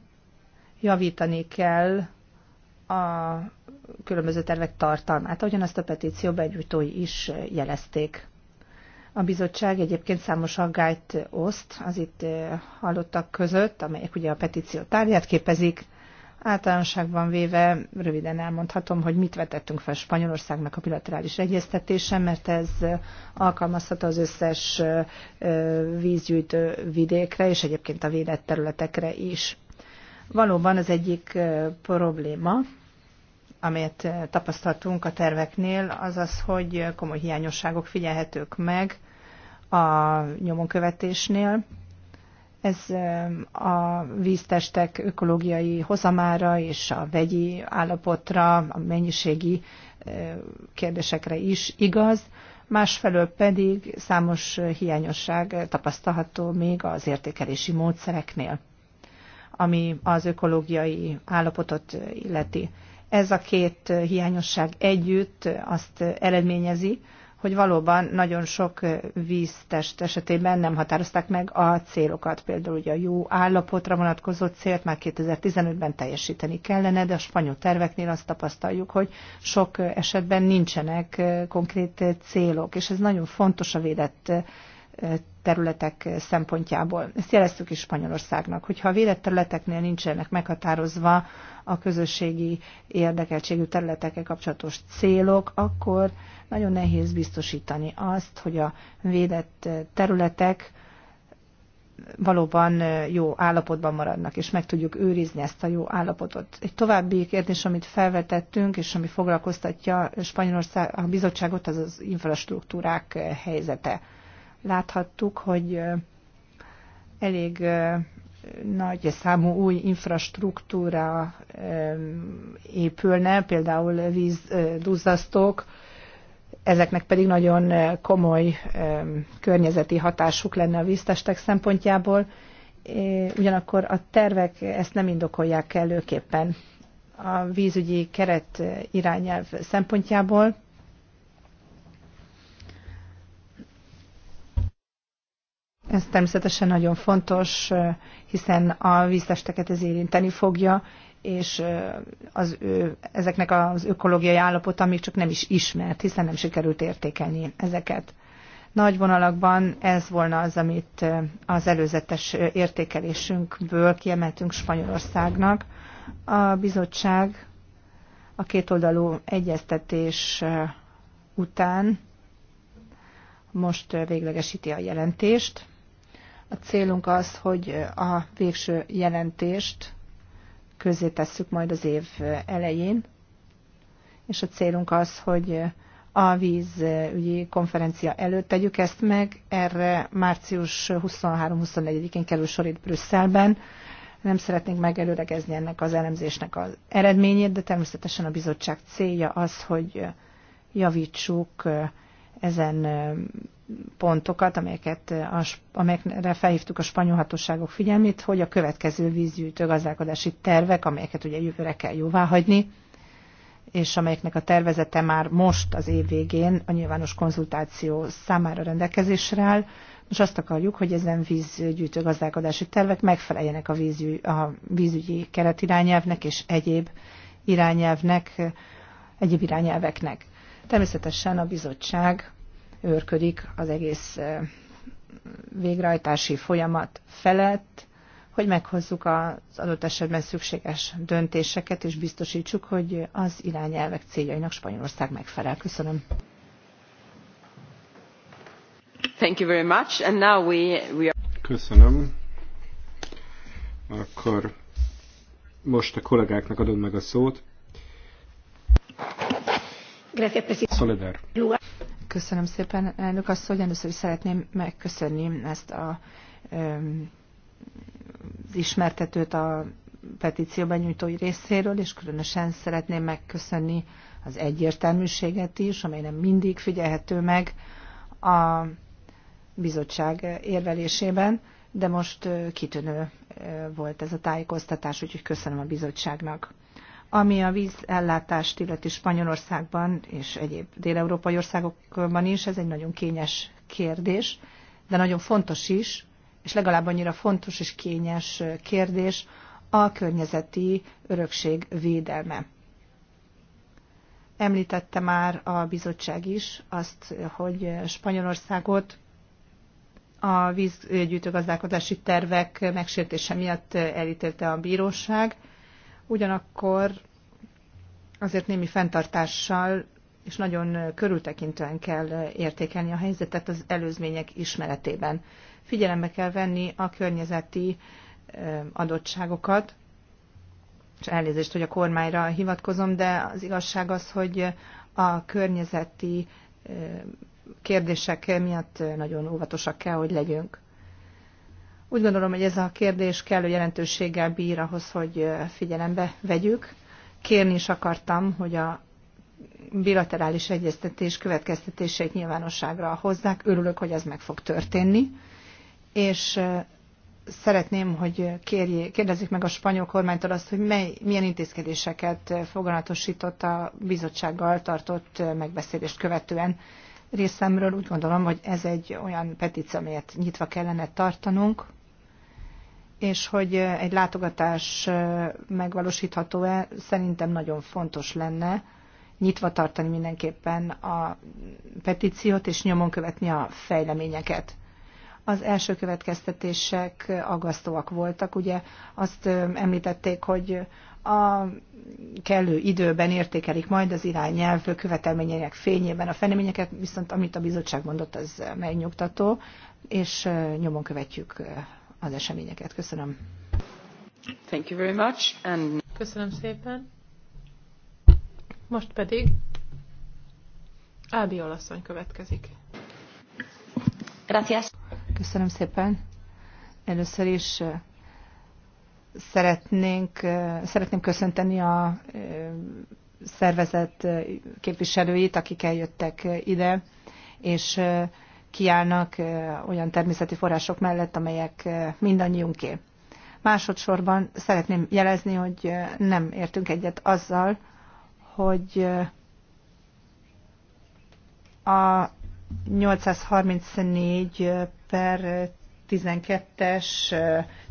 javítani kell a különböző tervek tartalmát, ahogyan azt a petíció begyújtói is jelezték. A bizottság egyébként számos aggályt oszt az itt hallottak között, amelyek ugye a petíció tárgyát képezik, Általánosságban véve röviden elmondhatom, hogy mit vetettünk fel Spanyolországnak a bilaterális egyeztetésen, mert ez alkalmazható az összes vízgyűjtő vidékre és egyébként a védett területekre is. Valóban az egyik probléma, amelyet tapasztaltunk a terveknél, az az, hogy komoly hiányosságok figyelhetők meg a nyomonkövetésnél, ez a víztestek ökológiai hozamára és a vegyi állapotra, a mennyiségi kérdésekre is igaz, másfelől pedig számos hiányosság tapasztalható még az értékelési módszereknél, ami az ökológiai állapotot illeti. Ez a két hiányosság együtt azt eredményezi, hogy valóban nagyon sok víztest esetében nem határozták meg a célokat. Például ugye a jó állapotra vonatkozó célt már 2015-ben teljesíteni kellene, de a spanyol terveknél azt tapasztaljuk, hogy sok esetben nincsenek konkrét célok, és ez nagyon fontos a védett területek szempontjából. Ezt jeleztük is Spanyolországnak, hogyha a védett területeknél nincsenek meghatározva a közösségi érdekeltségű területekkel kapcsolatos célok, akkor nagyon nehéz biztosítani azt, hogy a védett területek valóban jó állapotban maradnak, és meg tudjuk őrizni ezt a jó állapotot. Egy további kérdés, amit felvetettünk, és ami foglalkoztatja Spanyolország a bizottságot, az az infrastruktúrák helyzete. Láthattuk, hogy elég nagy számú új infrastruktúra épülne, például vízduzzasztók, ezeknek pedig nagyon eh, komoly környezeti hatásuk lenne a víztestek szempontjából, ugyanakkor a tervek ezt nem indokolják kellőképpen a vízügyi keret irányelv szempontjából. Ez természetesen nagyon fontos, eh, hiszen a víztesteket ez érinteni fogja, és az ő, ezeknek az ökológiai állapota még csak nem is ismert, hiszen nem sikerült értékelni ezeket. Nagy vonalakban ez volna az, amit az előzetes értékelésünkből kiemeltünk Spanyolországnak. A bizottság a kétoldalú egyeztetés után most véglegesíti a jelentést. A célunk az, hogy a végső jelentést közé tesszük majd az év elején, és a célunk az, hogy a vízügyi konferencia előtt tegyük ezt meg. Erre március 23-24-én kerül sor itt Brüsszelben. Nem szeretnénk megelőlegezni ennek az elemzésnek az eredményét, de természetesen a bizottság célja az, hogy javítsuk ezen pontokat, amelyeket, a, amelyekre felhívtuk a spanyol hatóságok figyelmét, hogy a következő vízgyűjtő gazdálkodási tervek, amelyeket ugye jövőre kell jóváhagyni, és amelyeknek a tervezete már most az év végén a nyilvános konzultáció számára rendelkezésre áll. Most azt akarjuk, hogy ezen vízgyűjtő gazdálkodási tervek megfeleljenek a, vízügy, a vízügyi keretirányelvnek és egyéb irányelvnek, egyéb irányelveknek. Természetesen a bizottság őrködik az egész végrehajtási folyamat felett, hogy meghozzuk az adott esetben szükséges döntéseket, és biztosítsuk, hogy az irányelvek céljainak Spanyolország megfelel. Köszönöm. Thank you very much. And now we, we are... Köszönöm. Akkor most a kollégáknak adom meg a szót. Köszönöm szépen, elnök asszony. Először is szeretném megköszönni ezt a, az ismertetőt a petíció benyújtói részéről, és különösen szeretném megköszönni az egyértelműséget is, amely nem mindig figyelhető meg a bizottság érvelésében, de most kitűnő volt ez a tájékoztatás, úgyhogy köszönöm a bizottságnak ami a vízellátást illeti Spanyolországban és egyéb dél-európai országokban is, ez egy nagyon kényes kérdés, de nagyon fontos is, és legalább annyira fontos és kényes kérdés a környezeti örökség védelme. Említette már a bizottság is azt, hogy Spanyolországot a vízgyűjtőgazdálkodási tervek megsértése miatt elítélte a bíróság, Ugyanakkor azért némi fenntartással és nagyon körültekintően kell értékelni a helyzetet az előzmények ismeretében. Figyelembe kell venni a környezeti adottságokat, és elnézést, hogy a kormányra hivatkozom, de az igazság az, hogy a környezeti kérdések miatt nagyon óvatosak kell, hogy legyünk. Úgy gondolom, hogy ez a kérdés kellő jelentőséggel bír ahhoz, hogy figyelembe vegyük. Kérni is akartam, hogy a bilaterális egyeztetés következtetéseit nyilvánosságra hozzák. Örülök, hogy ez meg fog történni. És szeretném, hogy kérjé, kérdezzük meg a spanyol kormánytól azt, hogy mely, milyen intézkedéseket foganatosított a bizottsággal tartott megbeszélést követően. Részemről úgy gondolom, hogy ez egy olyan petíció, amelyet nyitva kellene tartanunk, és hogy egy látogatás megvalósítható-e, szerintem nagyon fontos lenne nyitva tartani mindenképpen a petíciót, és nyomon követni a fejleményeket. Az első következtetések agasztóak voltak, ugye azt említették, hogy a kellő időben értékelik majd az irányelv követelményeinek fényében a fenéményeket, viszont amit a bizottság mondott, az megnyugtató, és nyomon követjük az eseményeket. Köszönöm. Thank you very much. And... Köszönöm szépen. Most pedig Ábi Olaszony következik. Gracias. Köszönöm szépen. Először is szeretnénk, szeretném köszönteni a szervezet képviselőit, akik eljöttek ide, és kiállnak olyan természeti források mellett, amelyek mindannyiunké. Másodszorban szeretném jelezni, hogy nem értünk egyet azzal, hogy a 834 per 12-es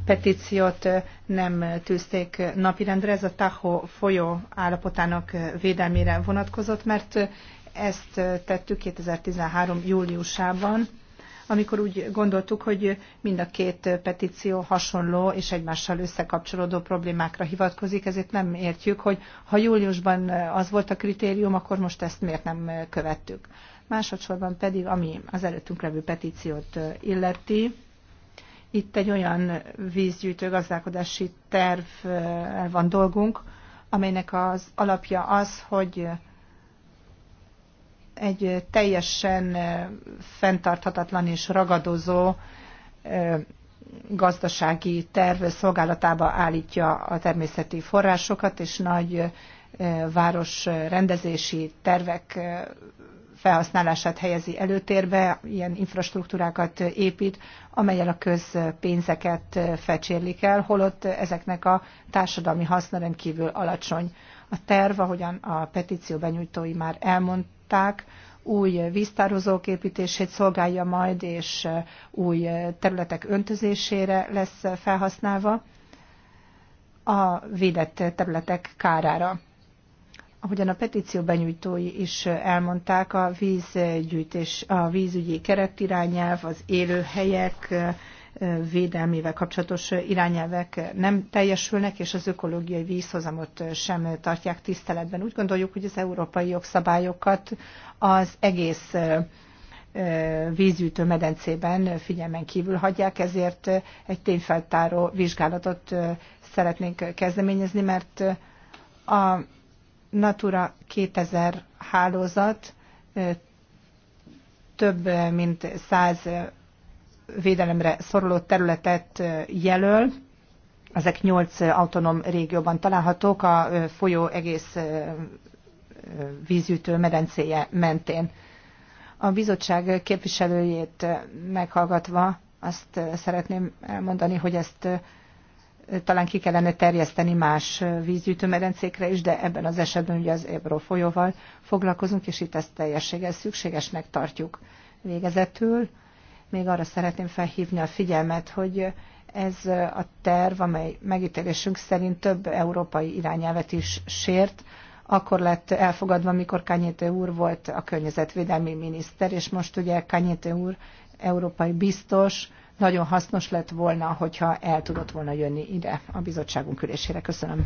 petíciót nem tűzték napirendre. Ez a Tahoe folyó állapotának védelmére vonatkozott, mert ezt tettük 2013. júliusában, amikor úgy gondoltuk, hogy mind a két petíció hasonló és egymással összekapcsolódó problémákra hivatkozik, ezért nem értjük, hogy ha júliusban az volt a kritérium, akkor most ezt miért nem követtük. Másodszorban pedig, ami az előttünk levő petíciót illeti, itt egy olyan vízgyűjtő gazdálkodási terv van dolgunk, amelynek az alapja az, hogy egy teljesen fenntarthatatlan és ragadozó gazdasági terv szolgálatába állítja a természeti forrásokat, és nagy város rendezési tervek felhasználását helyezi előtérbe, ilyen infrastruktúrákat épít, amelyel a közpénzeket fecsérlik el, holott ezeknek a társadalmi haszna rendkívül alacsony. A terv, ahogyan a petíció benyújtói már elmondták, megnyitották, új víztározók építését szolgálja majd, és új területek öntözésére lesz felhasználva a védett területek kárára. Ahogyan a petíció benyújtói is elmondták, a vízgyűjtés, a vízügyi keretirányelv, az élőhelyek, védelmével kapcsolatos irányelvek nem teljesülnek, és az ökológiai vízhozamot sem tartják tiszteletben. Úgy gondoljuk, hogy az európai jogszabályokat az egész vízgyűjtő medencében figyelmen kívül hagyják, ezért egy tényfeltáró vizsgálatot szeretnénk kezdeményezni, mert a Natura 2000 hálózat több mint száz védelemre szoruló területet jelöl, ezek nyolc autonóm régióban találhatók a folyó egész vízütő medencéje mentén. A bizottság képviselőjét meghallgatva azt szeretném elmondani, hogy ezt talán ki kellene terjeszteni más vízgyűjtőmedencékre is, de ebben az esetben ugye az Ebro folyóval foglalkozunk, és itt ezt teljességgel szükségesnek tartjuk. Végezetül még arra szeretném felhívni a figyelmet, hogy ez a terv, amely megítélésünk szerint több európai irányelvet is sért, akkor lett elfogadva, mikor Kanyete úr volt a környezetvédelmi miniszter, és most ugye Kanyete úr európai biztos, nagyon hasznos lett volna, hogyha el tudott volna jönni ide a bizottságunk ülésére. Köszönöm.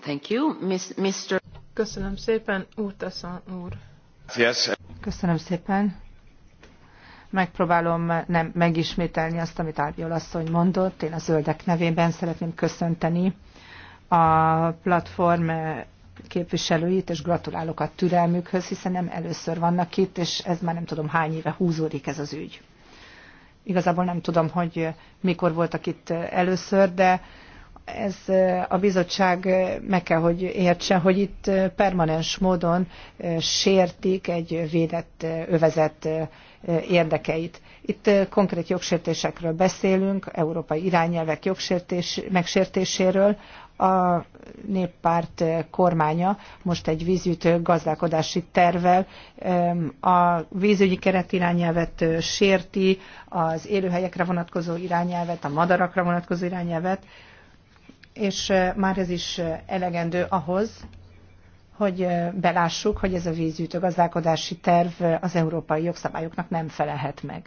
Thank you, Miss, Mr. Köszönöm szépen, úr Tasson úr. Yes. Köszönöm szépen. Megpróbálom nem megismételni azt, amit Árbiol asszony mondott. Én a zöldek nevében szeretném köszönteni a platform képviselőit, és gratulálok a türelmükhöz, hiszen nem először vannak itt, és ez már nem tudom hány éve húzódik ez az ügy. Igazából nem tudom, hogy mikor voltak itt először, de ez a bizottság meg kell, hogy értse, hogy itt permanens módon sértik egy védett övezet érdekeit. Itt konkrét jogsértésekről beszélünk, európai irányelvek jogsértés, megsértéséről. A néppárt kormánya most egy vízütő gazdálkodási tervvel a vízügyi irányelvet sérti, az élőhelyekre vonatkozó irányelvet, a madarakra vonatkozó irányelvet, és már ez is elegendő ahhoz, hogy belássuk, hogy ez a vízgyűjtőgazdálkodási terv az európai jogszabályoknak nem felelhet meg.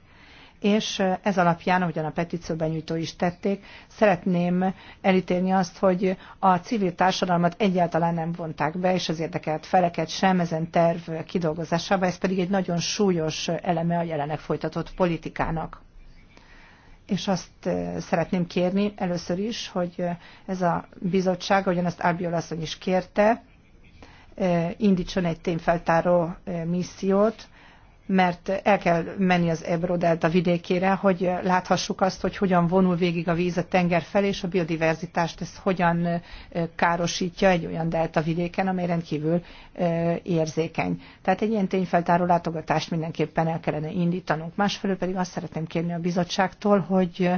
És ez alapján, ahogyan a petíció nyújtó is tették, szeretném elítélni azt, hogy a civil társadalmat egyáltalán nem vonták be, és az érdekelt feleket sem ezen terv kidolgozásába, ez pedig egy nagyon súlyos eleme a jelenek folytatott politikának és azt szeretném kérni először is, hogy ez a bizottság, ahogyan azt Ábjól asszony is kérte, indítson egy tényfeltáró missziót, mert el kell menni az Ebro delta vidékére, hogy láthassuk azt, hogy hogyan vonul végig a víz a tenger felé, és a biodiverzitást ez hogyan károsítja egy olyan delta vidéken, amely rendkívül érzékeny. Tehát egy ilyen tényfeltáró látogatást mindenképpen el kellene indítanunk. Másfelől pedig azt szeretném kérni a bizottságtól, hogy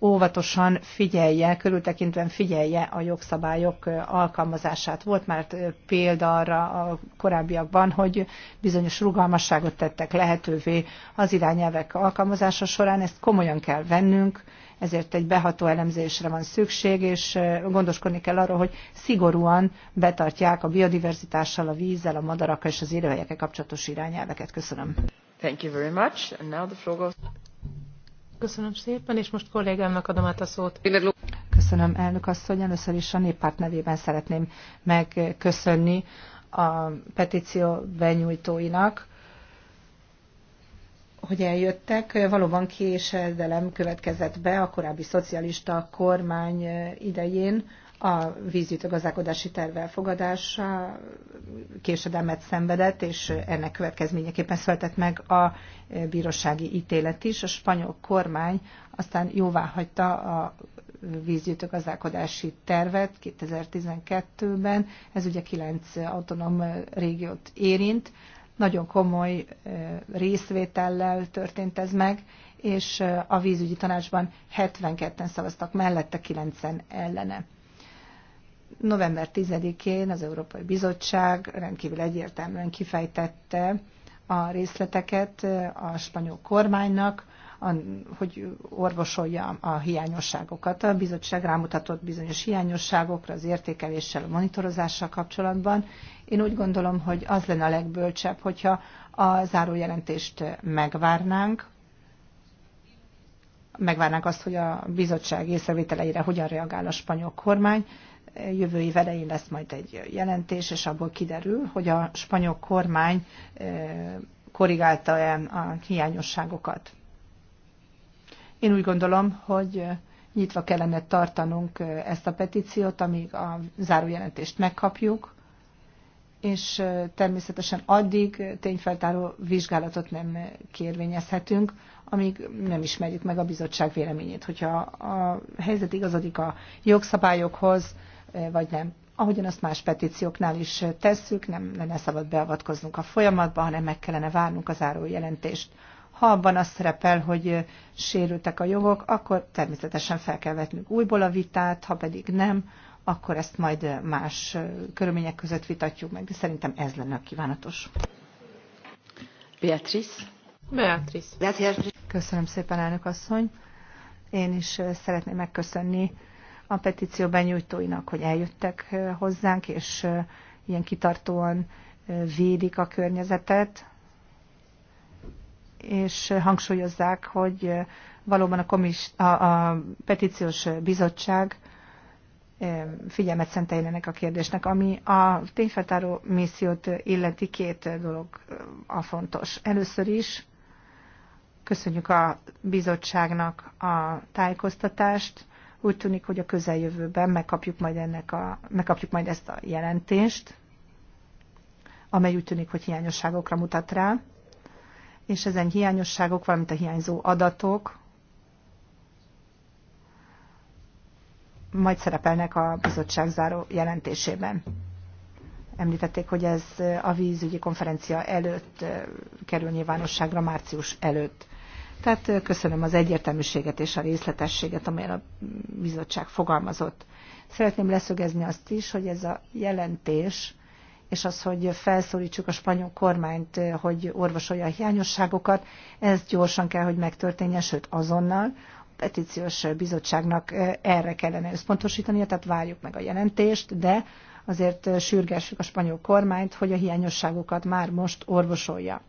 óvatosan figyelje, körültekintően figyelje a jogszabályok alkalmazását. Volt már példa arra a korábbiakban, hogy bizonyos rugalmasságot tettek lehetővé az irányelvek alkalmazása során, ezt komolyan kell vennünk, ezért egy beható elemzésre van szükség, és gondoskodni kell arról, hogy szigorúan betartják a biodiverzitással, a vízzel, a madarakkal és az élőhelyekkel kapcsolatos irányelveket. Köszönöm. Thank you very much. And now the floor goes... Köszönöm szépen, és most kollégámnak adom át a szót. Köszönöm, elnök asszony. Először is a néppárt nevében szeretném megköszönni a petíció benyújtóinak, hogy eljöttek. Valóban késedelem következett be a korábbi szocialista kormány idején, a gazdálkodási terv elfogadása késedelmet szenvedett, és ennek következményeképpen született meg a bírósági ítélet is. A spanyol kormány aztán jóvá hagyta a gazdálkodási tervet 2012-ben. Ez ugye kilenc autonóm régiót érint. Nagyon komoly részvétellel történt ez meg, és a vízügyi tanácsban 72-en szavaztak mellette, 9-en ellene November 10-én az Európai Bizottság rendkívül egyértelműen kifejtette a részleteket a spanyol kormánynak, hogy orvosolja a hiányosságokat. A bizottság rámutatott bizonyos hiányosságokra az értékeléssel, a monitorozással kapcsolatban. Én úgy gondolom, hogy az lenne a legbölcsebb, hogyha a zárójelentést megvárnánk, megvárnánk azt, hogy a bizottság észrevételeire hogyan reagál a spanyol kormány, jövő év elején lesz majd egy jelentés, és abból kiderül, hogy a spanyol kormány eh, korrigálta-e a hiányosságokat. Én úgy gondolom, hogy eh, nyitva kellene tartanunk eh, ezt a petíciót, amíg a zárójelentést megkapjuk, és természetesen addig tényfeltáró vizsgálatot nem kérvényezhetünk, amíg nem ismerjük meg a bizottság véleményét. Hogyha a helyzet igazodik a jogszabályokhoz, vagy nem. Ahogyan azt más petícióknál is tesszük, nem lenne szabad beavatkoznunk a folyamatba, hanem meg kellene várnunk az jelentést. Ha abban az szerepel, hogy sérültek a jogok, akkor természetesen fel kell vetnünk újból a vitát, ha pedig nem, akkor ezt majd más körülmények között vitatjuk meg, de szerintem ez lenne a kívánatos. Beatrice. Beatrice. Köszönöm szépen, elnök asszony. Én is szeretném megköszönni a petíció benyújtóinak, hogy eljöttek hozzánk, és ilyen kitartóan védik a környezetet, és hangsúlyozzák, hogy valóban a, komis, a, a petíciós bizottság figyelmet szenteljenek a kérdésnek. Ami a tényfeltáró missziót illeti, két dolog a fontos. Először is köszönjük a bizottságnak a tájékoztatást, úgy tűnik, hogy a közeljövőben megkapjuk majd, ennek a, megkapjuk majd ezt a jelentést, amely úgy tűnik, hogy hiányosságokra mutat rá, és ezen hiányosságok, valamint a hiányzó adatok majd szerepelnek a bizottság záró jelentésében. Említették, hogy ez a vízügyi konferencia előtt kerül nyilvánosságra március előtt. Tehát köszönöm az egyértelműséget és a részletességet, amelyen a bizottság fogalmazott. Szeretném leszögezni azt is, hogy ez a jelentés, és az, hogy felszólítsuk a spanyol kormányt, hogy orvosolja a hiányosságokat, ez gyorsan kell, hogy megtörténjen, sőt azonnal. A petíciós bizottságnak erre kellene összpontosítania, tehát várjuk meg a jelentést, de azért sürgessük a spanyol kormányt, hogy a hiányosságokat már most orvosolja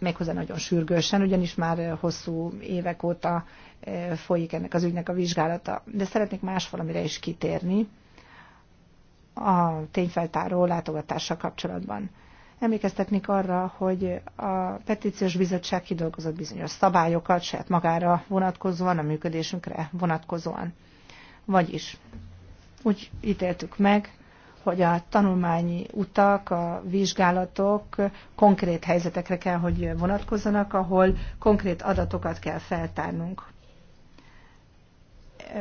méghozzá nagyon sürgősen, ugyanis már hosszú évek óta folyik ennek az ügynek a vizsgálata. De szeretnék más valamire is kitérni a tényfeltáró látogatással kapcsolatban. Emlékeztetnék arra, hogy a petíciós bizottság kidolgozott bizonyos szabályokat saját magára vonatkozóan, a működésünkre vonatkozóan. Vagyis úgy ítéltük meg, hogy a tanulmányi utak, a vizsgálatok konkrét helyzetekre kell, hogy vonatkozzanak, ahol konkrét adatokat kell feltárnunk.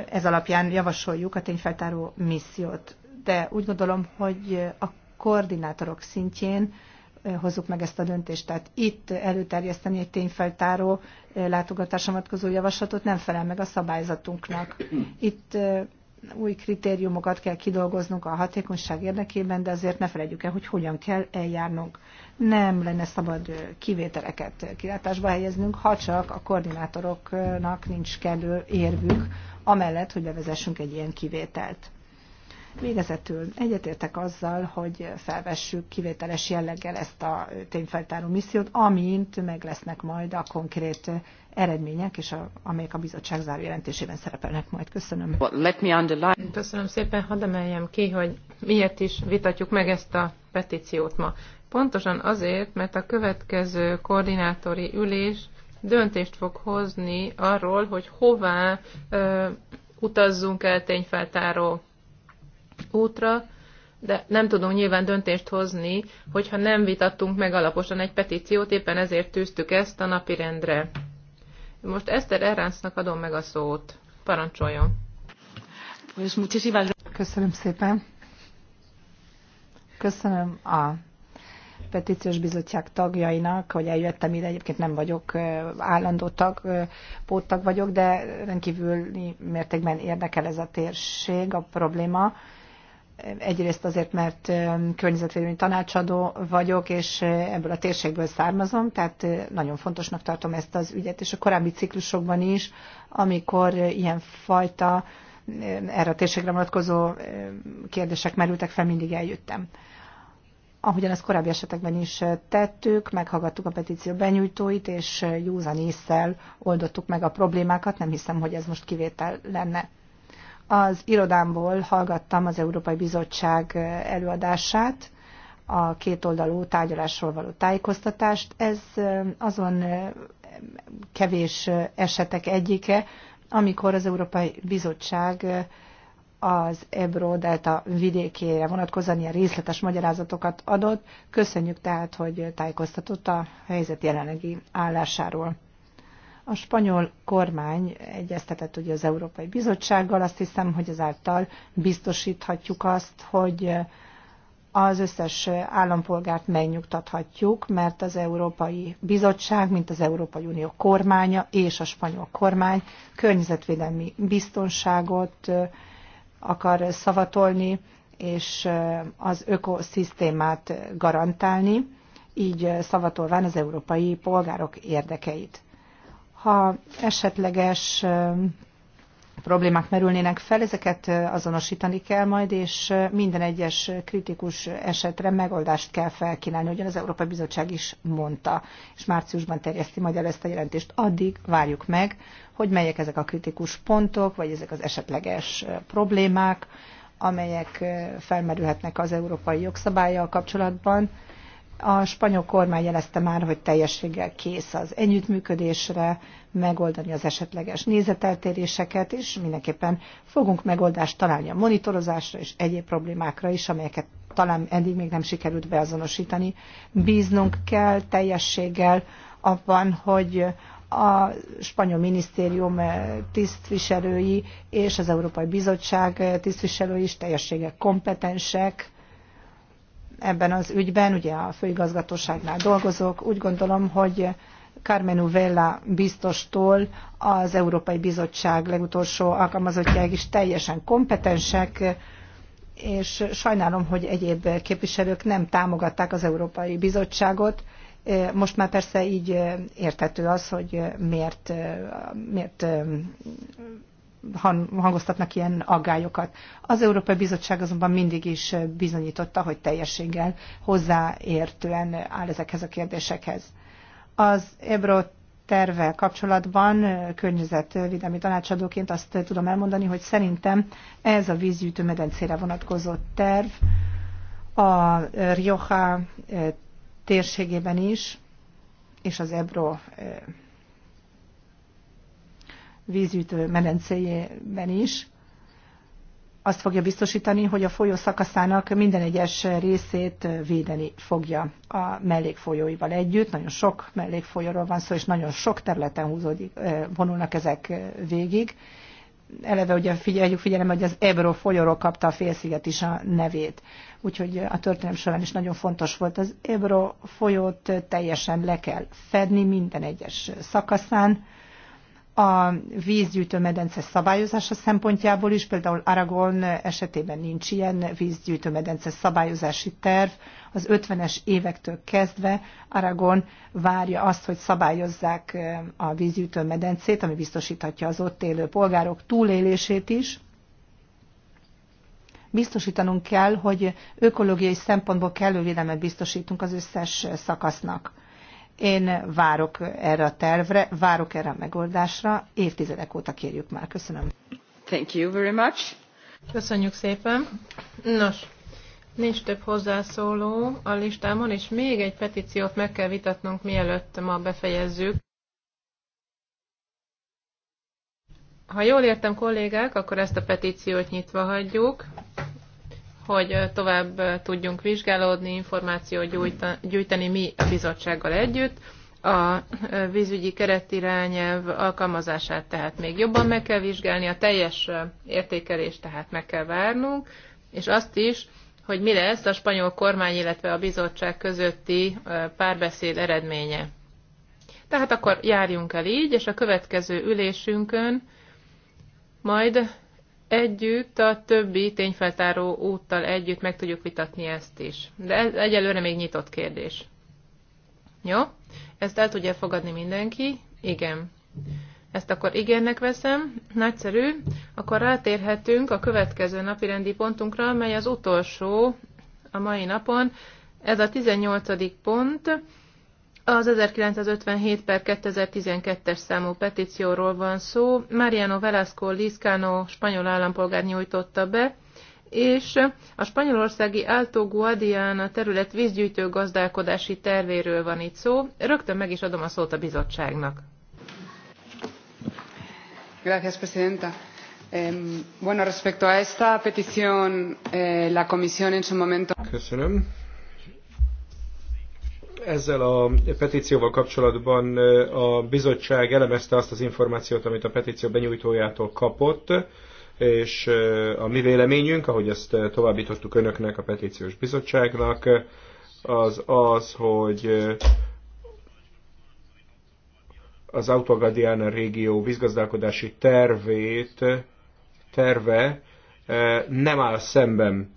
Ez alapján javasoljuk a tényfeltáró missziót. De úgy gondolom, hogy a koordinátorok szintjén eh, hozzuk meg ezt a döntést. Tehát itt előterjeszteni egy tényfeltáró eh, látogatásra vonatkozó javaslatot nem felel meg a szabályzatunknak. Itt eh, új kritériumokat kell kidolgoznunk a hatékonyság érdekében, de azért ne felejtjük el, hogy hogyan kell eljárnunk. Nem lenne szabad kivételeket kilátásba helyeznünk, ha csak a koordinátoroknak nincs kellő érvük, amellett, hogy bevezessünk egy ilyen kivételt. Végezetül egyetértek azzal, hogy felvessük kivételes jelleggel ezt a tényfeltáró missziót, amint meg lesznek majd a konkrét eredmények, és a, amelyek a bizottság záró jelentésében szerepelnek majd. Köszönöm. Let me underline. Köszönöm szépen, hadd emeljem ki, hogy miért is vitatjuk meg ezt a petíciót ma. Pontosan azért, mert a következő koordinátori ülés döntést fog hozni arról, hogy hová ö, utazzunk el tényfeltáró útra, de nem tudunk nyilván döntést hozni, hogyha nem vitattunk meg alaposan egy petíciót, éppen ezért tűztük ezt a napirendre. Most Eszter Erránsznak adom meg a szót. Parancsoljon. Köszönöm szépen. Köszönöm a petíciós bizottság tagjainak, hogy eljöttem ide, egyébként nem vagyok állandó tag, póttag vagyok, de rendkívül mértékben érdekel ez a térség, a probléma egyrészt azért, mert környezetvédelmi tanácsadó vagyok, és ebből a térségből származom, tehát nagyon fontosnak tartom ezt az ügyet, és a korábbi ciklusokban is, amikor ilyen fajta erre a térségre vonatkozó kérdések merültek fel, mindig eljöttem. Ahogyan ezt korábbi esetekben is tettük, meghallgattuk a petíció benyújtóit, és józan észsel oldottuk meg a problémákat, nem hiszem, hogy ez most kivétel lenne az irodámból hallgattam az Európai Bizottság előadását, a kétoldalú tárgyalásról való tájékoztatást. Ez azon kevés esetek egyike, amikor az Európai Bizottság az Ebro Delta vidékére vonatkozóan ilyen részletes magyarázatokat adott. Köszönjük tehát, hogy tájékoztatott a helyzet jelenlegi állásáról. A spanyol kormány egyeztetett ugye az Európai Bizottsággal, azt hiszem, hogy ezáltal biztosíthatjuk azt, hogy az összes állampolgárt megnyugtathatjuk, mert az Európai Bizottság, mint az Európai Unió kormánya és a spanyol kormány környezetvédelmi biztonságot akar szavatolni, és az ökoszisztémát garantálni, így szavatolván az európai polgárok érdekeit ha esetleges problémák merülnének fel, ezeket azonosítani kell majd, és minden egyes kritikus esetre megoldást kell felkínálni, ugyan az Európai Bizottság is mondta, és márciusban terjeszti majd el ezt a jelentést. Addig várjuk meg, hogy melyek ezek a kritikus pontok, vagy ezek az esetleges problémák, amelyek felmerülhetnek az európai jogszabályjal kapcsolatban, a spanyol kormány jelezte már, hogy teljességgel kész az együttműködésre, megoldani az esetleges nézeteltéréseket, és mindenképpen fogunk megoldást találni a monitorozásra és egyéb problémákra is, amelyeket talán eddig még nem sikerült beazonosítani. Bíznunk kell teljességgel abban, hogy a spanyol minisztérium tisztviselői és az Európai Bizottság tisztviselői is teljességgel kompetensek, ebben az ügyben, ugye a főigazgatóságnál dolgozok, úgy gondolom, hogy Carmenu Vella biztostól az Európai Bizottság legutolsó alkalmazottják is teljesen kompetensek, és sajnálom, hogy egyéb képviselők nem támogatták az Európai Bizottságot. Most már persze így értető az, hogy miért, miért hangoztatnak ilyen aggályokat. Az Európai Bizottság azonban mindig is bizonyította, hogy teljességgel hozzáértően áll ezekhez a kérdésekhez. Az Ebro terve kapcsolatban környezetvédelmi tanácsadóként azt tudom elmondani, hogy szerintem ez a vízgyűjtő medencére vonatkozó terv a Rioja térségében is, és az Ebro vízgyűjtő medencéjében is, azt fogja biztosítani, hogy a folyó szakaszának minden egyes részét védeni fogja a mellékfolyóival együtt. Nagyon sok mellékfolyóról van szó, és nagyon sok területen húzódik, vonulnak ezek végig. Eleve ugye figyeljük figyelem, hogy az Ebro folyóról kapta a félsziget is a nevét. Úgyhogy a történelem során is nagyon fontos volt. Az Ebro folyót teljesen le kell fedni minden egyes szakaszán, a medence szabályozása szempontjából is, például Aragon esetében nincs ilyen medence szabályozási terv. Az 50-es évektől kezdve Aragon várja azt, hogy szabályozzák eh, a medencét, ami biztosíthatja az ott élő polgárok túlélését is. Biztosítanunk kell, hogy ökológiai szempontból kellő védelmet biztosítunk az összes szakasznak én várok erre a tervre, várok erre a megoldásra, évtizedek óta kérjük már. Köszönöm. Thank you very much. Köszönjük szépen. Nos, nincs több hozzászóló a listámon, és még egy petíciót meg kell vitatnunk, mielőtt ma befejezzük. Ha jól értem kollégák, akkor ezt a petíciót nyitva hagyjuk hogy tovább tudjunk vizsgálódni, információt gyűjteni mi a bizottsággal együtt. A vízügyi keretirányelv alkalmazását tehát még jobban meg kell vizsgálni, a teljes értékelést tehát meg kell várnunk, és azt is, hogy mi lesz a spanyol kormány, illetve a bizottság közötti párbeszéd eredménye. Tehát akkor járjunk el így, és a következő ülésünkön majd együtt, a többi tényfeltáró úttal együtt meg tudjuk vitatni ezt is. De ez egyelőre még nyitott kérdés. Jó? Ezt el tudja fogadni mindenki? Igen. Ezt akkor igennek veszem, nagyszerű. Akkor rátérhetünk a következő napi rendi pontunkra, mely az utolsó a mai napon. Ez a 18. pont, az 1957 per 2012-es számú petícióról van szó. Mariano Velasco Liscano spanyol állampolgár nyújtotta be, és a spanyolországi Alto Guadiana terület vízgyűjtő gazdálkodási tervéről van itt szó. Rögtön meg is adom a szót a bizottságnak. Gracias, Presidenta. Eh, bueno, respecto a esta petición, eh, la Comisión en su momento. Köszönöm ezzel a petícióval kapcsolatban a bizottság elemezte azt az információt, amit a petíció benyújtójától kapott, és a mi véleményünk, ahogy ezt továbbítottuk önöknek, a petíciós bizottságnak, az az, hogy az Autogadiana régió vízgazdálkodási tervét, terve nem áll szemben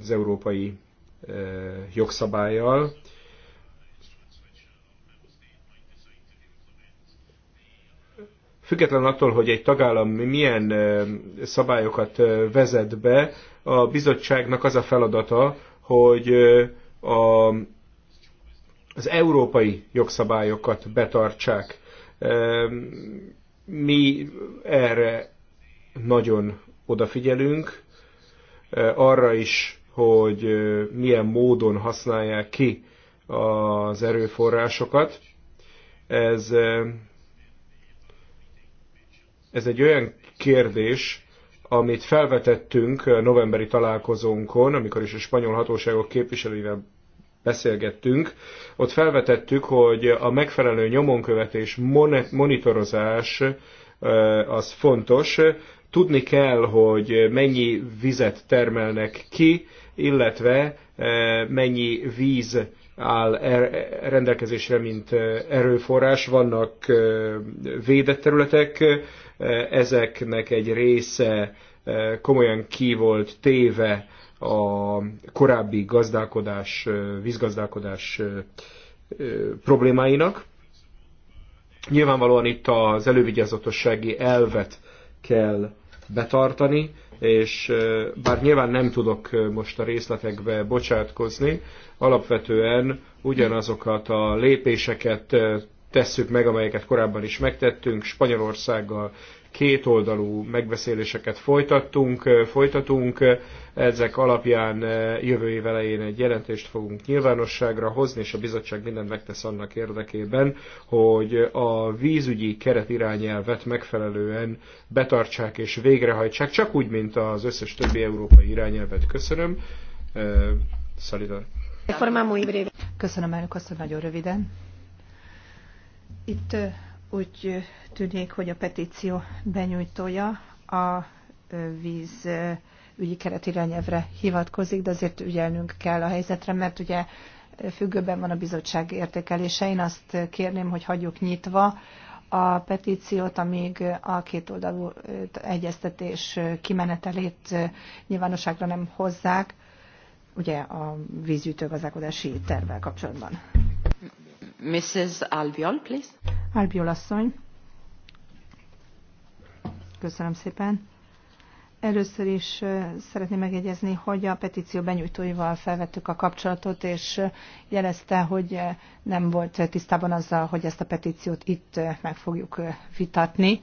az európai jogszabályjal, Független attól, hogy egy tagállam milyen szabályokat vezet be, a bizottságnak az a feladata, hogy a, az európai jogszabályokat betartsák. Mi erre nagyon odafigyelünk, arra is, hogy milyen módon használják ki az erőforrásokat. Ez ez egy olyan kérdés, amit felvetettünk novemberi találkozónkon, amikor is a spanyol hatóságok képviselőivel beszélgettünk, ott felvetettük, hogy a megfelelő nyomonkövetés, monitorozás az fontos. Tudni kell, hogy mennyi vizet termelnek ki, illetve mennyi víz áll er-, rendelkezésre, mint erőforrás. Vannak védett területek, Eh, ezeknek egy része eh, komolyan ki volt téve a korábbi gazdálkodás, eh, vízgazdálkodás problémáinak. Nyilvánvalóan itt az elővigyázatossági elvet kell betartani, és bár nyilván nem tudok most a részletekbe bocsátkozni, alapvetően ugyanazokat a lépéseket tesszük meg, amelyeket korábban is megtettünk. Spanyolországgal kétoldalú megbeszéléseket folytattunk, folytatunk. Ezek alapján jövő év elején egy jelentést fogunk nyilvánosságra hozni, és a bizottság mindent megtesz annak érdekében, hogy a vízügyi keretirányelvet megfelelően betartsák és végrehajtsák, csak úgy, mint az összes többi európai irányelvet. Köszönöm. Szalidar. Köszönöm, elnök hogy nagyon röviden. Itt úgy tűnik, hogy a petíció benyújtója a víz ügyi keretirányelvre hivatkozik, de azért ügyelnünk kell a helyzetre, mert ugye függőben van a bizottság értékelése. Én azt kérném, hogy hagyjuk nyitva a petíciót, amíg a kétoldalú egyeztetés kimenetelét nyilvánosságra nem hozzák, ugye a vízgyűjtőgazdálkodási tervvel kapcsolatban. Mrs. Albiol, Albiol asszony. Köszönöm szépen. Először is szeretném megjegyezni, hogy a petíció benyújtóival felvettük a kapcsolatot, és jelezte, hogy nem volt tisztában azzal, hogy ezt a petíciót itt meg fogjuk vitatni.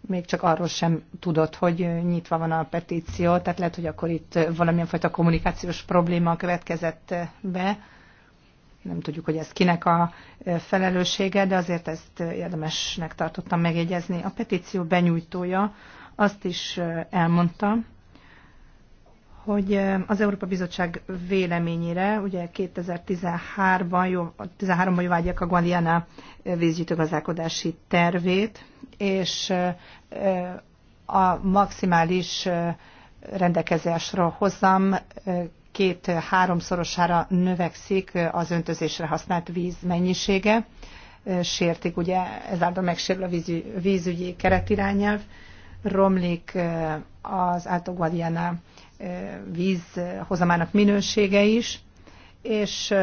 Még csak arról sem tudott, hogy nyitva van a petíció, tehát lehet, hogy akkor itt valamilyen fajta kommunikációs probléma következett be nem tudjuk, hogy ez kinek a felelőssége, de azért ezt érdemesnek tartottam megjegyezni. A petíció benyújtója azt is elmondta, hogy az Európa Bizottság véleményére, ugye 2013-ban 13 jóvágyják a Guadiana vízgyűjtőgazdálkodási tervét, és a maximális rendelkezésre hozzam két-háromszorosára növekszik az öntözésre használt víz mennyisége. Sértik, ugye ezáltal megsérül a víz, vízügyi keretirányelv, romlik az víz hozamának minősége is, és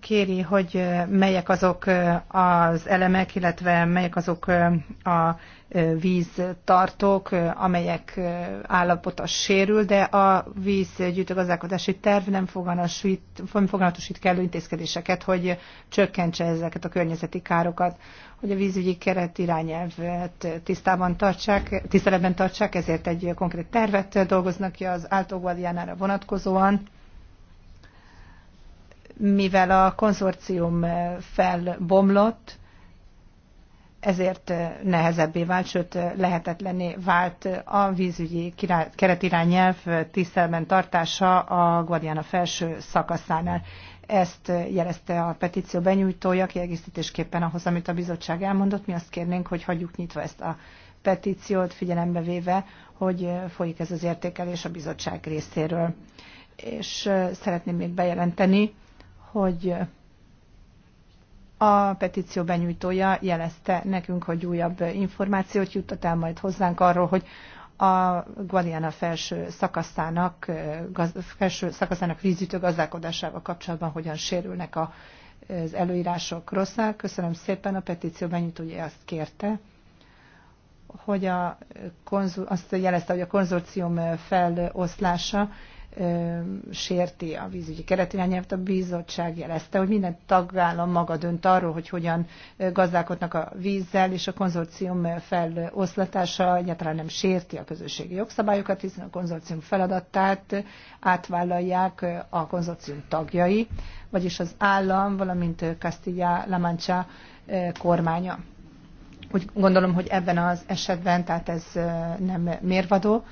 kéri, hogy melyek azok az elemek, illetve melyek azok a víztartók, amelyek állapota sérül, de a vízgyűjtőgazdálkodási terv nem foganatosít kellő intézkedéseket, hogy csökkentse ezeket a környezeti károkat, hogy a vízügyi keret irányelvet tisztában tartsák, tiszteletben tartsák, ezért egy konkrét tervet dolgoznak ki az Áltó vonatkozóan, mivel a konzorcium felbomlott, ezért nehezebbé vált, sőt lehetetlené vált a vízügyi keretirányelv tisztelben tartása a Guadiana felső szakaszánál. Ezt jelezte a petíció benyújtója kiegészítésképpen ahhoz, amit a bizottság elmondott. Mi azt kérnénk, hogy hagyjuk nyitva ezt a petíciót, figyelembe véve, hogy folyik ez az értékelés a bizottság részéről. És szeretném még bejelenteni, hogy a petíció benyújtója jelezte nekünk, hogy újabb információt juttat el majd hozzánk arról, hogy a Guadiana felső szakaszának, gaz, felső szakaszának vízütő gazdálkodásával kapcsolatban hogyan sérülnek a, az előírások rosszak. Köszönöm szépen, a petíció benyújtója azt kérte, hogy a konzul, azt jelezte, hogy a konzorcium feloszlása sérti a vízügyi keretirányelvet, a bizottság jelezte, hogy minden tagállam maga dönt arról, hogy hogyan gazdálkodnak a vízzel, és a konzorcium feloszlatása egyáltalán nem sérti a közösségi jogszabályokat, hiszen a konzorcium feladatát átvállalják a konzorcium tagjai, vagyis az állam, valamint Castilla-La Mancha kormánya. Úgy gondolom, hogy ebben az esetben, tehát ez nem mérvadó,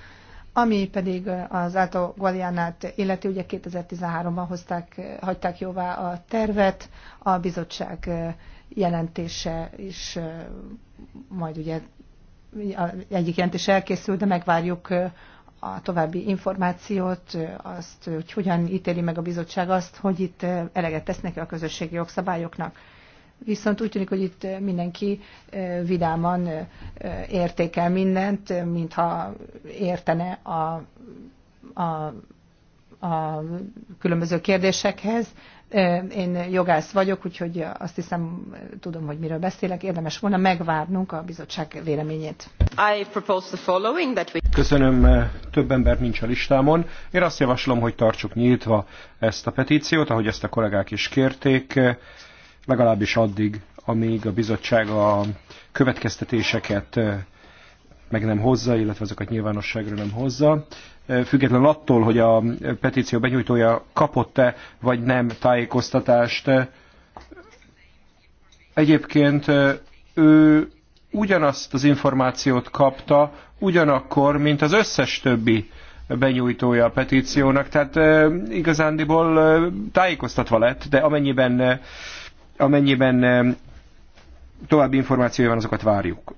ami pedig az Alto Gualianát illeti, ugye 2013-ban hozták, hagyták jóvá a tervet, a bizottság jelentése is majd ugye egyik jelentés elkészül, de megvárjuk a további információt, azt, hogy hogyan ítéli meg a bizottság azt, hogy itt eleget tesznek a közösségi jogszabályoknak viszont úgy tűnik, hogy itt mindenki vidáman értékel mindent, mintha értene a, a, a különböző kérdésekhez. Én jogász vagyok, úgyhogy azt hiszem, tudom, hogy miről beszélek. Érdemes volna megvárnunk a bizottság véleményét. Köszönöm, több ember nincs a listámon. Én azt javaslom, hogy tartsuk nyitva ezt a petíciót, ahogy ezt a kollégák is kérték legalábbis addig, amíg a bizottság a következtetéseket meg nem hozza, illetve azokat nyilvánosságra nem hozza. Független attól, hogy a petíció benyújtója kapott-e vagy nem tájékoztatást, egyébként ő ugyanazt az információt kapta, ugyanakkor, mint az összes többi benyújtója a petíciónak, tehát igazándiból tájékoztatva lett, de amennyiben Amennyiben további információja van, azokat várjuk.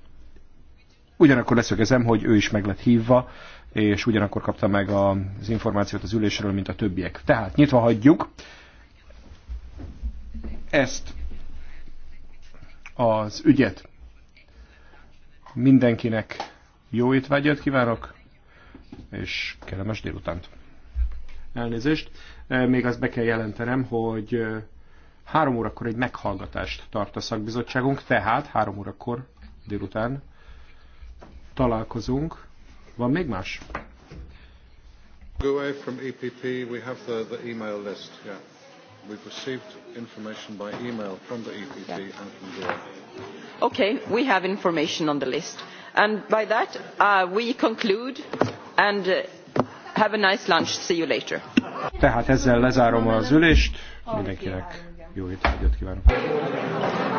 Ugyanakkor leszögezem, hogy ő is meg lett hívva, és ugyanakkor kapta meg az információt az ülésről, mint a többiek. Tehát nyitva hagyjuk ezt az ügyet. Mindenkinek jó étvágyat kívánok, és kellemes délutánt. Elnézést. Még azt be kell jelentenem, hogy Három órakor egy meghallgatást tart a szakbizottságunk, tehát három órakor délután találkozunk. Van még más? Go away from EPP, we have the, the email list, yeah. We've received information by email from the EPP yeah. and from Okay, we have information on the list. And by that, uh, we conclude and uh, have a nice lunch. See you later. Tehát ezzel lezárom az ülést. Mindenkinek jó hétvégét kívánok!